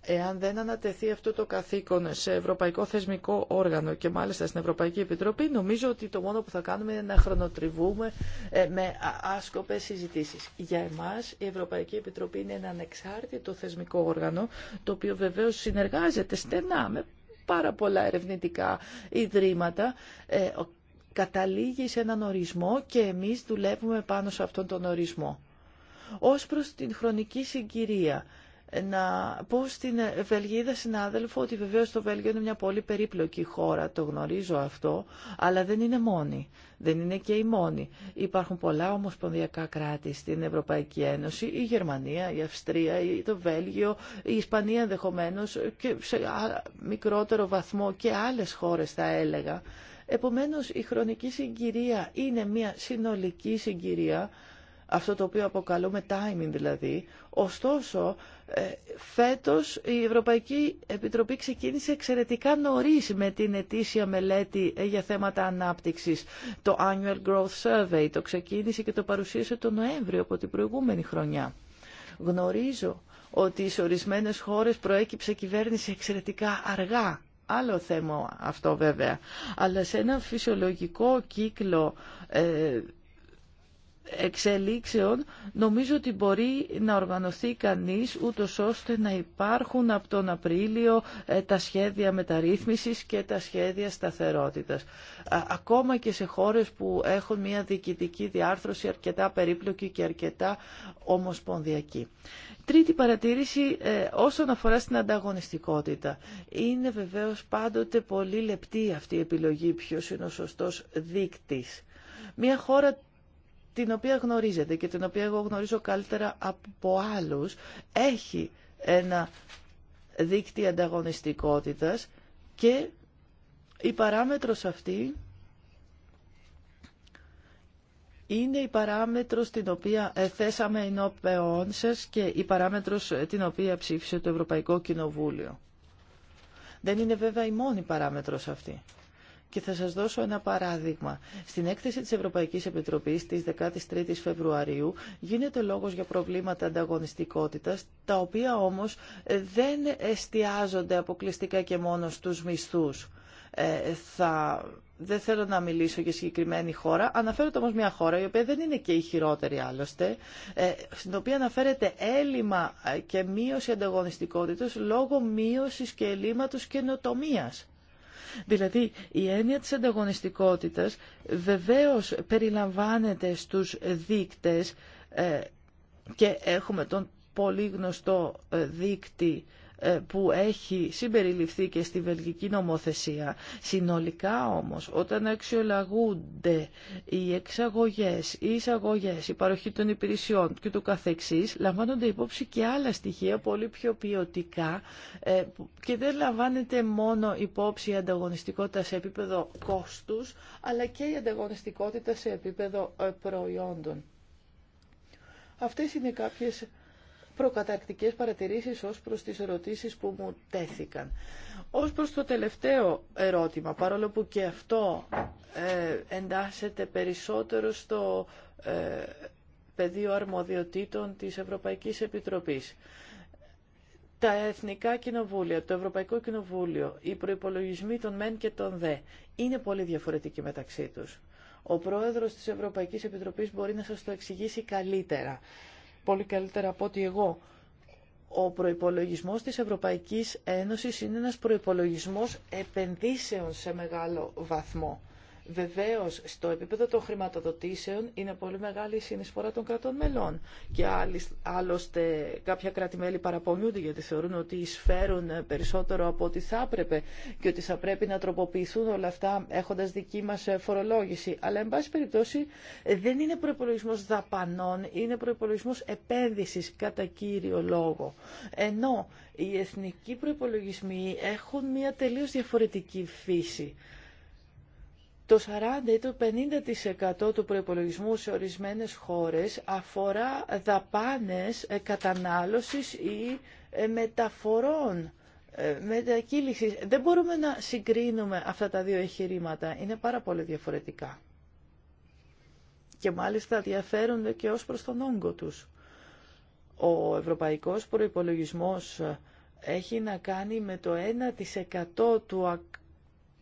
Εάν δεν ανατεθεί αυτό το καθήκον σε ευρωπαϊκό θεσμικό όργανο και μάλιστα στην Ευρωπαϊκή Επιτροπή, νομίζω ότι το μόνο που θα κάνουμε είναι να χρονοτριβούμε ε, με άσκοπες συζητήσεις. Για εμάς η Ευρωπαϊκή Επιτροπή είναι ένα ανεξάρτητο θεσμικό όργανο, το οποίο βεβαίως συνεργάζεται στενά με πάρα πολλά ερευνητικά ιδρύματα, ε, καταλήγει σε έναν ορισμό και εμείς δουλεύουμε πάνω σε αυτόν τον ορισμό. Ως προς την χρονική συγκυρία, να πω στην Βελγίδα συνάδελφο ότι βεβαίως το Βέλγιο είναι μια πολύ περίπλοκη χώρα, το γνωρίζω αυτό, αλλά δεν είναι μόνη. Δεν είναι και η μόνη. Υπάρχουν πολλά ομοσπονδιακά κράτη στην Ευρωπαϊκή Ένωση, η Γερμανία, η Αυστρία, το Βέλγιο, η Ισπανία ενδεχομένω και σε μικρότερο βαθμό και άλλες χώρες θα έλεγα. Επομένως η χρονική συγκυρία είναι μια συνολική συγκυρία αυτό το οποίο αποκαλούμε timing δηλαδή. Ωστόσο, ε, φέτος η Ευρωπαϊκή Επιτροπή ξεκίνησε εξαιρετικά νωρίς με την ετήσια μελέτη ε, για θέματα ανάπτυξης. Το Annual Growth Survey το ξεκίνησε και το παρουσίασε τον Νοέμβριο από την προηγούμενη χρονιά. Γνωρίζω ότι σε ορισμένες χώρες προέκυψε κυβέρνηση εξαιρετικά αργά Άλλο θέμα αυτό βέβαια. Αλλά σε ένα φυσιολογικό κύκλο ε, εξελίξεων νομίζω ότι μπορεί να οργανωθεί κανείς ούτως ώστε να υπάρχουν από τον Απρίλιο ε, τα σχέδια μεταρρύθμισης και τα σχέδια σταθερότητας. Ακόμα και σε χώρες που έχουν μια διοικητική διάρθρωση αρκετά περίπλοκη και αρκετά ομοσπονδιακή. Τρίτη παρατήρηση ε, όσον αφορά στην ανταγωνιστικότητα. Είναι βεβαίως πάντοτε πολύ λεπτή αυτή η επιλογή ποιος είναι ο σωστός δείκτης. Μια χώρα την οποία γνωρίζετε και την οποία εγώ γνωρίζω καλύτερα από άλλους, έχει ένα δίκτυο ανταγωνιστικότητας και η παράμετρος αυτή είναι η παράμετρος την οποία ε, θέσαμε ενώπαιόν σας και η παράμετρος ε, την οποία ψήφισε το Ευρωπαϊκό Κοινοβούλιο. Δεν είναι βέβαια η μόνη παράμετρος αυτή. Και θα σας δώσω ένα παράδειγμα. Στην έκθεση της Ευρωπαϊκής Επιτροπής της 13ης Φεβρουαρίου γίνεται λόγος για προβλήματα ανταγωνιστικότητας, τα οποία όμως ε, δεν εστιάζονται αποκλειστικά και μόνο στους μισθούς. Ε, θα... Δεν θέλω να μιλήσω για συγκεκριμένη χώρα, αναφέρω όμως μια χώρα η οποία δεν είναι και η χειρότερη άλλωστε, ε, στην οποία αναφέρεται έλλειμμα και μείωση ανταγωνιστικότητας λόγω μείωσης και ελλείμματος καινοτομία. Δηλαδή η έννοια της ανταγωνιστικότητας βεβαίως περιλαμβάνεται στους δείκτες ε, και έχουμε τον πολύ γνωστό ε, δείκτη ε, που έχει συμπεριληφθεί και στη βελγική νομοθεσία. Συνολικά όμως, όταν αξιολαγούνται οι εξαγωγές, οι εισαγωγές, η παροχή των υπηρεσιών και του καθεξής, λαμβάνονται υπόψη και άλλα στοιχεία πολύ πιο ποιοτικά ε, και δεν λαμβάνεται μόνο υπόψη η ανταγωνιστικότητα σε επίπεδο κόστους, αλλά και η ανταγωνιστικότητα σε επίπεδο ε, προϊόντων. Αυτές είναι κάποιες προκαταρκτικές παρατηρήσεις ως προς τις ερωτήσεις που μου τέθηκαν. Ως προς το τελευταίο ερώτημα, παρόλο που και αυτό ε, εντάσσεται περισσότερο στο ε, πεδίο αρμοδιοτήτων της Ευρωπαϊκής Επιτροπής. Τα Εθνικά Κοινοβούλια, το Ευρωπαϊκό Κοινοβούλιο, οι προϋπολογισμοί των ΜΕΝ και των ΔΕ είναι πολύ διαφορετικοί μεταξύ τους. Ο πρόεδρος της Ευρωπαϊκής Επιτροπής μπορεί να σας το εξηγήσει καλύτερα πολύ καλύτερα από ότι εγώ. Ο προϋπολογισμός της Ευρωπαϊκής Ένωσης είναι ένας προϋπολογισμός επενδύσεων σε μεγάλο βαθμό. Βεβαίω, στο επίπεδο των χρηματοδοτήσεων είναι πολύ μεγάλη η συνεισφορά των κρατών μελών. Και άλλωστε κάποια κράτη-μέλη παραπονιούνται γιατί θεωρούν ότι εισφέρουν περισσότερο από ό,τι θα έπρεπε και ότι θα πρέπει να τροποποιηθούν όλα αυτά έχοντα δική μα φορολόγηση. Αλλά, εν πάση περιπτώσει, δεν είναι προπολογισμό δαπανών, είναι προπολογισμό επένδυση κατά κύριο λόγο. Ενώ οι εθνικοί προπολογισμοί έχουν μια τελείω διαφορετική φύση. Το 40 ή το 50% του προϋπολογισμού σε ορισμένες χώρες αφορά δαπάνες ε, κατανάλωσης ή ε, μεταφορών, ε, μετακύλησης. Δεν μπορούμε να συγκρίνουμε αυτά τα δύο εγχειρήματα. Είναι πάρα πολύ διαφορετικά. Και μάλιστα διαφέρονται και ως προς τον όγκο τους. Ο ευρωπαϊκός προϋπολογισμός έχει να κάνει με το 1% του,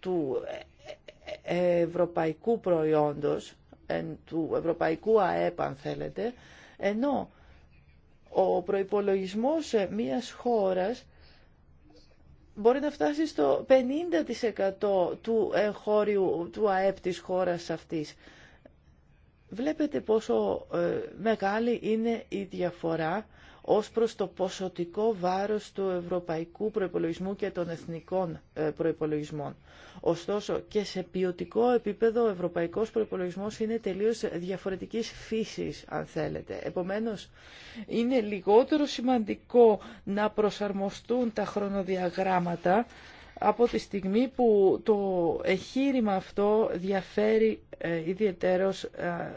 του ευρωπαϊκού προϊόντος, του ευρωπαϊκού ΑΕΠ αν θέλετε, ενώ ο προϋπολογισμός μιας χώρας μπορεί να φτάσει στο 50% του εγχώριου του ΑΕΠ της χώρας αυτής. Βλέπετε πόσο ε, μεγάλη είναι η διαφορά ως προς το ποσοτικό βάρος του ευρωπαϊκού προϋπολογισμού και των εθνικών ε, προϋπολογισμών. Ωστόσο και σε ποιοτικό επίπεδο ο ευρωπαϊκός προϋπολογισμός είναι τελείως διαφορετικής φύσης αν θέλετε. Επομένως είναι λιγότερο σημαντικό να προσαρμοστούν τα χρονοδιαγράμματα από τη στιγμή που το εχείρημα αυτό διαφέρει ε, ιδιαιτέρως ε,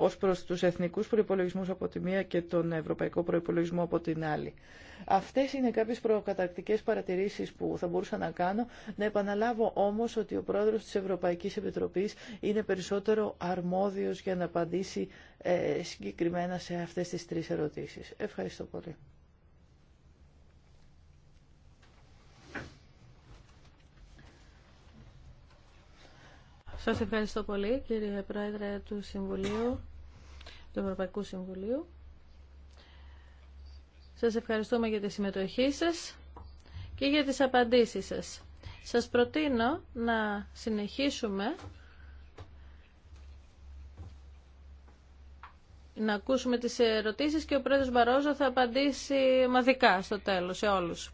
Ω προ του εθνικού προϋπολογισμούς από τη μία και τον ευρωπαϊκό Προπολογισμό από την άλλη. Αυτές είναι κάποιε προκαταρκτικές παρατηρήσεις που θα μπορούσα να κάνω. Να επαναλάβω όμως ότι ο πρόεδρος της Ευρωπαϊκής Επιτροπής είναι περισσότερο αρμόδιος για να απαντήσει ε, συγκεκριμένα σε αυτές τις τρει ερωτήσει. Ευχαριστώ πολύ. Σας ευχαριστώ πολύ κύριε Πρόεδρε του Συμβουλίου του Ευρωπαϊκού Συμβουλίου. Σας ευχαριστούμε για τη συμμετοχή σας και για τις απαντήσεις σας. Σας προτείνω να συνεχίσουμε να ακούσουμε τις ερωτήσεις και ο πρόεδρος Μπαρόζο θα απαντήσει μαδικά στο τέλος σε όλους.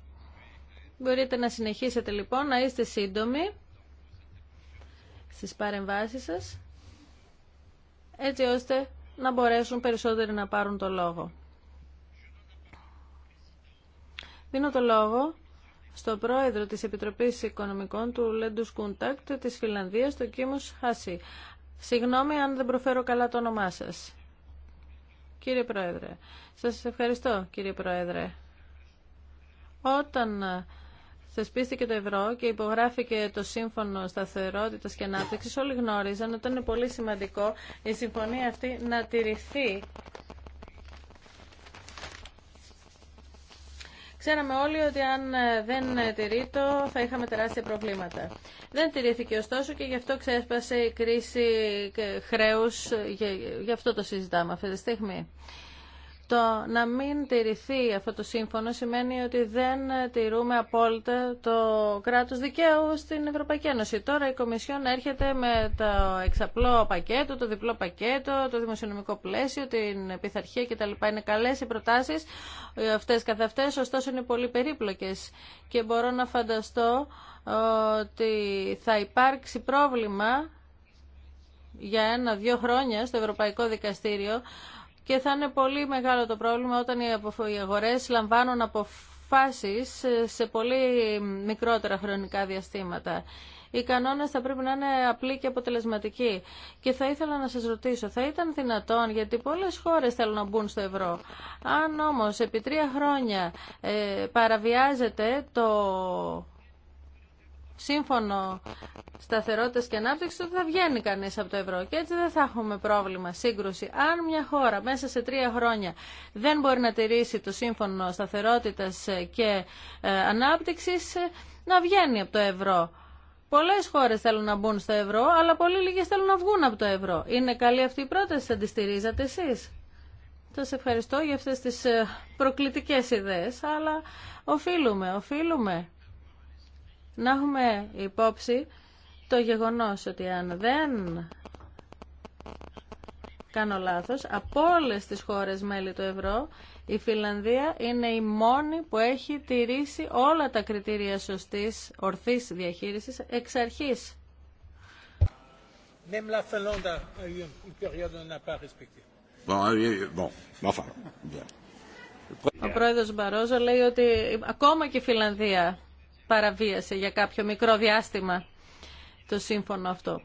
Μπορείτε να συνεχίσετε λοιπόν, να είστε σύντομοι στις παρεμβάσεις σας, έτσι ώστε να μπορέσουν περισσότεροι να πάρουν το λόγο. Δίνω το λόγο στο πρόεδρο της Επιτροπής Οικονομικών του Λέντους Κούντακτ της Φιλανδίας, το Κίμους Χασί. Συγγνώμη αν δεν προφέρω καλά το όνομά σας. Κύριε Πρόεδρε, σας ευχαριστώ κύριε Πρόεδρε. Όταν θεσπίστηκε το ευρώ και υπογράφηκε το Σύμφωνο Σταθερότητας και Ανάπτυξης, όλοι γνώριζαν ότι ήταν πολύ σημαντικό η συμφωνία αυτή να τηρηθεί. Ξέραμε όλοι ότι αν δεν το θα είχαμε τεράστια προβλήματα. Δεν τηρήθηκε ωστόσο και γι' αυτό ξέσπασε η κρίση χρέους, γι' αυτό το συζητάμε αυτή τη στιγμή. Το να μην τηρηθεί αυτό το σύμφωνο σημαίνει ότι δεν τηρούμε απόλυτα το κράτος δικαίου στην Ευρωπαϊκή Ένωση. Τώρα η Κομισιόν έρχεται με το εξαπλό πακέτο, το διπλό πακέτο, το δημοσιονομικό πλαίσιο, την πειθαρχία κτλ. Είναι καλές οι προτάσεις αυτές καθ' αυτές, ωστόσο είναι πολύ περίπλοκες και μπορώ να φανταστώ ότι θα υπάρξει πρόβλημα για ένα-δύο χρόνια στο Ευρωπαϊκό Δικαστήριο και θα είναι πολύ μεγάλο το πρόβλημα όταν οι αγορές λαμβάνουν αποφάσεις σε πολύ μικρότερα χρονικά διαστήματα. Οι κανόνες θα πρέπει να είναι απλοί και αποτελεσματικοί. Και θα ήθελα να σας ρωτήσω, θα ήταν δυνατόν, γιατί πολλές χώρες θέλουν να μπουν στο ευρώ. Αν όμως επί τρία χρόνια ε, παραβιάζεται το σύμφωνο σταθερότητα και ανάπτυξη ότι θα βγαίνει κανεί από το ευρώ και έτσι δεν θα έχουμε πρόβλημα σύγκρουση. Αν μια χώρα μέσα σε τρία χρόνια δεν μπορεί να τηρήσει το σύμφωνο σταθερότητα και ε, ανάπτυξης ε, να βγαίνει από το ευρώ. Πολλέ χώρε θέλουν να μπουν στο ευρώ, αλλά πολύ λίγε θέλουν να βγουν από το ευρώ. Είναι καλή αυτή η πρόταση, θα τη στηρίζατε εσεί. Σα ευχαριστώ για αυτέ τι ε, προκλητικέ ιδέε, αλλά οφείλουμε, οφείλουμε να έχουμε υπόψη το γεγονός ότι αν δεν κάνω λάθος, από όλες τις χώρες μέλη του ευρώ, η Φιλανδία είναι η μόνη που έχει τηρήσει όλα τα κριτήρια σωστής, ορθής διαχείρισης εξ αρχής. Ο πρόεδρος Μπαρόζο λέει ότι ακόμα και η Φιλανδία παραβίασε για κάποιο μικρό διάστημα το σύμφωνο αυτό.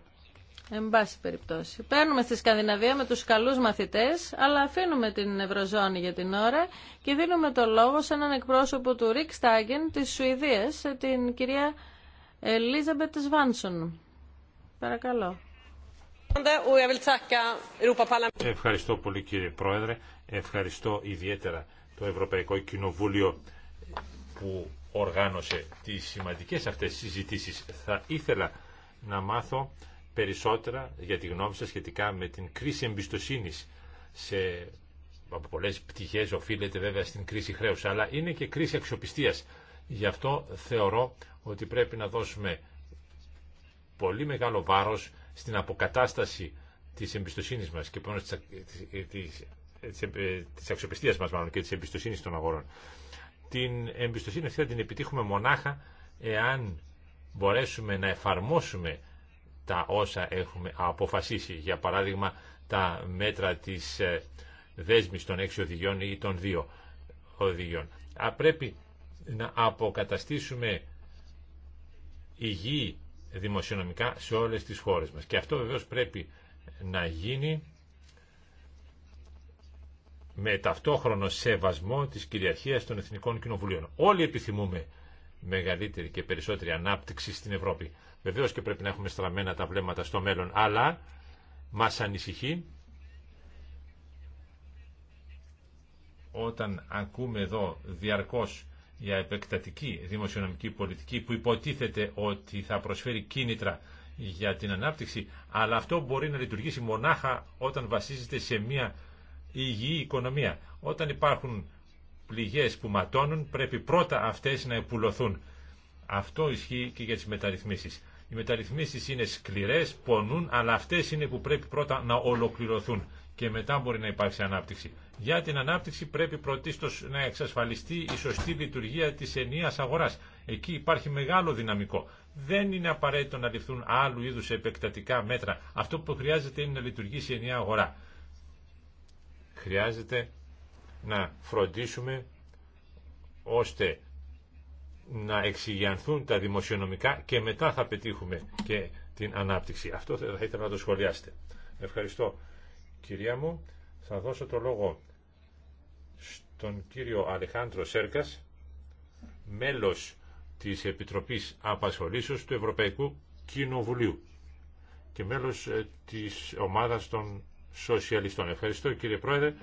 Εν πάση περιπτώσει. Παίρνουμε στη Σκανδιναβία με τους καλούς μαθητές, αλλά αφήνουμε την Ευρωζώνη για την ώρα και δίνουμε το λόγο σε έναν εκπρόσωπο του Ρικ Στάγγεν της Σουηδίας, την κυρία Ελίζαμπετ Σβάνσον. Παρακαλώ. Ευχαριστώ πολύ κύριε Πρόεδρε. Ευχαριστώ ιδιαίτερα το Ευρωπαϊκό Κοινοβούλιο που οργάνωσε τις σημαντικές αυτές συζητήσεις. Θα ήθελα να μάθω περισσότερα για τη γνώμη σας σχετικά με την κρίση εμπιστοσύνης σε από πολλές πτυχές οφείλεται βέβαια στην κρίση χρέους, αλλά είναι και κρίση αξιοπιστίας. Γι' αυτό θεωρώ ότι πρέπει να δώσουμε πολύ μεγάλο βάρος στην αποκατάσταση της εμπιστοσύνης μας και πάνω της, της, αξιοπιστίας μας μάλλον και της εμπιστοσύνης των αγορών την εμπιστοσύνη αυτή θα την επιτύχουμε μονάχα εάν μπορέσουμε να εφαρμόσουμε τα όσα έχουμε αποφασίσει. Για παράδειγμα, τα μέτρα της ε, δέσμης των έξι οδηγιών ή των δύο οδηγιών. Α, πρέπει να αποκαταστήσουμε υγιή δημοσιονομικά σε όλες τις χώρες μας. Και αυτό βεβαίως πρέπει να γίνει με ταυτόχρονο σεβασμό της κυριαρχίας των Εθνικών Κοινοβουλίων. Όλοι επιθυμούμε μεγαλύτερη και περισσότερη ανάπτυξη στην Ευρώπη. Βεβαίω και πρέπει να έχουμε στραμμένα τα βλέμματα στο μέλλον, αλλά μας ανησυχεί όταν ακούμε εδώ διαρκώς για επεκτατική δημοσιονομική πολιτική που υποτίθεται ότι θα προσφέρει κίνητρα για την ανάπτυξη, αλλά αυτό μπορεί να λειτουργήσει μονάχα όταν βασίζεται σε μια η υγιή οικονομία. Όταν υπάρχουν πληγές που ματώνουν, πρέπει πρώτα αυτές να επουλωθούν. Αυτό ισχύει και για τις μεταρρυθμίσεις. Οι μεταρρυθμίσεις είναι σκληρές, πονούν, αλλά αυτές είναι που πρέπει πρώτα να ολοκληρωθούν και μετά μπορεί να υπάρξει ανάπτυξη. Για την ανάπτυξη πρέπει πρωτίστως να εξασφαλιστεί η σωστή λειτουργία της ενιαίας αγοράς. Εκεί υπάρχει μεγάλο δυναμικό. Δεν είναι απαραίτητο να ληφθούν άλλου είδου επεκτατικά μέτρα. Αυτό που χρειάζεται είναι να λειτουργήσει η ενιαία αγορά. Χρειάζεται να φροντίσουμε ώστε να εξηγιανθούν τα δημοσιονομικά και μετά θα πετύχουμε και την ανάπτυξη. Αυτό θα ήθελα να το σχολιάσετε. Ευχαριστώ. Κυρία μου, θα δώσω το λόγο στον κύριο Αλεχάντρο Σέρκας, μέλος της Επιτροπής Απασχολήσεως του Ευρωπαϊκού Κοινοβουλίου και μέλος ε, της ομάδας των Σοσιαλιστών. Ευχαριστώ κύριε Πρόεδρε.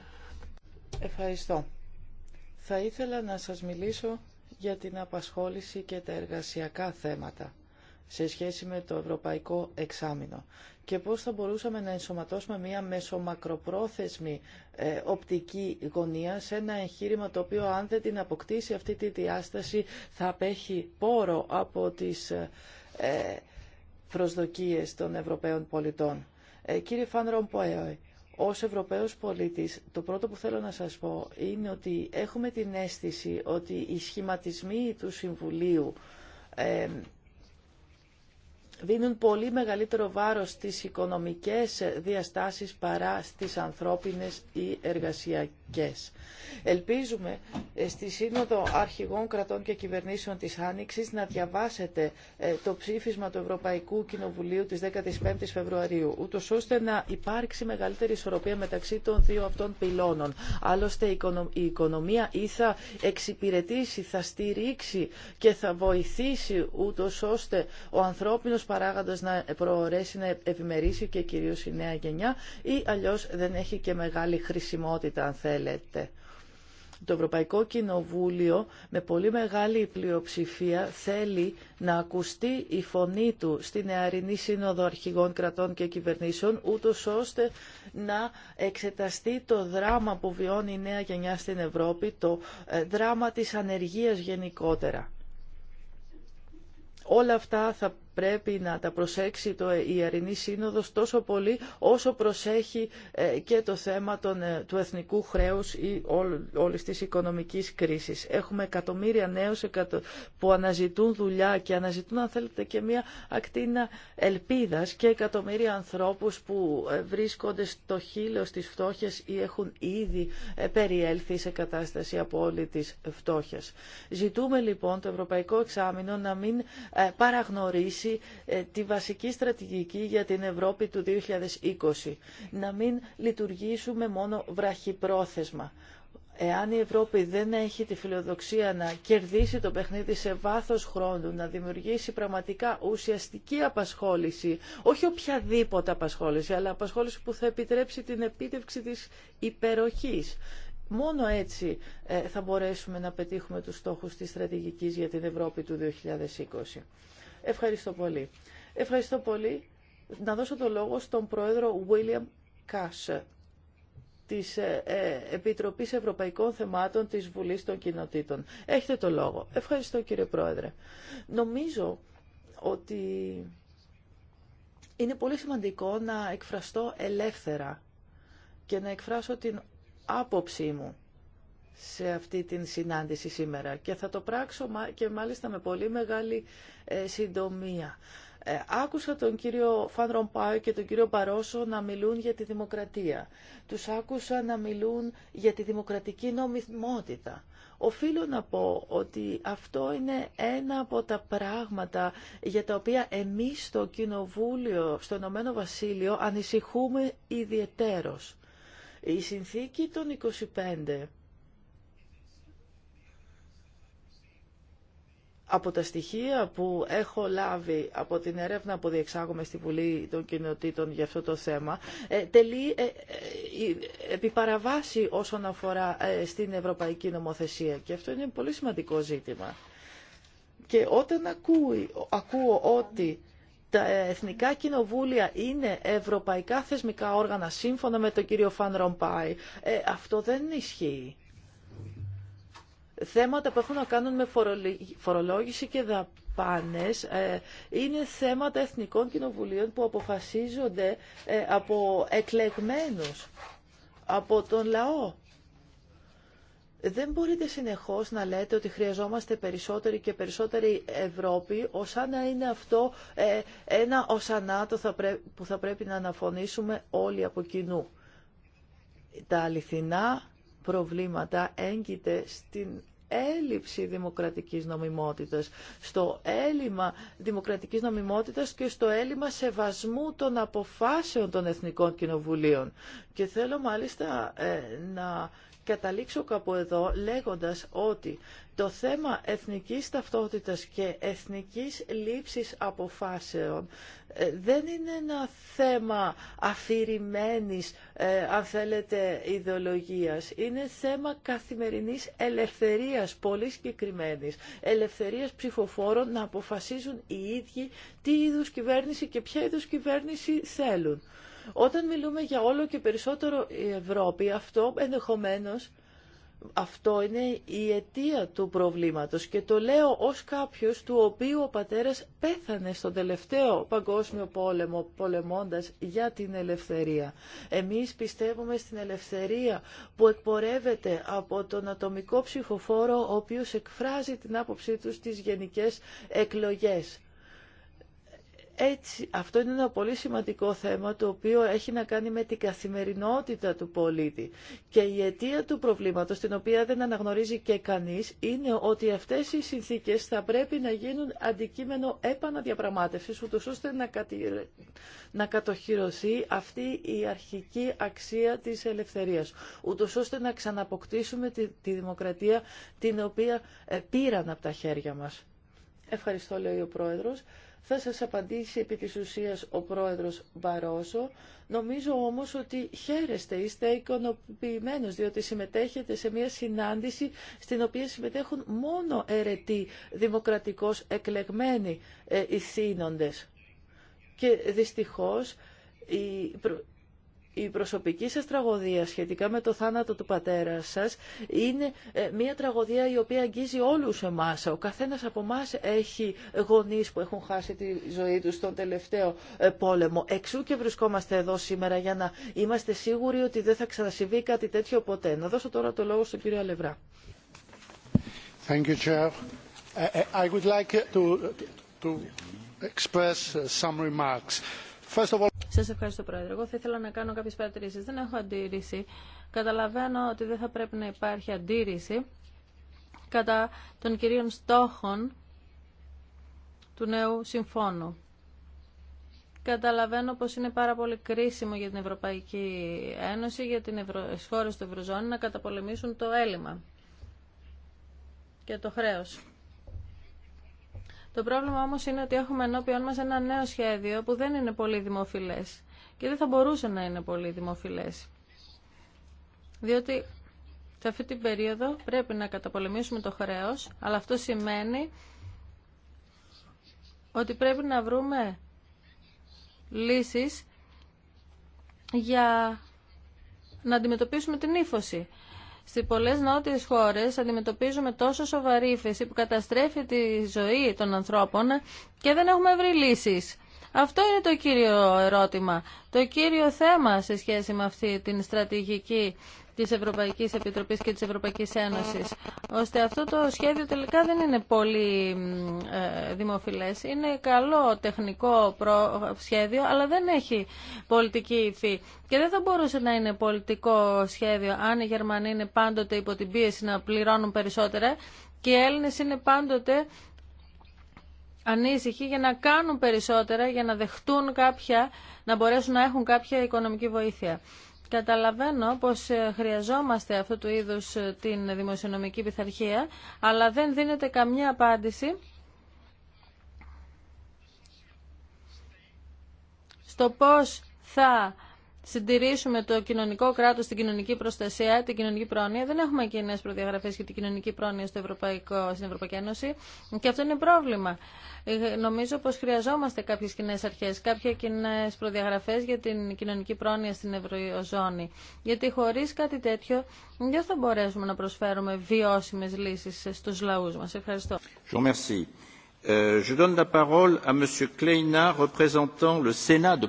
Ευχαριστώ. Θα ήθελα να σας μιλήσω για την απασχόληση και τα εργασιακά θέματα σε σχέση με το ευρωπαϊκό εξάμεινο και πώς θα μπορούσαμε να ενσωματώσουμε μια μεσομακροπρόθεσμη ε, οπτική γωνία σε ένα εγχείρημα το οποίο αν δεν την αποκτήσει αυτή τη διάσταση θα απέχει πόρο από τις ε, ε, προσδοκίες των Ευρωπαίων πολιτών. Ε, κύριε Φαν Ρομποέ, ως Ευρωπαίος πολίτης, το πρώτο που θέλω να σας πω είναι ότι έχουμε την αίσθηση ότι οι σχηματισμοί του Συμβουλίου ε, δίνουν πολύ μεγαλύτερο βάρος στις οικονομικές διαστάσεις παρά στις ανθρώπινες ή εργασιακές. Ελπίζουμε ε, στη Σύνοδο Αρχηγών Κρατών και Κυβερνήσεων της Άνοιξης να διαβάσετε ε, το ψήφισμα του Ευρωπαϊκού Κοινοβουλίου της 15ης Φεβρουαρίου, ούτως ώστε να υπάρξει μεγαλύτερη ισορροπία μεταξύ των δύο αυτών πυλώνων. Άλλωστε η οικονομία ή θα εξυπηρετήσει, θα στηρίξει και θα βοηθήσει ούτως ώστε ο ανθρώπινος παράγοντα να προορέσει να ευημερήσει και κυρίως η νέα γενιά ή αλλιώς δεν έχει και μεγάλη χρησιμότητα αν θέλετε. Το Ευρωπαϊκό Κοινοβούλιο με πολύ μεγάλη πλειοψηφία θέλει να ακουστεί η φωνή του στην νεαρινή σύνοδο αρχηγών κρατών και κυβερνήσεων, ούτω ώστε να εξεταστεί το δράμα που βιώνει η νέα γενιά στην Ευρώπη, το ε, δράμα της ανεργίας γενικότερα. Όλα αυτά θα πρέπει να τα προσέξει το, η Σύνοδος τόσο πολύ όσο προσέχει ε, και το θέμα των, ε, του εθνικού χρέους ή όλης της οικονομικής κρίσης. Έχουμε εκατομμύρια νέους που αναζητούν δουλειά και αναζητούν αν θέλετε και μια ακτίνα ελπίδας και εκατομμύρια ανθρώπους που ε, βρίσκονται στο χείλο της φτώχειας ή έχουν ήδη περιέλθει σε κατάσταση απόλυτης φτώχειας. Ζητούμε λοιπόν το Ευρωπαϊκό Εξάμεινο να μην παραγνωρίσει ε, τη βασική στρατηγική για την Ευρώπη του 2020. Να μην λειτουργήσουμε μόνο βραχυπρόθεσμα. Εάν η Ευρώπη δεν έχει τη φιλοδοξία να κερδίσει το παιχνίδι σε βάθος χρόνου, να δημιουργήσει πραγματικά ουσιαστική απασχόληση, όχι οποιαδήποτε απασχόληση, αλλά απασχόληση που θα επιτρέψει την επίτευξη της υπεροχής. Μόνο έτσι ε, θα μπορέσουμε να πετύχουμε τους στόχους της στρατηγικής για την Ευρώπη του 2020. Ευχαριστώ πολύ. Ευχαριστώ πολύ. Να δώσω το λόγο στον πρόεδρο William Cash της ε, ε, Επιτροπής Ευρωπαϊκών Θεμάτων της Βουλής των Κοινοτήτων. Έχετε το λόγο. Ευχαριστώ κύριε Πρόεδρε. Νομίζω ότι είναι πολύ σημαντικό να εκφραστώ ελεύθερα και να εκφράσω την άποψή μου σε αυτή την συνάντηση σήμερα και θα το πράξω και μάλιστα με πολύ μεγάλη ε, συντομία. Ε, άκουσα τον κύριο Φαν και τον κύριο Παρόσο να μιλούν για τη δημοκρατία. Τους άκουσα να μιλούν για τη δημοκρατική νομιμότητα. Οφείλω να πω ότι αυτό είναι ένα από τα πράγματα για τα οποία εμείς στο Κοινοβούλιο, στο Ηνωμένο Βασίλειο, ανησυχούμε ιδιαιτέρως. Η συνθήκη των 25 Από τα στοιχεία που έχω λάβει από την έρευνα που διεξάγουμε στη Βουλή των Κοινοτήτων για αυτό το θέμα, ε, τελεί ε, ε, επιπαραβάση όσον αφορά στην ευρωπαϊκή νομοθεσία. Και αυτό είναι πολύ σημαντικό ζήτημα. Και όταν ακούω ότι τα εθνικά κοινοβούλια είναι ευρωπαϊκά θεσμικά όργανα σύμφωνα με τον κύριο Φαν Ρομπάι, αυτό δεν ισχύει θέματα που έχουν να κάνουν με φορολόγηση και δαπάνες ε, είναι θέματα εθνικών κοινοβουλίων που αποφασίζονται ε, από εκλεγμένους, από τον λαό. Δεν μπορείτε συνεχώς να λέτε ότι χρειαζόμαστε περισσότερη και περισσότερη Ευρώπη, ως να είναι αυτό ε, ένα οσανάτο που θα πρέπει να αναφωνήσουμε όλοι από κοινού. Τα αληθινά προβλήματα έγκυται στην έλλειψη δημοκρατικής νομιμότητας, στο έλλειμμα δημοκρατικής νομιμότητας και στο έλλειμμα σεβασμού των αποφάσεων των Εθνικών Κοινοβουλίων. Και θέλω μάλιστα ε, να καταλήξω κάπου εδώ λέγοντας ότι το θέμα εθνικής ταυτότητας και εθνικής λήψης αποφάσεων ε, δεν είναι ένα θέμα αφηρημένης, ε, αν θέλετε, ιδεολογίας. Είναι θέμα καθημερινής ελευθερίας, πολύ συγκεκριμένη. Ελευθερίας ψηφοφόρων να αποφασίζουν οι ίδιοι τι είδους κυβέρνηση και ποια είδους κυβέρνηση θέλουν. Όταν μιλούμε για όλο και περισσότερο η Ευρώπη, αυτό ενδεχομένως αυτό είναι η αιτία του προβλήματος και το λέω ως κάποιος του οποίου ο πατέρας πέθανε στον τελευταίο παγκόσμιο πόλεμο πολεμώντας για την ελευθερία. Εμείς πιστεύουμε στην ελευθερία που εκπορεύεται από τον ατομικό ψηφοφόρο ο οποίος εκφράζει την άποψή του στις γενικές εκλογές. Έτσι, αυτό είναι ένα πολύ σημαντικό θέμα το οποίο έχει να κάνει με την καθημερινότητα του πολίτη. Και η αιτία του προβλήματος, την οποία δεν αναγνωρίζει και κανείς, είναι ότι αυτές οι συνθήκες θα πρέπει να γίνουν αντικείμενο επαναδιαπραγμάτευσης, ούτως ώστε να, να κατοχυρωθεί αυτή η αρχική αξία της ελευθερίας, ούτως ώστε να ξαναποκτήσουμε τη, τη δημοκρατία την οποία ε, πήραν από τα χέρια μας. Ευχαριστώ, λέει ο Πρόεδρος. Θα σας απαντήσει επί της ουσίας ο πρόεδρος Μπαρόσο. Νομίζω όμως ότι χαίρεστε, είστε ικανοποιημένος, διότι συμμετέχετε σε μια συνάντηση στην οποία συμμετέχουν μόνο αιρετοί δημοκρατικώς εκλεγμένοι ε, ηθήνοντες. Και δυστυχώς η η προσωπική σας τραγωδία σχετικά με το θάνατο του πατέρα σας είναι ε, μια τραγωδία η οποία αγγίζει όλους εμάς. Ο καθένας από εμά έχει γονείς που έχουν χάσει τη ζωή τους στον τελευταίο ε, πόλεμο. Εξού και βρισκόμαστε εδώ σήμερα για να είμαστε σίγουροι ότι δεν θα ξανασυμβεί κάτι τέτοιο ποτέ. Να δώσω τώρα το λόγο στον κύριο Αλευρά. Thank you, ε, I would like to, some remarks. Σα ευχαριστώ, Πρόεδρε. Εγώ θα ήθελα να κάνω κάποιε παρατηρήσει. Δεν έχω αντίρρηση. Καταλαβαίνω ότι δεν θα πρέπει να υπάρχει αντίρρηση κατά των κυρίων στόχων του νέου συμφώνου. Καταλαβαίνω πως είναι πάρα πολύ κρίσιμο για την Ευρωπαϊκή Ένωση, για τις Ευρω... χώρες του Ευρωζώνη να καταπολεμήσουν το έλλειμμα και το χρέος. Το πρόβλημα όμως είναι ότι έχουμε ενώπιον μας ένα νέο σχέδιο που δεν είναι πολύ δημοφιλές και δεν θα μπορούσε να είναι πολύ δημοφιλές. Διότι σε αυτή την περίοδο πρέπει να καταπολεμήσουμε το χρέος, αλλά αυτό σημαίνει ότι πρέπει να βρούμε λύσεις για να αντιμετωπίσουμε την ύφωση. Στι πολλέ νότιε χώρε αντιμετωπίζουμε τόσο σοβαρή ύφεση που καταστρέφει τη ζωή των ανθρώπων και δεν έχουμε βρει λύσει. Αυτό είναι το κύριο ερώτημα, το κύριο θέμα σε σχέση με αυτή την στρατηγική Τη Ευρωπαϊκή Επιτροπή και τη Ευρωπαϊκή Ένωση. ώστε αυτό το σχέδιο τελικά δεν είναι πολύ ε, δημοφιλέ. Είναι καλό τεχνικό σχέδιο, αλλά δεν έχει πολιτική υφή. Και δεν θα μπορούσε να είναι πολιτικό σχέδιο αν οι Γερμανοί είναι πάντοτε υπό την πίεση να πληρώνουν περισσότερα και οι Έλληνε είναι πάντοτε ανήσυχοι για να κάνουν περισσότερα, για να δεχτούν κάποια, να μπορέσουν να έχουν κάποια οικονομική βοήθεια. Καταλαβαίνω πως ε, χρειαζόμαστε αυτού του είδους ε, την δημοσιονομική πειθαρχία, αλλά δεν δίνεται καμία απάντηση στο πώς θα συντηρήσουμε το κοινωνικό κράτο, την κοινωνική προστασία, την κοινωνική πρόνοια. Δεν έχουμε κοινέ προδιαγραφέ για την κοινωνική πρόνοια στο Ευρωπαϊκό, στην Ευρωπαϊκή Ένωση και αυτό είναι πρόβλημα. Ε, νομίζω πω χρειαζόμαστε κάποιε κοινέ αρχέ, κάποιε κοινέ προδιαγραφέ για την κοινωνική πρόνοια στην Ευρωζώνη. Γιατί χωρί κάτι τέτοιο δεν θα μπορέσουμε να προσφέρουμε βιώσιμε λύσει στου λαού μα, Ευχαριστώ. Ε, je donne la parole à M. Kleina, représentant le Sénat de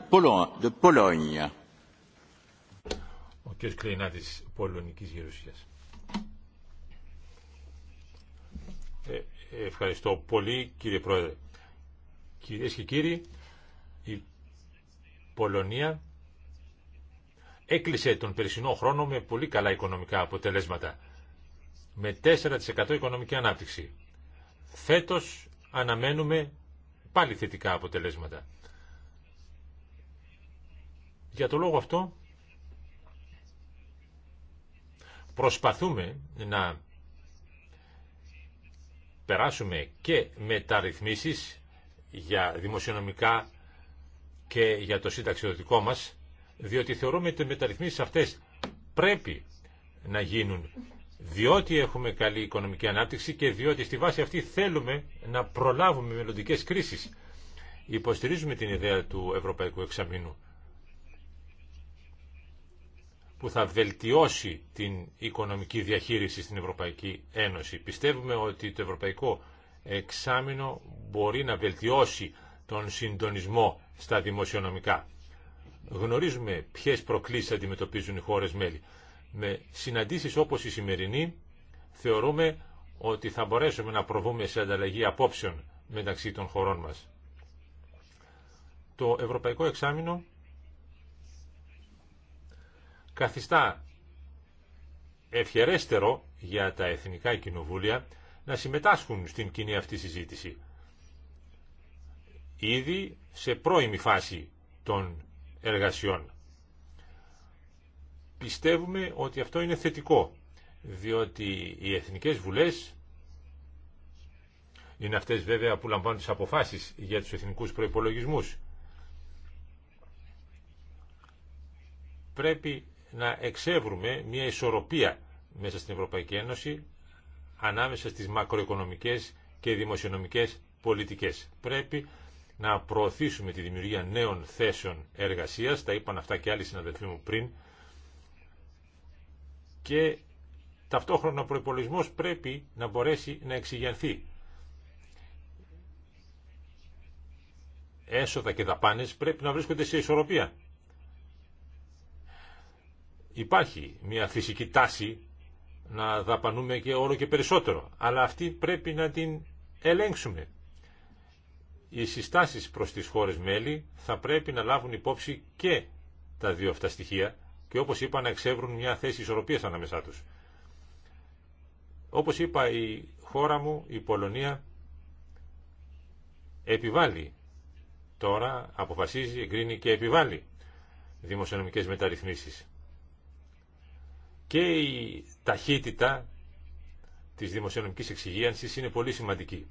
Pologne κ. Κλεινά της Πολωνικής Γερουσίας. Ε, ευχαριστώ πολύ κύριε Πρόεδρε. κύριε και κύριοι, η Πολωνία έκλεισε τον περσινό χρόνο με πολύ καλά οικονομικά αποτελέσματα. Με 4% οικονομική ανάπτυξη. Φέτος αναμένουμε πάλι θετικά αποτελέσματα. Για το λόγο αυτό προσπαθούμε να περάσουμε και μεταρρυθμίσεις για δημοσιονομικά και για το συνταξιδοτικό μας, διότι θεωρούμε ότι οι μεταρρυθμίσεις αυτές πρέπει να γίνουν, διότι έχουμε καλή οικονομική ανάπτυξη και διότι στη βάση αυτή θέλουμε να προλάβουμε μελλοντικές κρίσεις. Υποστηρίζουμε την ιδέα του Ευρωπαϊκού Εξαμήνου που θα βελτιώσει την οικονομική διαχείριση στην Ευρωπαϊκή Ένωση. Πιστεύουμε ότι το Ευρωπαϊκό Εξάμεινο μπορεί να βελτιώσει τον συντονισμό στα δημοσιονομικά. Γνωρίζουμε ποιες προκλήσεις αντιμετωπίζουν οι χώρες μέλη. Με συναντήσεις όπως η σημερινή θεωρούμε ότι θα μπορέσουμε να προβούμε σε ανταλλαγή απόψεων μεταξύ των χωρών μας. Το Ευρωπαϊκό Εξάμεινο καθιστά ευχερέστερο για τα εθνικά κοινοβούλια να συμμετάσχουν στην κοινή αυτή συζήτηση. Ήδη σε πρώιμη φάση των εργασιών. Πιστεύουμε ότι αυτό είναι θετικό, διότι οι εθνικές βουλές είναι αυτές βέβαια που λαμβάνουν τις αποφάσεις για τους εθνικούς προϋπολογισμούς. Πρέπει να εξεύρουμε μια ισορροπία μέσα στην Ευρωπαϊκή Ένωση ανάμεσα στις μακροοικονομικές και δημοσιονομικές πολιτικές. Πρέπει να προωθήσουμε τη δημιουργία νέων θέσεων εργασίας, τα είπαν αυτά και άλλοι συναδελφοί μου πριν, και ταυτόχρονα ο προϋπολογισμός πρέπει να μπορέσει να εξηγιανθεί. Έσοδα και δαπάνες πρέπει να βρίσκονται σε ισορροπία. Υπάρχει μια φυσική τάση να δαπανούμε και όλο και περισσότερο, αλλά αυτή πρέπει να την ελέγξουμε. Οι συστάσεις προς τις χώρες μέλη θα πρέπει να λάβουν υπόψη και τα δύο αυτά στοιχεία και όπως είπα να εξεύρουν μια θέση ισορροπίας ανάμεσά τους. Όπως είπα η χώρα μου, η Πολωνία, επιβάλλει τώρα, αποφασίζει, εγκρίνει και επιβάλλει δημοσιονομικές μεταρρυθμίσεις και η ταχύτητα της δημοσιονομικής εξυγίανσης είναι πολύ σημαντική.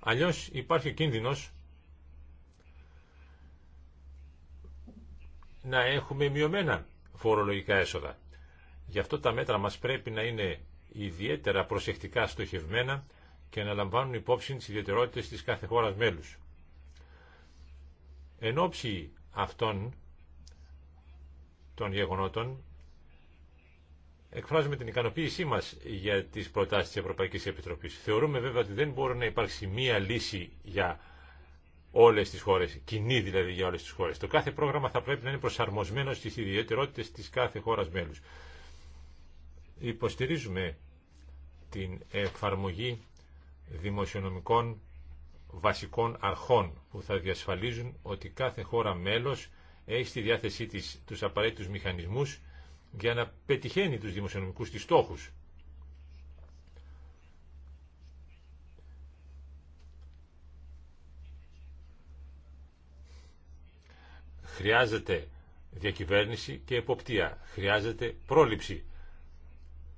Αλλιώς υπάρχει κίνδυνος να έχουμε μειωμένα φορολογικά έσοδα. Γι' αυτό τα μέτρα μας πρέπει να είναι ιδιαίτερα προσεκτικά στοχευμένα και να λαμβάνουν υπόψη τις ιδιαιτερότητες της κάθε χώρας μέλους. Εν αυτών των γεγονότων, εκφράζουμε την ικανοποίησή μας για τις προτάσεις της Ευρωπαϊκής Επιτροπής. Θεωρούμε βέβαια ότι δεν μπορεί να υπάρξει μία λύση για όλες τις χώρες, κοινή δηλαδή για όλες τις χώρες. Το κάθε πρόγραμμα θα πρέπει να είναι προσαρμοσμένο στις ιδιαιτερότητες της κάθε χώρας μέλους. Υποστηρίζουμε την εφαρμογή δημοσιονομικών βασικών αρχών που θα διασφαλίζουν ότι κάθε χώρα μέλος έχει στη διάθεσή της τους απαραίτητους μηχανισμούς για να πετυχαίνει τους δημοσιονομικούς της στόχους. Χρειάζεται διακυβέρνηση και εποπτεία. Χρειάζεται πρόληψη.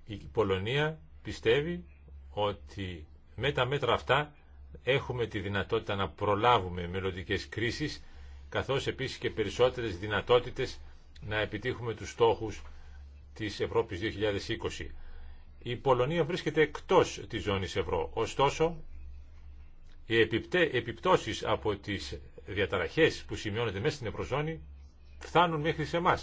Η Πολωνία πιστεύει ότι με τα μέτρα αυτά έχουμε τη δυνατότητα να προλάβουμε μελλοντικέ κρίσεις καθώς επίσης και περισσότερες δυνατότητες να επιτύχουμε τους στόχους της Ευρώπης 2020. Η Πολωνία βρίσκεται εκτός της ζώνης ευρώ. Ωστόσο, οι επιπτώσεις από τις διαταραχές που σημειώνονται μέσα στην Ευρωζώνη φτάνουν μέχρι σε εμά.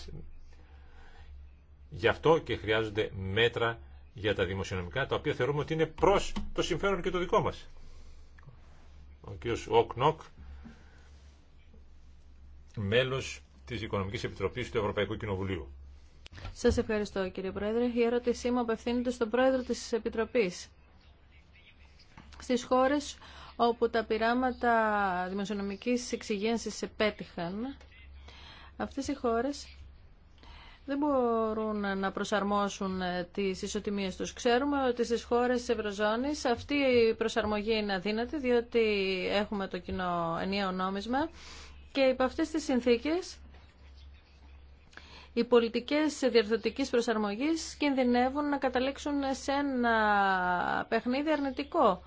Γι' αυτό και χρειάζονται μέτρα για τα δημοσιονομικά, τα οποία θεωρούμε ότι είναι προς το συμφέρον και το δικό μας. Ο κ. Οκνοκ μέλος της Οικονομικής Επιτροπής του Ευρωπαϊκού Κοινοβουλίου. Σας ευχαριστώ κύριε Πρόεδρε. Η ερώτησή μου απευθύνεται στον Πρόεδρο της Επιτροπής. Στις χώρες όπου τα πειράματα δημοσιονομικής εξυγένσης επέτυχαν, αυτές οι χώρες δεν μπορούν να προσαρμόσουν τις ισοτιμίες τους. Ξέρουμε ότι στις χώρες τη Ευρωζώνης αυτή η προσαρμογή είναι αδύνατη διότι έχουμε το κοινό ενιαίο νόμισμα και υπό αυτές τις συνθήκες οι πολιτικές διαρθρωτικής προσαρμογής κινδυνεύουν να καταλήξουν σε ένα παιχνίδι αρνητικό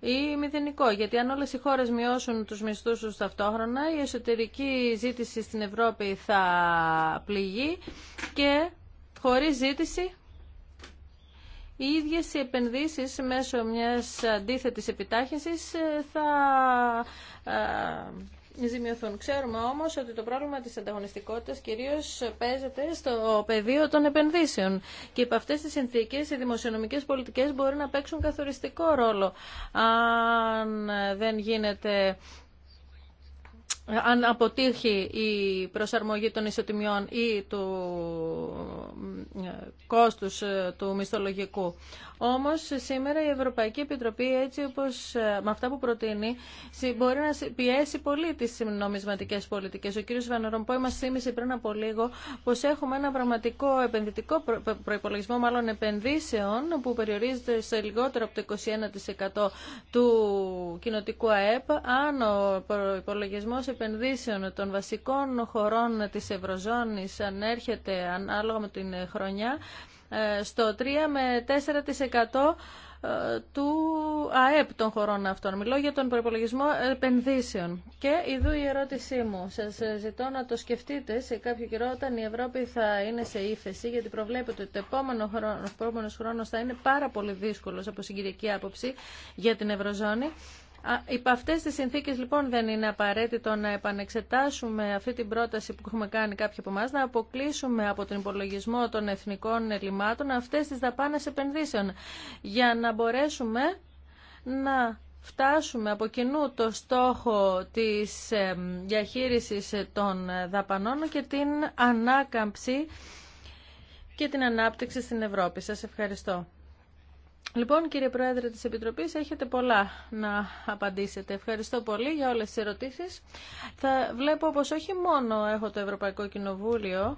ή μηδενικό. Γιατί αν όλες οι χώρες μειώσουν τους μισθούς τους ταυτόχρονα, η εσωτερική ζήτηση στην Ευρώπη θα πληγεί και χωρίς ζήτηση οι ίδιες οι επενδύσεις μέσω μιας αντίθετης επιτάχυνσης ε, θα ε, ζημιωθούν. Ξέρουμε όμως ότι το πρόβλημα της ανταγωνιστικότητας κυρίως παίζεται στο πεδίο των επενδύσεων και υπ' αυτές τι συνθήκε οι δημοσιονομικές πολιτικές μπορεί να παίξουν καθοριστικό ρόλο αν δεν γίνεται αν αποτύχει η προσαρμογή των ισοτιμιών ή του ε, κόστους ε, του μισθολογικού. Όμως σήμερα η Ευρωπαϊκή Επιτροπή έτσι όπως ε, με αυτά που προτείνει μπορεί να πιέσει πολύ τις νομισματικές πολιτικές. Ο κύριος Βανερομπόη μας θύμισε πριν από λίγο πως έχουμε ένα πραγματικό επενδυτικό προϋπολογισμό μάλλον επενδύσεων που περιορίζεται σε λιγότερο από το 21% του κοινοτικού ΑΕΠ αν ο προϋπολογισμός επενδύσεων των βασικών χωρών της Ευρωζώνης ανέρχεται ανάλογα με την χρονιά ε, στο 3 με 4% ε, του ΑΕΠ των χωρών αυτών. Μιλώ για τον προπολογισμό επενδύσεων. Και ειδού η ερώτησή μου. Σας ε, ζητώ να το σκεφτείτε σε κάποιο καιρό όταν η Ευρώπη θα είναι σε ύφεση, γιατί προβλέπετε ότι το επόμενο χρόνο ο επόμενος χρόνος θα είναι πάρα πολύ δύσκολος από συγκυριακή άποψη για την Ευρωζώνη. Υπ' αυτέ τις συνθήκες λοιπόν δεν είναι απαραίτητο να επανεξετάσουμε αυτή την πρόταση που έχουμε κάνει κάποιοι από εμά, να αποκλείσουμε από τον υπολογισμό των εθνικών ελλημάτων αυτές τις δαπάνες επενδύσεων για να μπορέσουμε να φτάσουμε από κοινού το στόχο της ε, διαχείρισης των δαπανών και την ανάκαμψη και την ανάπτυξη στην Ευρώπη. Σας ευχαριστώ. Λοιπόν, κύριε Πρόεδρε της Επιτροπής, έχετε πολλά να απαντήσετε. Ευχαριστώ πολύ για όλες τις ερωτήσεις. Θα βλέπω πως όχι μόνο έχω το Ευρωπαϊκό Κοινοβούλιο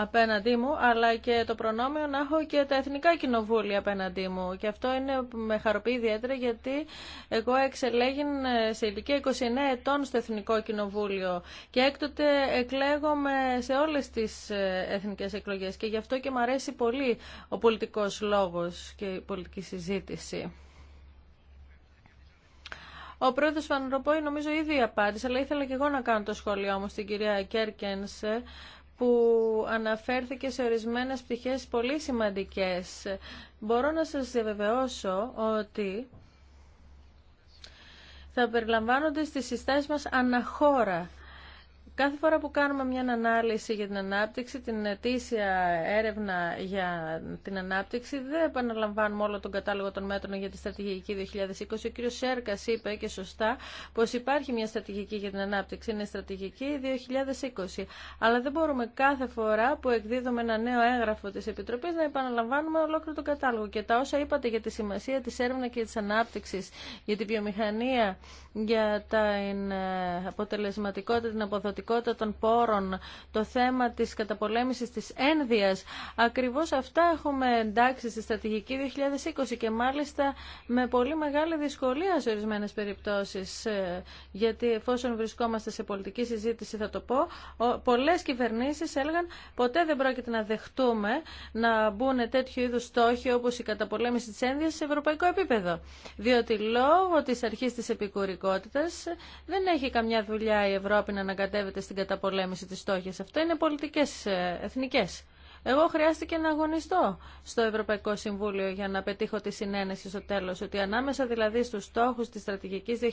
απέναντί μου, αλλά και το προνόμιο να έχω και τα εθνικά κοινοβούλια απέναντί μου. Και αυτό είναι με χαροποιεί ιδιαίτερα γιατί εγώ εξελέγην ε, σε ηλικία 29 ετών στο Εθνικό Κοινοβούλιο και έκτοτε εκλέγομαι σε όλες τις ε, εθνικές εκλογές και γι' αυτό και μου αρέσει πολύ ο πολιτικός λόγος και η πολιτική συζήτηση. Ο πρόεδρος Φανροπόη νομίζω ήδη απάντησε, αλλά ήθελα και εγώ να κάνω το σχόλιο μου στην κυρία Κέρκενς ε, που αναφέρθηκε σε ορισμένες πτυχές πολύ σημαντικές. Μπορώ να σας διαβεβαιώσω ότι θα περιλαμβάνονται στις συστάσεις μας αναχώρα Κάθε φορά που κάνουμε μια ανάλυση για την ανάπτυξη, την ετήσια έρευνα για την ανάπτυξη, δεν επαναλαμβάνουμε όλο τον κατάλογο των μέτρων για τη στρατηγική 2020. Ο κ. Σέρκα είπε και σωστά πω υπάρχει μια στρατηγική για την ανάπτυξη. Είναι στρατηγική 2020. Αλλά δεν μπορούμε κάθε φορά που εκδίδουμε ένα νέο έγγραφο τη Επιτροπή να επαναλαμβάνουμε ολόκληρο τον κατάλογο. Και τα όσα είπατε για τη σημασία τη έρευνα και τη ανάπτυξη, για τη βιομηχανία, για την αποτελεσματικότητα, την αποδοτικότητα, των πόρων, το θέμα της καταπολέμησης της ένδυας. Ακριβώς αυτά έχουμε εντάξει στη στρατηγική 2020 και μάλιστα με πολύ μεγάλη δυσκολία σε ορισμένες περιπτώσεις, ε, γιατί εφόσον βρισκόμαστε σε πολιτική συζήτηση θα το πω, πολλές κυβερνήσεις έλεγαν ποτέ δεν πρόκειται να δεχτούμε να μπουν τέτοιου είδους στόχοι όπως η καταπολέμηση της ένδυας σε ευρωπαϊκό επίπεδο. Διότι λόγω της αρχής της επικουρικότητας δεν έχει καμιά δουλειά η Ευρώπη να ανακατεύεται στην καταπολέμηση της στόχης. Αυτό είναι πολιτικές ε, εθνικές. Εγώ χρειάστηκε να αγωνιστώ στο Ευρωπαϊκό Συμβούλιο για να πετύχω τη συνένεση στο τέλος, ότι ανάμεσα δηλαδή στους στόχους της στρατηγικής 2020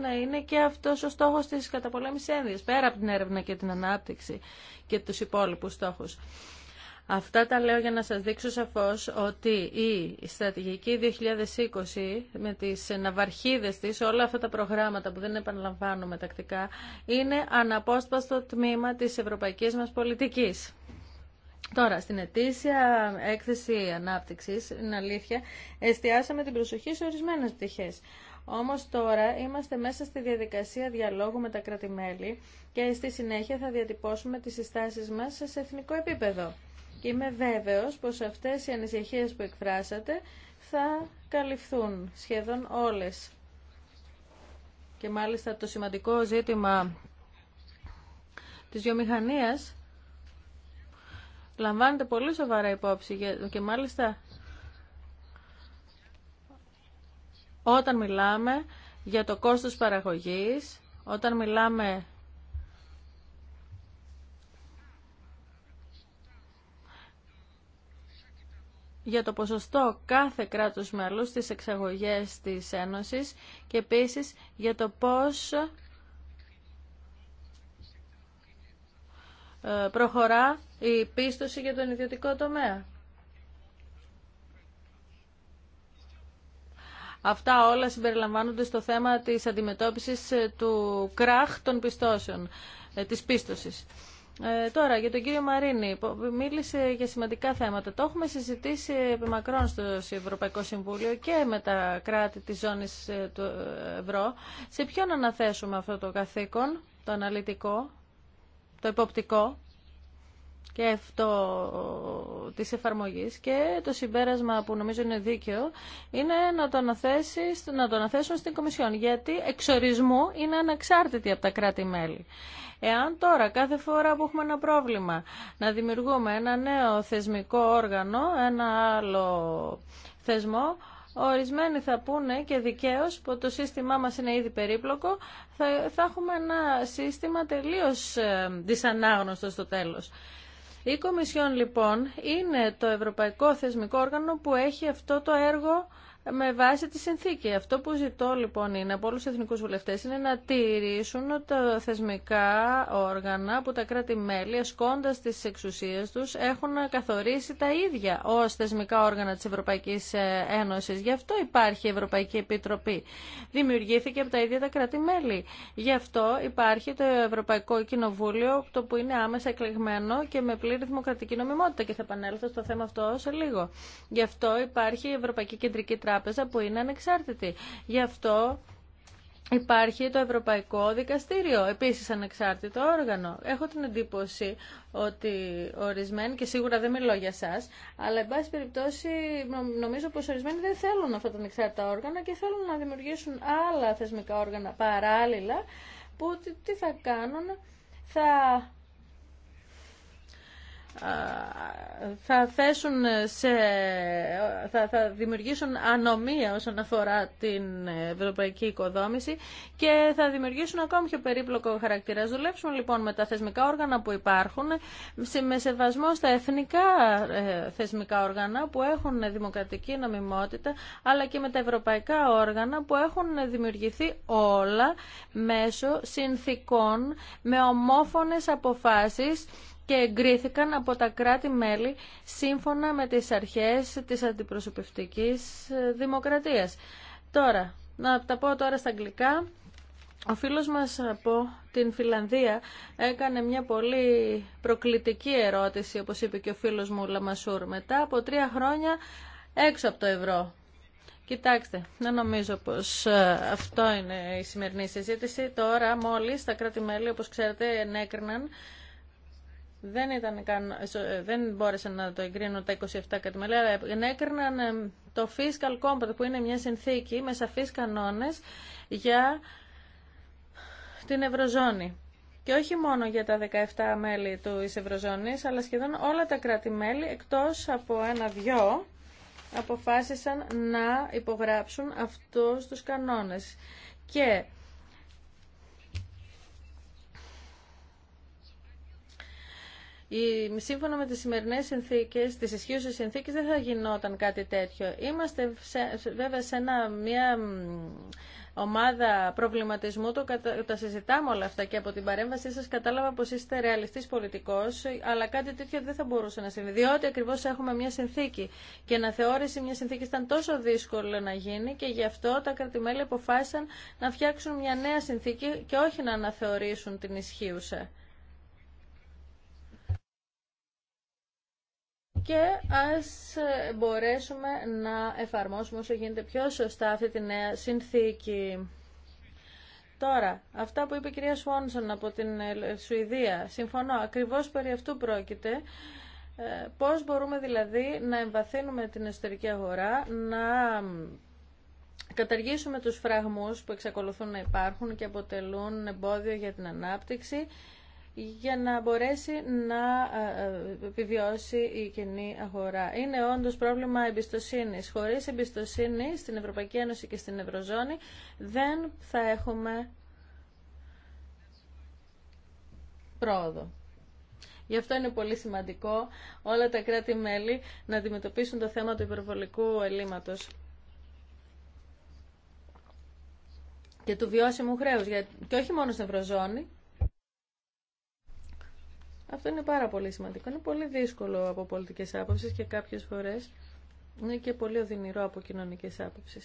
να είναι και αυτός ο στόχος της καταπολέμησης ένδυα, πέρα από την έρευνα και την ανάπτυξη και τους υπόλοιπου στόχου. Αυτά τα λέω για να σας δείξω σαφώς ότι η στρατηγική 2020 με τις ναυαρχίδες της, όλα αυτά τα προγράμματα που δεν επαναλαμβάνουμε τακτικά, είναι αναπόσπαστο τμήμα της ευρωπαϊκής μας πολιτικής. Τώρα, στην ετήσια έκθεση ανάπτυξης, είναι αλήθεια, εστιάσαμε την προσοχή σε ορισμένες πτυχές. Όμως τώρα είμαστε μέσα στη διαδικασία διαλόγου με τα κρατημέλη και στη συνέχεια θα διατυπώσουμε τις συστάσεις μας σε εθνικό επίπεδο. Και είμαι βέβαιος πως αυτές οι ανησυχίες που εκφράσατε θα καλυφθούν σχεδόν όλες. Και μάλιστα το σημαντικό ζήτημα της βιομηχανία λαμβάνεται πολύ σοβαρά υπόψη και μάλιστα όταν μιλάμε για το κόστος παραγωγής, όταν μιλάμε για το ποσοστό κάθε κράτους μέλους στις εξαγωγές της Ένωσης και επίσης για το πώς ε, προχωρά η πίστοση για τον ιδιωτικό τομέα. Αυτά όλα συμπεριλαμβάνονται στο θέμα της αντιμετώπισης ε, του κράχ των πιστώσεων, ε, της πίστοσης. Ε, τώρα, για τον κύριο Μαρίνη, μίλησε για σημαντικά θέματα. Το έχουμε συζητήσει επί μακρόν στο Ευρωπαϊκό Συμβούλιο και με τα κράτη της ζώνης ε, του ευρώ. Σε ποιον αναθέσουμε αυτό το καθήκον, το αναλυτικό, το υποπτικό, και αυτό της εφαρμογής και το συμπέρασμα που νομίζω είναι δίκαιο είναι να το, να το αναθέσουν στην Κομισιόν γιατί εξορισμού είναι αναξάρτητοι από τα κράτη-μέλη. Εάν τώρα κάθε φορά που έχουμε ένα πρόβλημα να δημιουργούμε ένα νέο θεσμικό όργανο, ένα άλλο θεσμό, Ορισμένοι θα πούνε και δικαίω που το σύστημά μας είναι ήδη περίπλοκο, θα, θα έχουμε ένα σύστημα τελείως ε, δυσανάγνωστο στο τέλος. Η Κομισιόν λοιπόν είναι το ευρωπαϊκό θεσμικό όργανο που έχει αυτό το έργο με βάση τη συνθήκη. Αυτό που ζητώ λοιπόν είναι από όλου του εθνικού βουλευτέ είναι να τηρήσουν τα θεσμικά όργανα που τα κράτη-μέλη ασκώντα τι εξουσίε του, έχουν καθορίσει τα ίδια ω θεσμικά όργανα τη Ευρωπαϊκή ε, Ένωση. Γι' αυτό υπάρχει η Ευρωπαϊκή Επιτροπή. Δημιουργήθηκε από τα ίδια τα κράτη-μέλη. Γι' αυτό υπάρχει το Ευρωπαϊκό Κοινοβούλιο το που είναι άμεσα εκλεγμένο και με πλήρη δημοκρατική νομιμότητα και θα επανέλθω στο θέμα αυτό σε λίγο. Γι' αυτό υπάρχει η Ευρωπαϊκή Κεντρική Τράπεζα τράπεζα που είναι ανεξάρτητη. Γι' αυτό Υπάρχει το Ευρωπαϊκό Δικαστήριο, επίσης ανεξάρτητο όργανο. Έχω την εντύπωση ότι ορισμένοι, και σίγουρα δεν μιλώ για σας, αλλά εν πάση περιπτώσει νομίζω πως ορισμένοι δεν θέλουν αυτά τα ανεξάρτητα όργανα και θέλουν να δημιουργήσουν άλλα θεσμικά όργανα παράλληλα που τι θα κάνουν, θα θα θέσουν σε, θα, θα δημιουργήσουν ανομία όσον αφορά την ευρωπαϊκή οικοδόμηση και θα δημιουργήσουν ακόμη πιο περίπλοκο χαρακτήρα. Δουλέψουμε λοιπόν με τα θεσμικά όργανα που υπάρχουν με σεβασμό στα εθνικά ε, θεσμικά όργανα που έχουν δημοκρατική νομιμότητα αλλά και με τα ευρωπαϊκά όργανα που έχουν δημιουργηθεί όλα μέσω συνθήκων με ομόφωνες αποφάσεις και εγκρίθηκαν από τα κράτη-μέλη σύμφωνα με τις αρχές της αντιπροσωπευτικής ε, δημοκρατίας. Τώρα, να τα πω τώρα στα αγγλικά. Ο φίλος μας από την Φιλανδία έκανε μια πολύ προκλητική ερώτηση, όπως είπε και ο φίλος μου Λαμασούρ, μετά από τρία χρόνια έξω από το ευρώ. Κοιτάξτε, δεν νομίζω πως ε, αυτό είναι η σημερινή συζήτηση. Τώρα μόλις τα κράτη-μέλη, όπως ξέρετε, ενέκριναν δεν, ήταν καν, ε, δεν μπόρεσαν να το εγκρίνουν τα 27 κράτη-μέλη, αλλά ενέκριναν ε, το fiscal compact που είναι μια συνθήκη με σαφείς κανόνες για την Ευρωζώνη. Και όχι μόνο για τα 17 μέλη του Ευρωζώνης, αλλά σχεδόν όλα τα κράτη-μέλη, εκτός από ένα-δυο, αποφάσισαν να υπογράψουν αυτούς τους κανόνες. Και Η, σύμφωνα με τις σημερινές συνθήκες, τις ισχύουσες συνθήκες δεν θα γινόταν κάτι τέτοιο. Είμαστε βέβαια σε μια ομάδα προβληματισμού, το, κατα... τα συζητάμε όλα αυτά και από την παρέμβασή σας κατάλαβα πως είστε ρεαλιστής πολιτικός, αλλά κάτι τέτοιο δεν θα μπορούσε να συμβεί, διότι ακριβώς έχουμε μια συνθήκη και να θεώρηση μια συνθήκη ήταν τόσο δύσκολο να γίνει και γι' αυτό τα κρατημέλη αποφάσισαν να φτιάξουν μια νέα συνθήκη και όχι να αναθεωρήσουν την ισχύουσα. και ας ε, μπορέσουμε να εφαρμόσουμε όσο γίνεται πιο σωστά αυτή τη νέα συνθήκη. Τώρα, αυτά που είπε η κυρία Σουόνσον από την ε, Σουηδία, συμφωνώ, ακριβώς περί αυτού πρόκειται. Ε, πώς μπορούμε δηλαδή να εμβαθύνουμε την εσωτερική αγορά, να καταργήσουμε τους φραγμούς που εξακολουθούν να υπάρχουν και αποτελούν εμπόδιο για την ανάπτυξη για να μπορέσει να ε, ε, επιβιώσει η κοινή αγορά. Είναι όντως πρόβλημα εμπιστοσύνης. Χωρίς εμπιστοσύνη στην Ευρωπαϊκή Ένωση και στην Ευρωζώνη δεν θα έχουμε πρόοδο. Γι' αυτό είναι πολύ σημαντικό όλα τα κράτη-μέλη να αντιμετωπίσουν το θέμα του υπερβολικού ελλείμματος. και του βιώσιμου χρέους, και όχι μόνο στην Ευρωζώνη, αυτό είναι πάρα πολύ σημαντικό. Είναι πολύ δύσκολο από πολιτικές άποψεις και κάποιε φορέ είναι και πολύ οδυνηρό από κοινωνικές άποψει.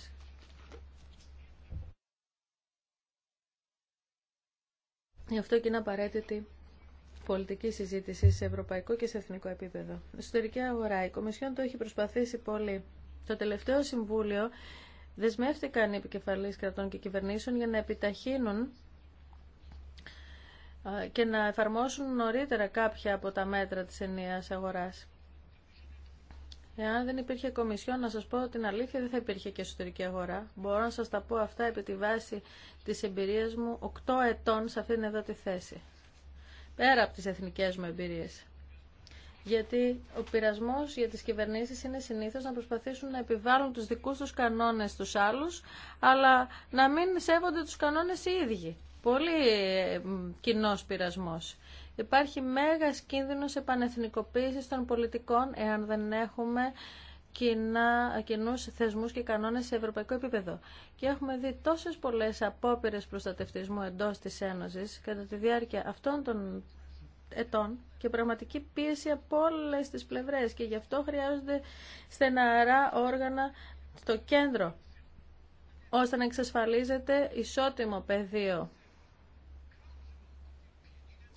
Γι' αυτό και είναι απαραίτητη πολιτική συζήτηση σε ευρωπαϊκό και σε εθνικό επίπεδο. Εσωτερική αγορά. Η Κομισιόν το έχει προσπαθήσει πολύ. Το τελευταίο Συμβούλιο δεσμεύτηκαν οι επικεφαλεί κρατών και κυβερνήσεων για να επιταχύνουν και να εφαρμόσουν νωρίτερα κάποια από τα μέτρα της ενιαίας αγοράς. Εάν δεν υπήρχε κομισιόν, να σας πω την αλήθεια, δεν θα υπήρχε και εσωτερική αγορά. Μπορώ να σας τα πω αυτά επί τη βάση της εμπειρίας μου 8 ετών σε αυτήν εδώ τη θέση. Πέρα από τις εθνικές μου εμπειρίες. Γιατί ο πειρασμό για τι κυβερνήσει είναι συνήθω να προσπαθήσουν να επιβάλλουν του δικού του κανόνε στου άλλου, αλλά να μην σέβονται του κανόνε οι ίδιοι πολύ κοινό πειρασμό. Υπάρχει μέγας κίνδυνος επανεθνικοποίησης των πολιτικών εάν δεν έχουμε κοινού θεσμού και κανόνες σε ευρωπαϊκό επίπεδο. Και έχουμε δει τόσες πολλές απόπειρε προστατευτισμού εντό τη Ένωση, κατά τη διάρκεια αυτών των ετών και πραγματική πίεση από όλε τις πλευρές και γι' αυτό χρειάζονται στεναρά όργανα στο κέντρο ώστε να εξασφαλίζεται ισότιμο πεδίο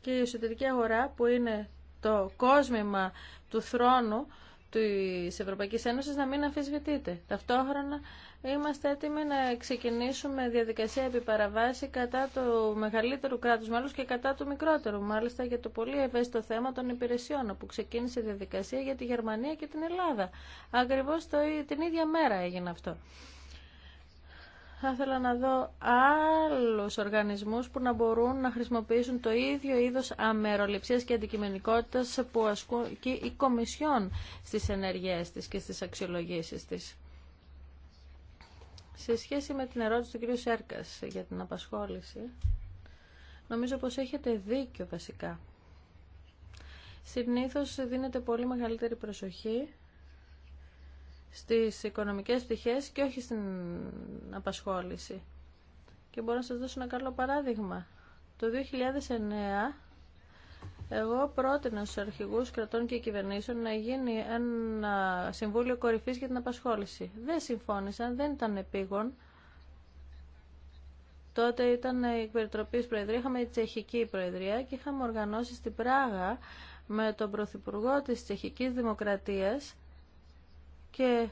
και η εσωτερική αγορά που είναι το κόσμημα του θρόνου της Ευρωπαϊκής Ένωσης να μην αμφισβητείται. Ταυτόχρονα είμαστε έτοιμοι να ξεκινήσουμε διαδικασία επιπαραβάση κατά του μεγαλύτερου κράτους μάλλον και κατά του μικρότερου, μάλιστα για το πολύ ευαίσθητο θέμα των υπηρεσιών, που ξεκίνησε διαδικασία για τη Γερμανία και την Ελλάδα. Ακριβώς την ίδια μέρα έγινε αυτό θα ήθελα να δω άλλους οργανισμούς που να μπορούν να χρησιμοποιήσουν το ίδιο είδος αμεροληψίας και αντικειμενικότητας που ασκούν και η Κομισιόν στις ενεργές της και στις αξιολογήσεις της. Σε σχέση με την ερώτηση του κ. Σέρκας για την απασχόληση, νομίζω πως έχετε δίκιο βασικά. Συνήθως δίνεται πολύ μεγαλύτερη προσοχή στις οικονομικές πτυχές και όχι στην απασχόληση. Και μπορώ να σας δώσω ένα καλό παράδειγμα. Το 2009 εγώ πρότεινα στους αρχηγούς κρατών και κυβερνήσεων να γίνει ένα συμβούλιο κορυφής για την απασχόληση. Δεν συμφώνησαν, δεν ήταν επίγον. Τότε ήταν η Περιτροπή Προεδρία, είχαμε η Τσεχική Προεδρία και είχαμε οργανώσει στην Πράγα με τον Πρωθυπουργό της Τσεχικής Δημοκρατίας και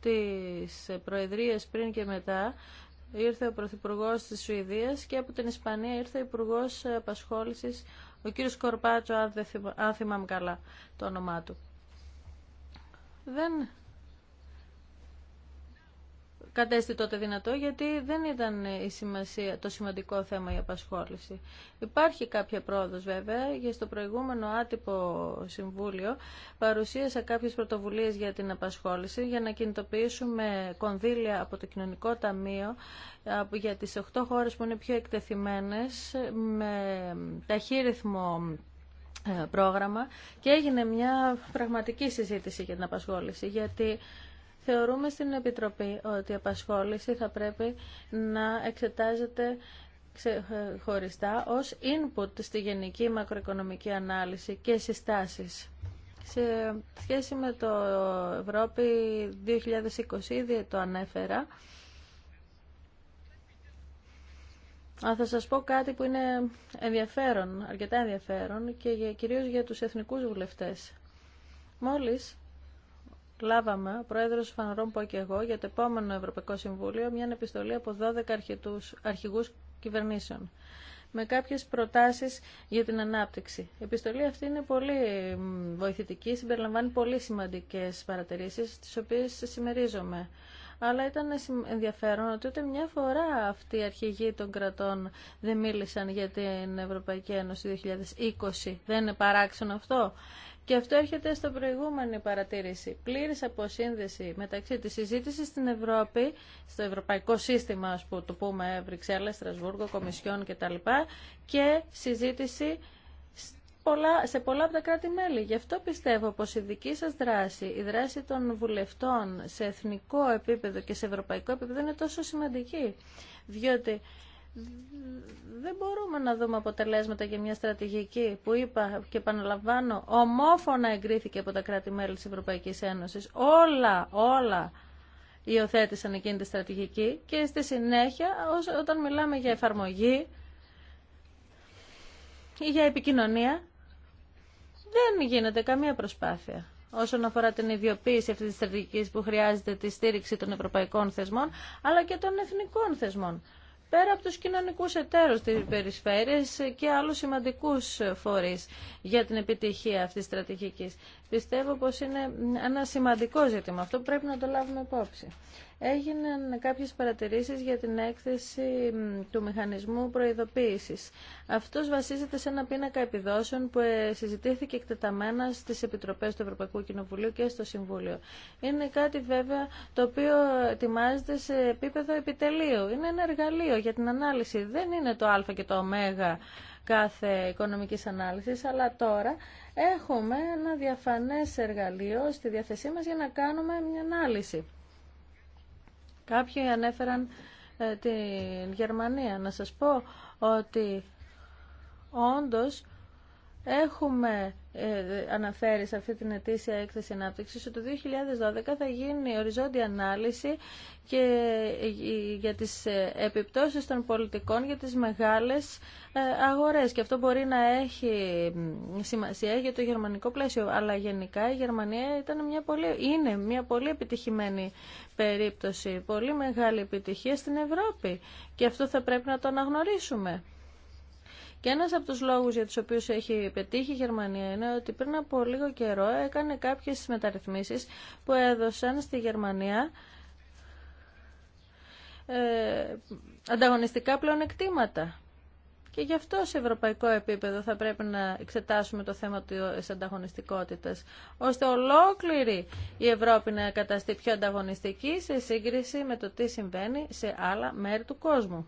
τις προεδρίες πριν και μετά ήρθε ο Πρωθυπουργό της Σουηδίας και από την Ισπανία ήρθε ο Υπουργό Απασχόληση, ο κύριος Κορπάτσο, αν, θυμάμαι καλά το όνομά του. Δεν κατέστη τότε δυνατό γιατί δεν ήταν η σημασία, το σημαντικό θέμα η απασχόληση. Υπάρχει κάποια πρόοδος βέβαια για στο προηγούμενο άτυπο συμβούλιο παρουσίασα κάποιες πρωτοβουλίες για την απασχόληση για να κινητοποιήσουμε κονδύλια από το Κοινωνικό Ταμείο για τις 8 χώρες που είναι πιο εκτεθειμένες με ταχύρυθμο ε, πρόγραμμα και έγινε μια πραγματική συζήτηση για την απασχόληση γιατί Θεωρούμε στην Επιτροπή ότι η απασχόληση θα πρέπει να εξετάζεται χωριστά ως input στη γενική μακροοικονομική ανάλυση και συστάσεις. Σε σχέση με το Ευρώπη 2020 ήδη το ανέφερα. θα σας πω κάτι που είναι ενδιαφέρον, αρκετά ενδιαφέρον και κυρίως για τους εθνικούς βουλευτές. Μόλις λάβαμε, ο Πρόεδρος Φανρόμπο και εγώ, για το επόμενο Ευρωπαϊκό Συμβούλιο, μια επιστολή από 12 αρχηγούς κυβερνήσεων με κάποιες προτάσεις για την ανάπτυξη. Η επιστολή αυτή είναι πολύ βοηθητική, συμπεριλαμβάνει πολύ σημαντικές παρατηρήσεις, τις οποίες συμμερίζομαι. Αλλά ήταν ενδιαφέρον ότι ούτε μια φορά αυτοί οι αρχηγοί των κρατών δεν μίλησαν για την Ευρωπαϊκή Ένωση 2020. Δεν είναι παράξενο αυτό. Και αυτό έρχεται στο προηγούμενη παρατήρηση. Πλήρης αποσύνδεση μεταξύ της συζήτησης στην Ευρώπη, στο ευρωπαϊκό σύστημα, α το πούμε, Βρυξέλλε, Στρασβούργο, Κομισιόν κτλ. και συζήτηση σε πολλά από τα κράτη-μέλη. Γι' αυτό πιστεύω πως η δική σας δράση, η δράση των βουλευτών σε εθνικό επίπεδο και σε ευρωπαϊκό επίπεδο είναι τόσο σημαντική. Διότι δεν μπορούμε να δούμε αποτελέσματα για μια στρατηγική που είπα και επαναλαμβάνω ομόφωνα εγκρίθηκε από τα κράτη-μέλη της Ευρωπαϊκής Ένωσης. Όλα, όλα υιοθέτησαν εκείνη τη στρατηγική και στη συνέχεια όταν μιλάμε για εφαρμογή ή για επικοινωνία δεν γίνεται καμία προσπάθεια όσον αφορά την ιδιοποίηση αυτής της στρατηγικής που χρειάζεται τη στήριξη των ευρωπαϊκών θεσμών αλλά και των εθνικών θεσμών πέρα από τους κοινωνικούς εταίρους της περισφαίρε, και άλλους σημαντικούς φορείς για την επιτυχία αυτής της στρατηγικής. Πιστεύω πως είναι ένα σημαντικό ζήτημα. Αυτό πρέπει να το λάβουμε υπόψη έγιναν κάποιες παρατηρήσεις για την έκθεση του μηχανισμού προειδοποίησης. Αυτός βασίζεται σε ένα πίνακα επιδόσεων που ε, συζητήθηκε εκτεταμένα στις Επιτροπές του Ευρωπαϊκού Κοινοβουλίου και στο Συμβούλιο. Είναι κάτι βέβαια το οποίο ετοιμάζεται σε επίπεδο επιτελείου. Είναι ένα εργαλείο για την ανάλυση. Δεν είναι το α και το ω κάθε οικονομικής ανάλυσης, αλλά τώρα έχουμε ένα διαφανές εργαλείο στη διάθεσή μας για να κάνουμε μια ανάλυση. Κάποιοι ανέφεραν ε, την Γερμανία. Να σας πω ότι όντως Έχουμε ε, αναφέρει σε αυτή την ετήσια έκθεση ανάπτυξης ότι το 2012 θα γίνει οριζόντια ανάλυση και ε, ε, για τις επιπτώσεις των πολιτικών για τις μεγάλες αγορές και αυτό μπορεί να έχει σημασία για το γερμανικό πλαίσιο αλλά γενικά η Γερμανία ήταν μια πολύ, είναι μια πολύ επιτυχημένη περίπτωση πολύ μεγάλη επιτυχία στην Ευρώπη και αυτό θα πρέπει να το αναγνωρίσουμε. Και ένας από τους λόγους για τους οποίους έχει πετύχει η Γερμανία είναι ότι πριν από λίγο καιρό έκανε κάποιες μεταρρυθμίσεις που έδωσαν στη Γερμανία ε, ανταγωνιστικά πλεονεκτήματα. Και γι' αυτό σε ευρωπαϊκό επίπεδο θα πρέπει να εξετάσουμε το θέμα της ανταγωνιστικότητας, ώστε ολόκληρη η Ευρώπη να καταστεί πιο ανταγωνιστική σε σύγκριση με το τι συμβαίνει σε άλλα μέρη του κόσμου.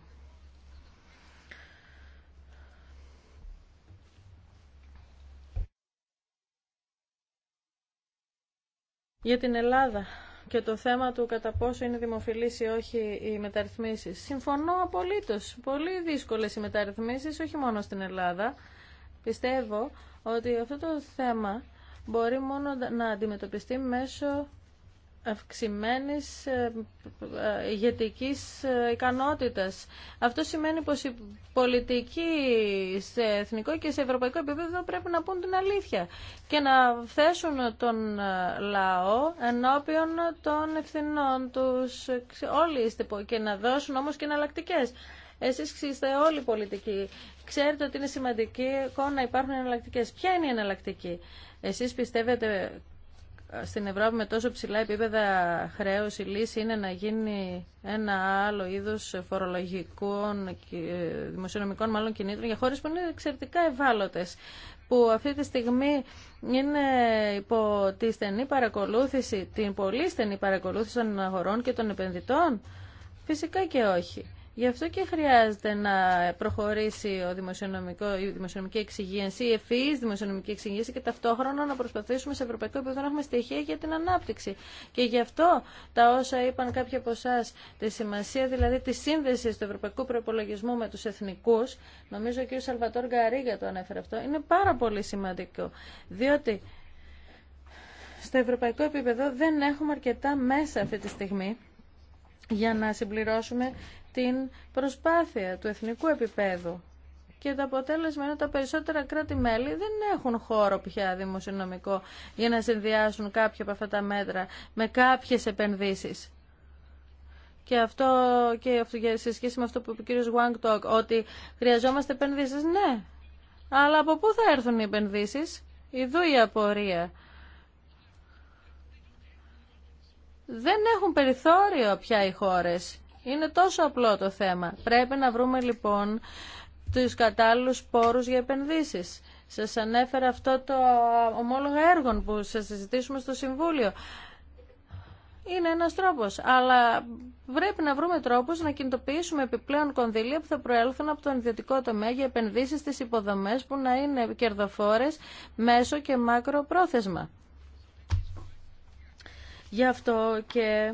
για την Ελλάδα και το θέμα του κατά πόσο είναι δημοφιλής ή όχι οι μεταρρυθμίσεις. Συμφωνώ απολύτως. Πολύ δύσκολες οι μεταρρυθμίσεις, όχι μόνο στην Ελλάδα. Πιστεύω ότι αυτό το θέμα μπορεί μόνο να αντιμετωπιστεί μέσω αυξημένης ε, ε, ηγετικής ε, ικανότητας. Αυτό σημαίνει πως οι πολιτικοί σε εθνικό και σε ευρωπαϊκό επίπεδο πρέπει να πούν την αλήθεια και να θέσουν τον λαό ενώπιον των ευθυνών τους. Όλοι είστε και να δώσουν όμως και εναλλακτικέ. Εσείς είστε όλοι πολιτικοί. Ξέρετε ότι είναι εικόνα να υπάρχουν εναλλακτικέ. Ποια είναι η εναλλακτική. Εσείς πιστεύετε στην Ευρώπη με τόσο ψηλά επίπεδα χρέους η λύση είναι να γίνει ένα άλλο είδος φορολογικών, ε, δημοσιονομικών μάλλον κινήτρων για χώρες που είναι εξαιρετικά ευάλωτες που αυτή τη στιγμή είναι υπό τη στενή παρακολούθηση, την πολύ στενή παρακολούθηση των αγορών και των επενδυτών. Φυσικά και όχι. Γι' αυτό και χρειάζεται να προχωρήσει ο η δημοσιονομική εξυγίανση, η ευφυή δημοσιονομική εξυγίανση και ταυτόχρονα να προσπαθήσουμε σε ευρωπαϊκό επίπεδο να έχουμε στοιχεία για την ανάπτυξη. Και γι' αυτό τα όσα είπαν κάποιοι από εσά, τη σημασία δηλαδή τη σύνδεση του ευρωπαϊκού προπολογισμού με του εθνικού, νομίζω ο κ. Σαλβατόρ Γκαρίγα το ανέφερε αυτό, είναι πάρα πολύ σημαντικό. Διότι στο ευρωπαϊκό επίπεδο δεν έχουμε αρκετά μέσα αυτή τη στιγμή για να συμπληρώσουμε την προσπάθεια του εθνικού επίπεδου. Και το αποτέλεσμα είναι ότι τα περισσότερα κράτη-μέλη δεν έχουν χώρο πια δημοσιονομικό για να συνδυάσουν κάποια από αυτά τα μέτρα με κάποιες επενδύσεις. Και αυτό και σε σχέση με αυτό που είπε ο κύριος ότι χρειαζόμαστε επενδύσεις, ναι. Αλλά από πού θα έρθουν οι επενδύσεις, ειδού η απορία. Δεν έχουν περιθώριο πια οι χώρες είναι τόσο απλό το θέμα. Πρέπει να βρούμε λοιπόν τους κατάλληλους πόρους για επενδύσεις. Σας ανέφερα αυτό το ομόλογα έργων που σας συζητήσουμε στο Συμβούλιο. Είναι ένας τρόπος, αλλά πρέπει να βρούμε τρόπους να κινητοποιήσουμε επιπλέον κονδύλια που θα προέλθουν από τον ιδιωτικό τομέα για επενδύσεις στις υποδομές που να είναι κερδοφόρες μέσω και μακροπρόθεσμα. Γι' αυτό και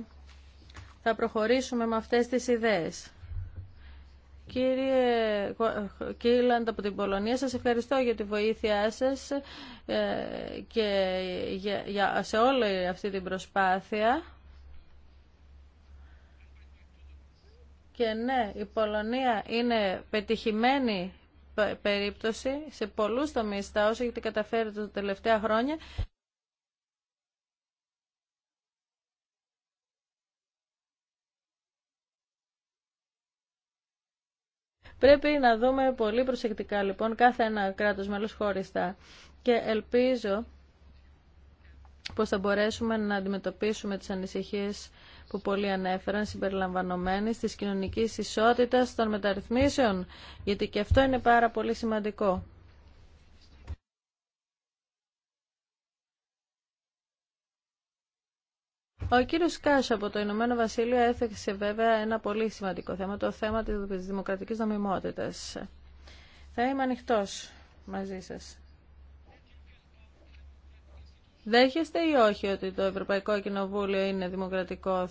θα προχωρήσουμε με αυτές τις ιδέες. Κύριε Κίλαντ από την Πολωνία, σας ευχαριστώ για τη βοήθειά σας ε, και σε όλη αυτή την προσπάθεια. Και ναι, η Πολωνία είναι πετυχημένη περίπτωση σε πολλούς τομείς τα όσα έχετε καταφέρει τα τελευταία χρόνια. Πρέπει να δούμε πολύ προσεκτικά λοιπόν κάθε ένα κράτος μέλος χωριστά και ελπίζω πως θα μπορέσουμε να αντιμετωπίσουμε τις ανησυχίες που πολλοί ανέφεραν συμπεριλαμβανομένης της κοινωνικής ισότητας των μεταρρυθμίσεων, γιατί και αυτό είναι πάρα πολύ σημαντικό. Ο κύριος Κάσα από το Ηνωμένο Βασίλειο έθεξε βέβαια ένα πολύ σημαντικό θέμα, το θέμα της δημοκρατικής νομιμότητας. Θα είμαι ανοιχτό μαζί σας. Δέχεστε ή όχι ότι το Ευρωπαϊκό Κοινοβούλιο είναι δημοκρατικό,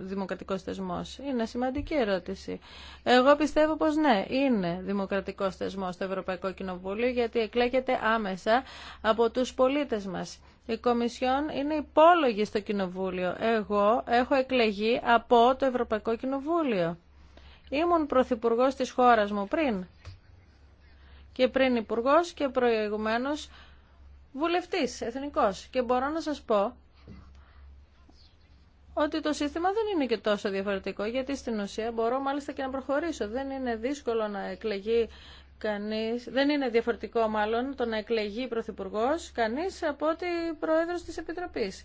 δημοκρατικός θεσμός. Είναι σημαντική ερώτηση. Εγώ πιστεύω πως ναι, είναι δημοκρατικός θεσμός το Ευρωπαϊκό Κοινοβούλιο γιατί εκλέγεται άμεσα από τους πολίτες μας. Η Κομισιόν είναι υπόλογη στο Κοινοβούλιο. Εγώ έχω εκλεγεί από το Ευρωπαϊκό Κοινοβούλιο. Ήμουν Πρωθυπουργός της χώρας μου πριν και πριν υπουργό και προηγουμένως βουλευτής εθνικός και μπορώ να σας πω ότι το σύστημα δεν είναι και τόσο διαφορετικό γιατί στην ουσία μπορώ μάλιστα και να προχωρήσω. Δεν είναι δύσκολο να εκλεγεί κανείς, δεν είναι διαφορετικό μάλλον το να εκλεγεί πρωθυπουργό κανείς από ότι πρόεδρος της Επιτροπής.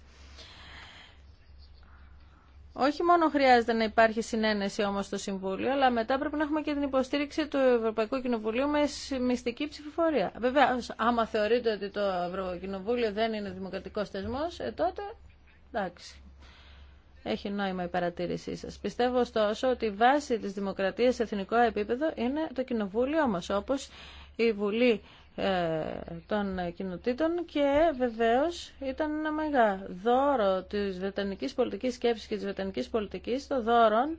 Όχι μόνο χρειάζεται να υπάρχει συνένεση όμω στο Συμβούλιο, αλλά μετά πρέπει να έχουμε και την υποστήριξη του Ευρωπαϊκού Κοινοβουλίου με μυστική ψηφοφορία. Βέβαια, άμα θεωρείτε ότι το κοινοβούλιο δεν είναι δημοκρατικό θεσμό, ε, τότε εντάξει. Έχει νόημα η παρατήρησή σα. Πιστεύω ωστόσο ότι η βάση τη δημοκρατία σε εθνικό επίπεδο είναι το Κοινοβούλιο μα, όπω η Βουλή ε, των κοινοτήτων και βεβαίως ήταν ένα μεγάλο δώρο της βρετανική πολιτικής σκέψης και της βρετανική πολιτικής το δώρο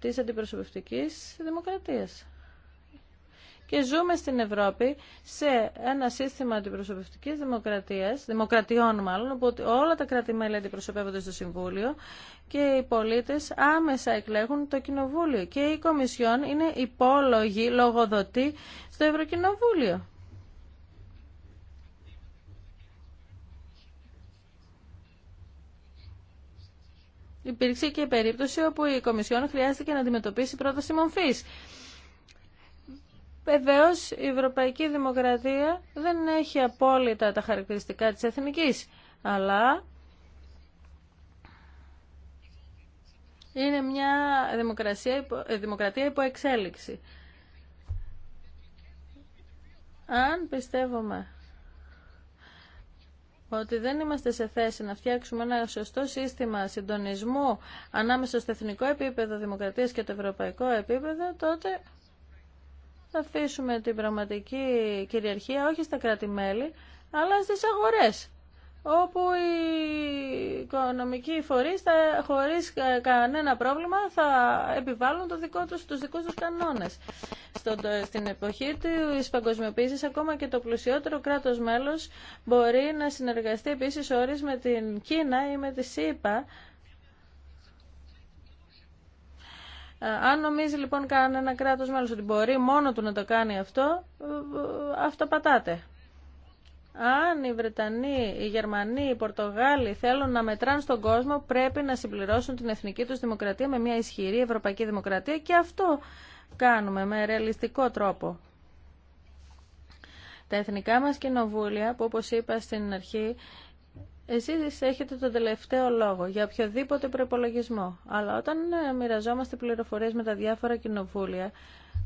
τη αντιπροσωπευτικής δημοκρατίας. Και ζούμε στην Ευρώπη σε ένα σύστημα αντιπροσωπευτικής δημοκρατίας, δημοκρατιών μάλλον, όπου όλα τα κράτη-μέλη αντιπροσωπεύονται στο Συμβούλιο και οι πολίτες άμεσα εκλέγουν το Κοινοβούλιο. Και η Κομισιόν είναι υπόλογη, λογοδοτή στο Ευρωκοινοβούλιο. υπήρξε και η περίπτωση όπου η Κομισιόν χρειάστηκε να αντιμετωπίσει πρόταση μορφή. Βεβαίω, η Ευρωπαϊκή Δημοκρατία δεν έχει απόλυτα τα χαρακτηριστικά της εθνικής, αλλά είναι μια δημοκρατία, ε, δημοκρατία υπό εξέλιξη. Αν πιστεύουμε ότι δεν είμαστε σε θέση να φτιάξουμε ένα σωστό σύστημα συντονισμού ανάμεσα στο εθνικό επίπεδο δημοκρατίας και το ευρωπαϊκό επίπεδο, τότε θα αφήσουμε την πραγματική κυριαρχία όχι στα κράτη-μέλη, αλλά στις αγορές όπου οι οικονομικοί φορείς χωρί χωρίς ε, κανένα πρόβλημα θα επιβάλλουν το δικό τους, τους δικούς τους κανόνες. Στο, στην εποχή της παγκοσμιοποίησης ακόμα και το πλουσιότερο κράτος μέλος μπορεί να συνεργαστεί επίσης όρις με την Κίνα ή με τη ΣΥΠΑ ε, Αν νομίζει λοιπόν κανένα κράτος μέλος ότι μπορεί μόνο του να το κάνει αυτό, ε, αυτοπατάται. Αν οι Βρετανοί, οι Γερμανοί, οι Πορτογάλοι θέλουν να μετράνε στον κόσμο, πρέπει να συμπληρώσουν την εθνική τους δημοκρατία με μια ισχυρή ευρωπαϊκή δημοκρατία και αυτό κάνουμε με ρεαλιστικό τρόπο. Τα εθνικά μας κοινοβούλια, που όπως είπα στην αρχή, εσείς έχετε τον τελευταίο λόγο για οποιοδήποτε προπολογισμό. Αλλά όταν ε, μοιραζόμαστε πληροφορίες με τα διάφορα κοινοβούλια,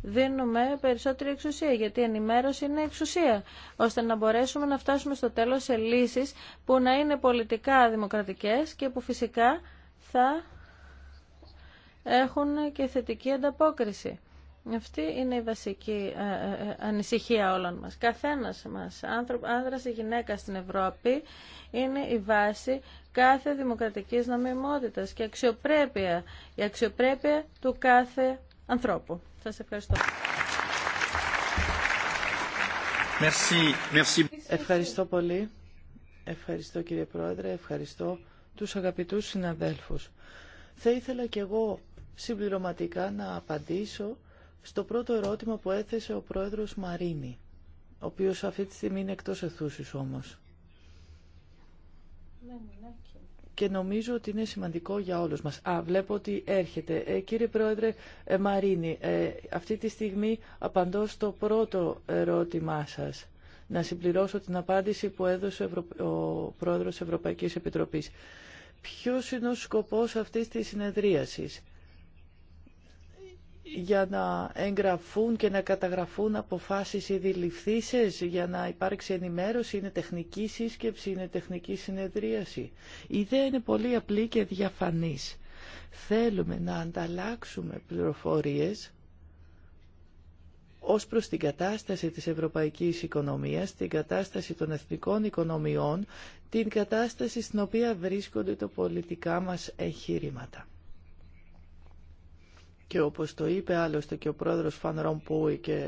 δίνουμε περισσότερη εξουσία, γιατί η ενημέρωση είναι εξουσία, ώστε να μπορέσουμε να φτάσουμε στο τέλος σε λύσεις που να είναι πολιτικά δημοκρατικές και που φυσικά θα έχουν και θετική ανταπόκριση. Αυτή είναι η βασική ε, ε, ε, ανησυχία όλων μας. Καθένας μας, άνδρας ή γυναίκα στην Ευρώπη, είναι η βάση κάθε δημοκρατικής νομιμότητας και αξιοπρέπεια, η αξιοπρέπεια του κάθε ανθρώπου ευχαριστώ. Ευχαριστώ πολύ. Ευχαριστώ κύριε Πρόεδρε, ευχαριστώ τους αγαπητούς συναδέλφους. Θα ήθελα κι εγώ συμπληρωματικά να απαντήσω στο πρώτο ερώτημα που έθεσε ο Πρόεδρος Μαρίνη, ο οποίος αυτή τη στιγμή είναι εκτός εθούσης όμως. Ναι, ναι, ναι, και νομίζω ότι είναι σημαντικό για όλους μας. Α, βλέπω ότι έρχεται. Ε, κύριε Πρόεδρε ε, Μαρίνη, ε, αυτή τη στιγμή απαντώ στο πρώτο ερώτημά σας. Να συμπληρώσω την απάντηση που έδωσε ο Πρόεδρος Ευρωπαϊκής Επιτροπής. Ποιος είναι ο σκοπός αυτής της συνεδρίασης για να εγγραφούν και να καταγραφούν αποφάσεις ή ληφθήσεις, για να υπάρξει ενημέρωση, είναι τεχνική σύσκεψη, είναι τεχνική συνεδρίαση. Η ιδέα είναι πολύ απλή και διαφανής. Θέλουμε να ανταλλάξουμε πληροφορίες ως προς την κατάσταση της ευρωπαϊκής οικονομίας, την κατάσταση των εθνικών οικονομιών, την κατάσταση στην οποία βρίσκονται τα πολιτικά μας εγχείρηματα και όπως το είπε άλλωστε και ο πρόεδρος Φαν Ρομπούι και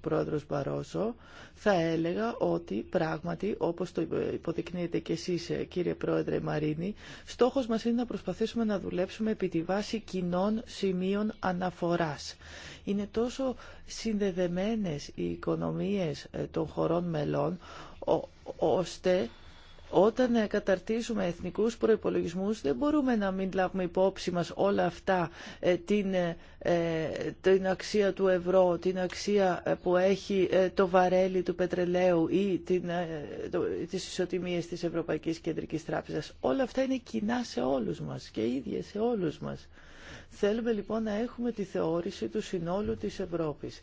πρόεδρος Μπαρόζο, θα έλεγα ότι πράγματι, όπως το υποδεικνύετε και εσείς ε, κύριε πρόεδρε Μαρίνη, στόχος μας είναι να προσπαθήσουμε να δουλέψουμε επί τη βάση κοινών σημείων αναφοράς. Είναι τόσο συνδεδεμένες οι οικονομίες ε, των χωρών μελών, ώστε όταν ε, καταρτίζουμε εθνικούς προϋπολογισμούς δεν μπορούμε να μην λάβουμε υπόψη μας όλα αυτά, ε, την, ε, την αξία του ευρώ, την αξία που έχει το βαρέλι του πετρελαίου ή την, το, τις ισοτιμίες της Ευρωπαϊκής Κεντρικής Τράπεζας. Όλα αυτά είναι κοινά σε όλους μας και ίδια σε όλους μας. Θέλουμε λοιπόν να έχουμε τη θεώρηση του συνόλου της Ευρώπης.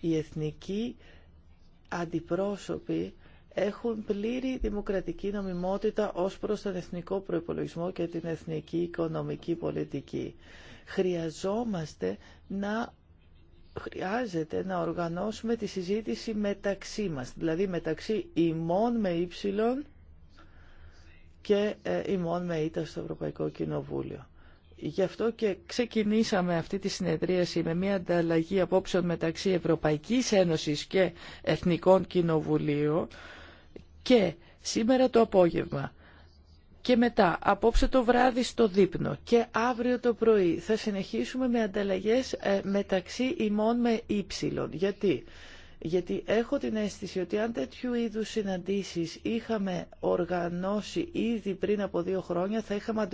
Οι εθνικοί αντιπρόσωποι έχουν πλήρη δημοκρατική νομιμότητα ως προς τον εθνικό προϋπολογισμό και την εθνική οικονομική πολιτική. Χρειαζόμαστε να χρειάζεται να οργανώσουμε τη συζήτηση μεταξύ μας, δηλαδή μεταξύ ημών με ύψιλον και ε, ημών με ήττα στο Ευρωπαϊκό Κοινοβούλιο. Γι' αυτό και ξεκινήσαμε αυτή τη συνεδρίαση με μια ανταλλαγή απόψεων μεταξύ Ευρωπαϊκής Ένωσης και Εθνικών Κοινοβουλίων και σήμερα το απόγευμα και μετά απόψε το βράδυ στο δείπνο και αύριο το πρωί θα συνεχίσουμε με ανταλλαγές ε, μεταξύ ημών με ύψιλον. Γιατί? Γιατί έχω την αίσθηση ότι αν τέτοιου είδους συναντήσεις είχαμε οργανώσει ήδη πριν από δύο χρόνια θα είχαμε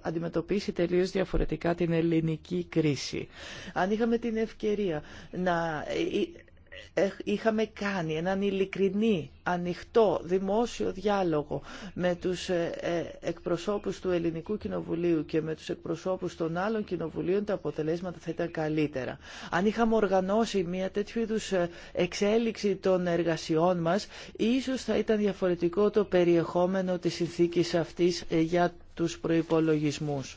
αντιμετωπίσει τελείως διαφορετικά την ελληνική κρίση. Αν είχαμε την ευκαιρία να ε, ε, είχαμε κάνει έναν ειλικρινή, ανοιχτό, δημόσιο διάλογο με τους ε, ε, εκπροσώπους του Ελληνικού Κοινοβουλίου και με τους εκπροσώπους των άλλων κοινοβουλίων, τα αποτελέσματα θα ήταν καλύτερα. Αν είχαμε οργανώσει μια τέτοιου είδου ε, εξέλιξη των εργασιών μας, ίσως θα ήταν διαφορετικό το περιεχόμενο της συνθήκης αυτής για τους προϋπολογισμούς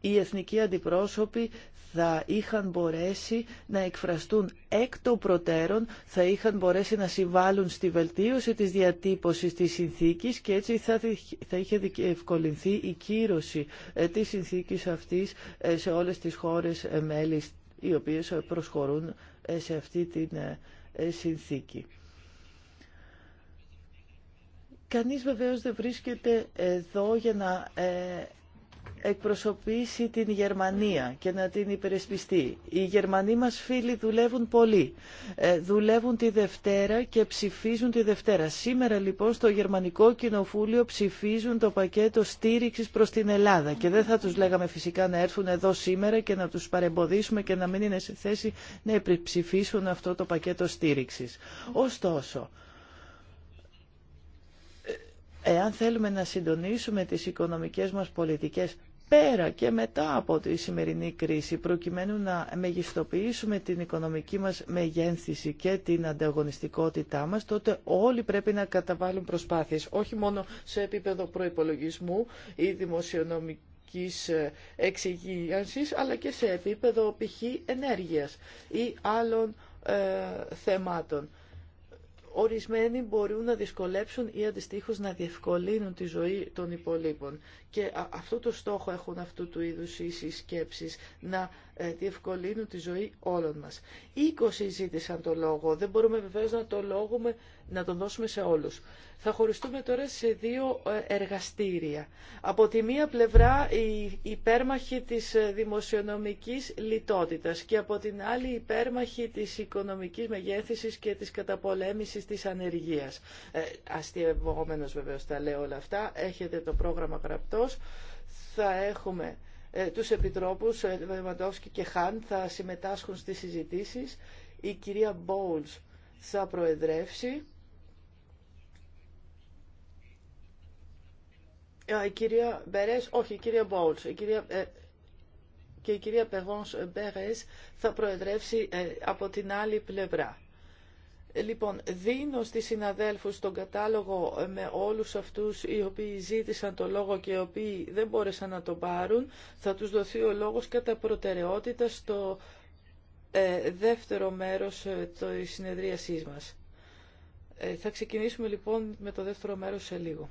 οι εθνικοί αντιπρόσωποι θα είχαν μπορέσει να εκφραστούν εκ των προτέρων, θα είχαν μπορέσει να συμβάλλουν στη βελτίωση της διατύπωσης της συνθήκης και έτσι θα, θα είχε ευκολυνθεί η κύρωση ε, της συνθήκης αυτής ε, σε όλες τις χώρες ε, μέλη οι οποίες προσχωρούν σε αυτή την συνθήκη. Κανείς βεβαίως δεν βρίσκεται εδώ για να εκπροσωπήσει την Γερμανία και να την υπερεσπιστεί. Οι Γερμανοί μας φίλοι δουλεύουν πολύ. Ε, δουλεύουν τη Δευτέρα και ψηφίζουν τη Δευτέρα. Σήμερα λοιπόν στο Γερμανικό Κοινοβούλιο ψηφίζουν το πακέτο στήριξης προς την Ελλάδα και δεν θα τους λέγαμε φυσικά να έρθουν εδώ σήμερα και να τους παρεμποδίσουμε και να μην είναι σε θέση να ψηφίσουν αυτό το πακέτο στήριξης. Ωστόσο, ε, εάν θέλουμε να συντονίσουμε τις οικονομικές μας πολιτικές πέρα και μετά από τη σημερινή κρίση προκειμένου να μεγιστοποιήσουμε την οικονομική μας μεγένθηση και την ανταγωνιστικότητά μας τότε όλοι πρέπει να καταβάλουν προσπάθειες όχι μόνο σε επίπεδο προϋπολογισμού ή δημοσιονομικής ε, εξυγίανσης αλλά και σε επίπεδο π.χ. ενέργειας ή άλλων ε, θεμάτων ορισμένοι μπορούν να δυσκολέψουν ή αντιστοίχως να διευκολύνουν τη ζωή των υπολείπων. Και αυτό το στόχο έχουν αυτού του είδους οι συσκέψεις, να ε, διευκολύνουν τη ζωή όλων μας. 20 ζήτησαν το λόγο, δεν μπορούμε βεβαίως να το λόγουμε να τον δώσουμε σε όλους. Θα χωριστούμε τώρα σε δύο ε, εργαστήρια. Από τη μία πλευρά η υπέρμαχη της ε, δημοσιονομικής λιτότητας και από την άλλη η υπέρμαχη της οικονομικής μεγέθησης και της καταπολέμησης της ανεργίας. Ε, αστευόμενος βεβαίως τα λέω όλα αυτά. Έχετε το πρόγραμμα γραπτός. Θα έχουμε ε, τους επιτρόπους ε, και Χάν θα συμμετάσχουν στις συζητήσεις. Η κυρία Μπόουλς θα προεδρεύσει. Ε, η κυρία Μπερές, όχι, η κυρία Μπόλτς, ε, και η κυρία Περβόνς Μπερές θα προεδρεύσει ε, από την άλλη πλευρά. Λοιπόν, δίνω στις συναδέλφους τον κατάλογο με όλους αυτούς οι οποίοι ζήτησαν το λόγο και οι οποίοι δεν μπόρεσαν να το πάρουν. Θα τους δοθεί ο λόγος κατά προτεραιότητα στο δεύτερο μέρος ε, της συνεδρίασής μας. Ε, θα ξεκινήσουμε λοιπόν με το δεύτερο μέρος σε λίγο.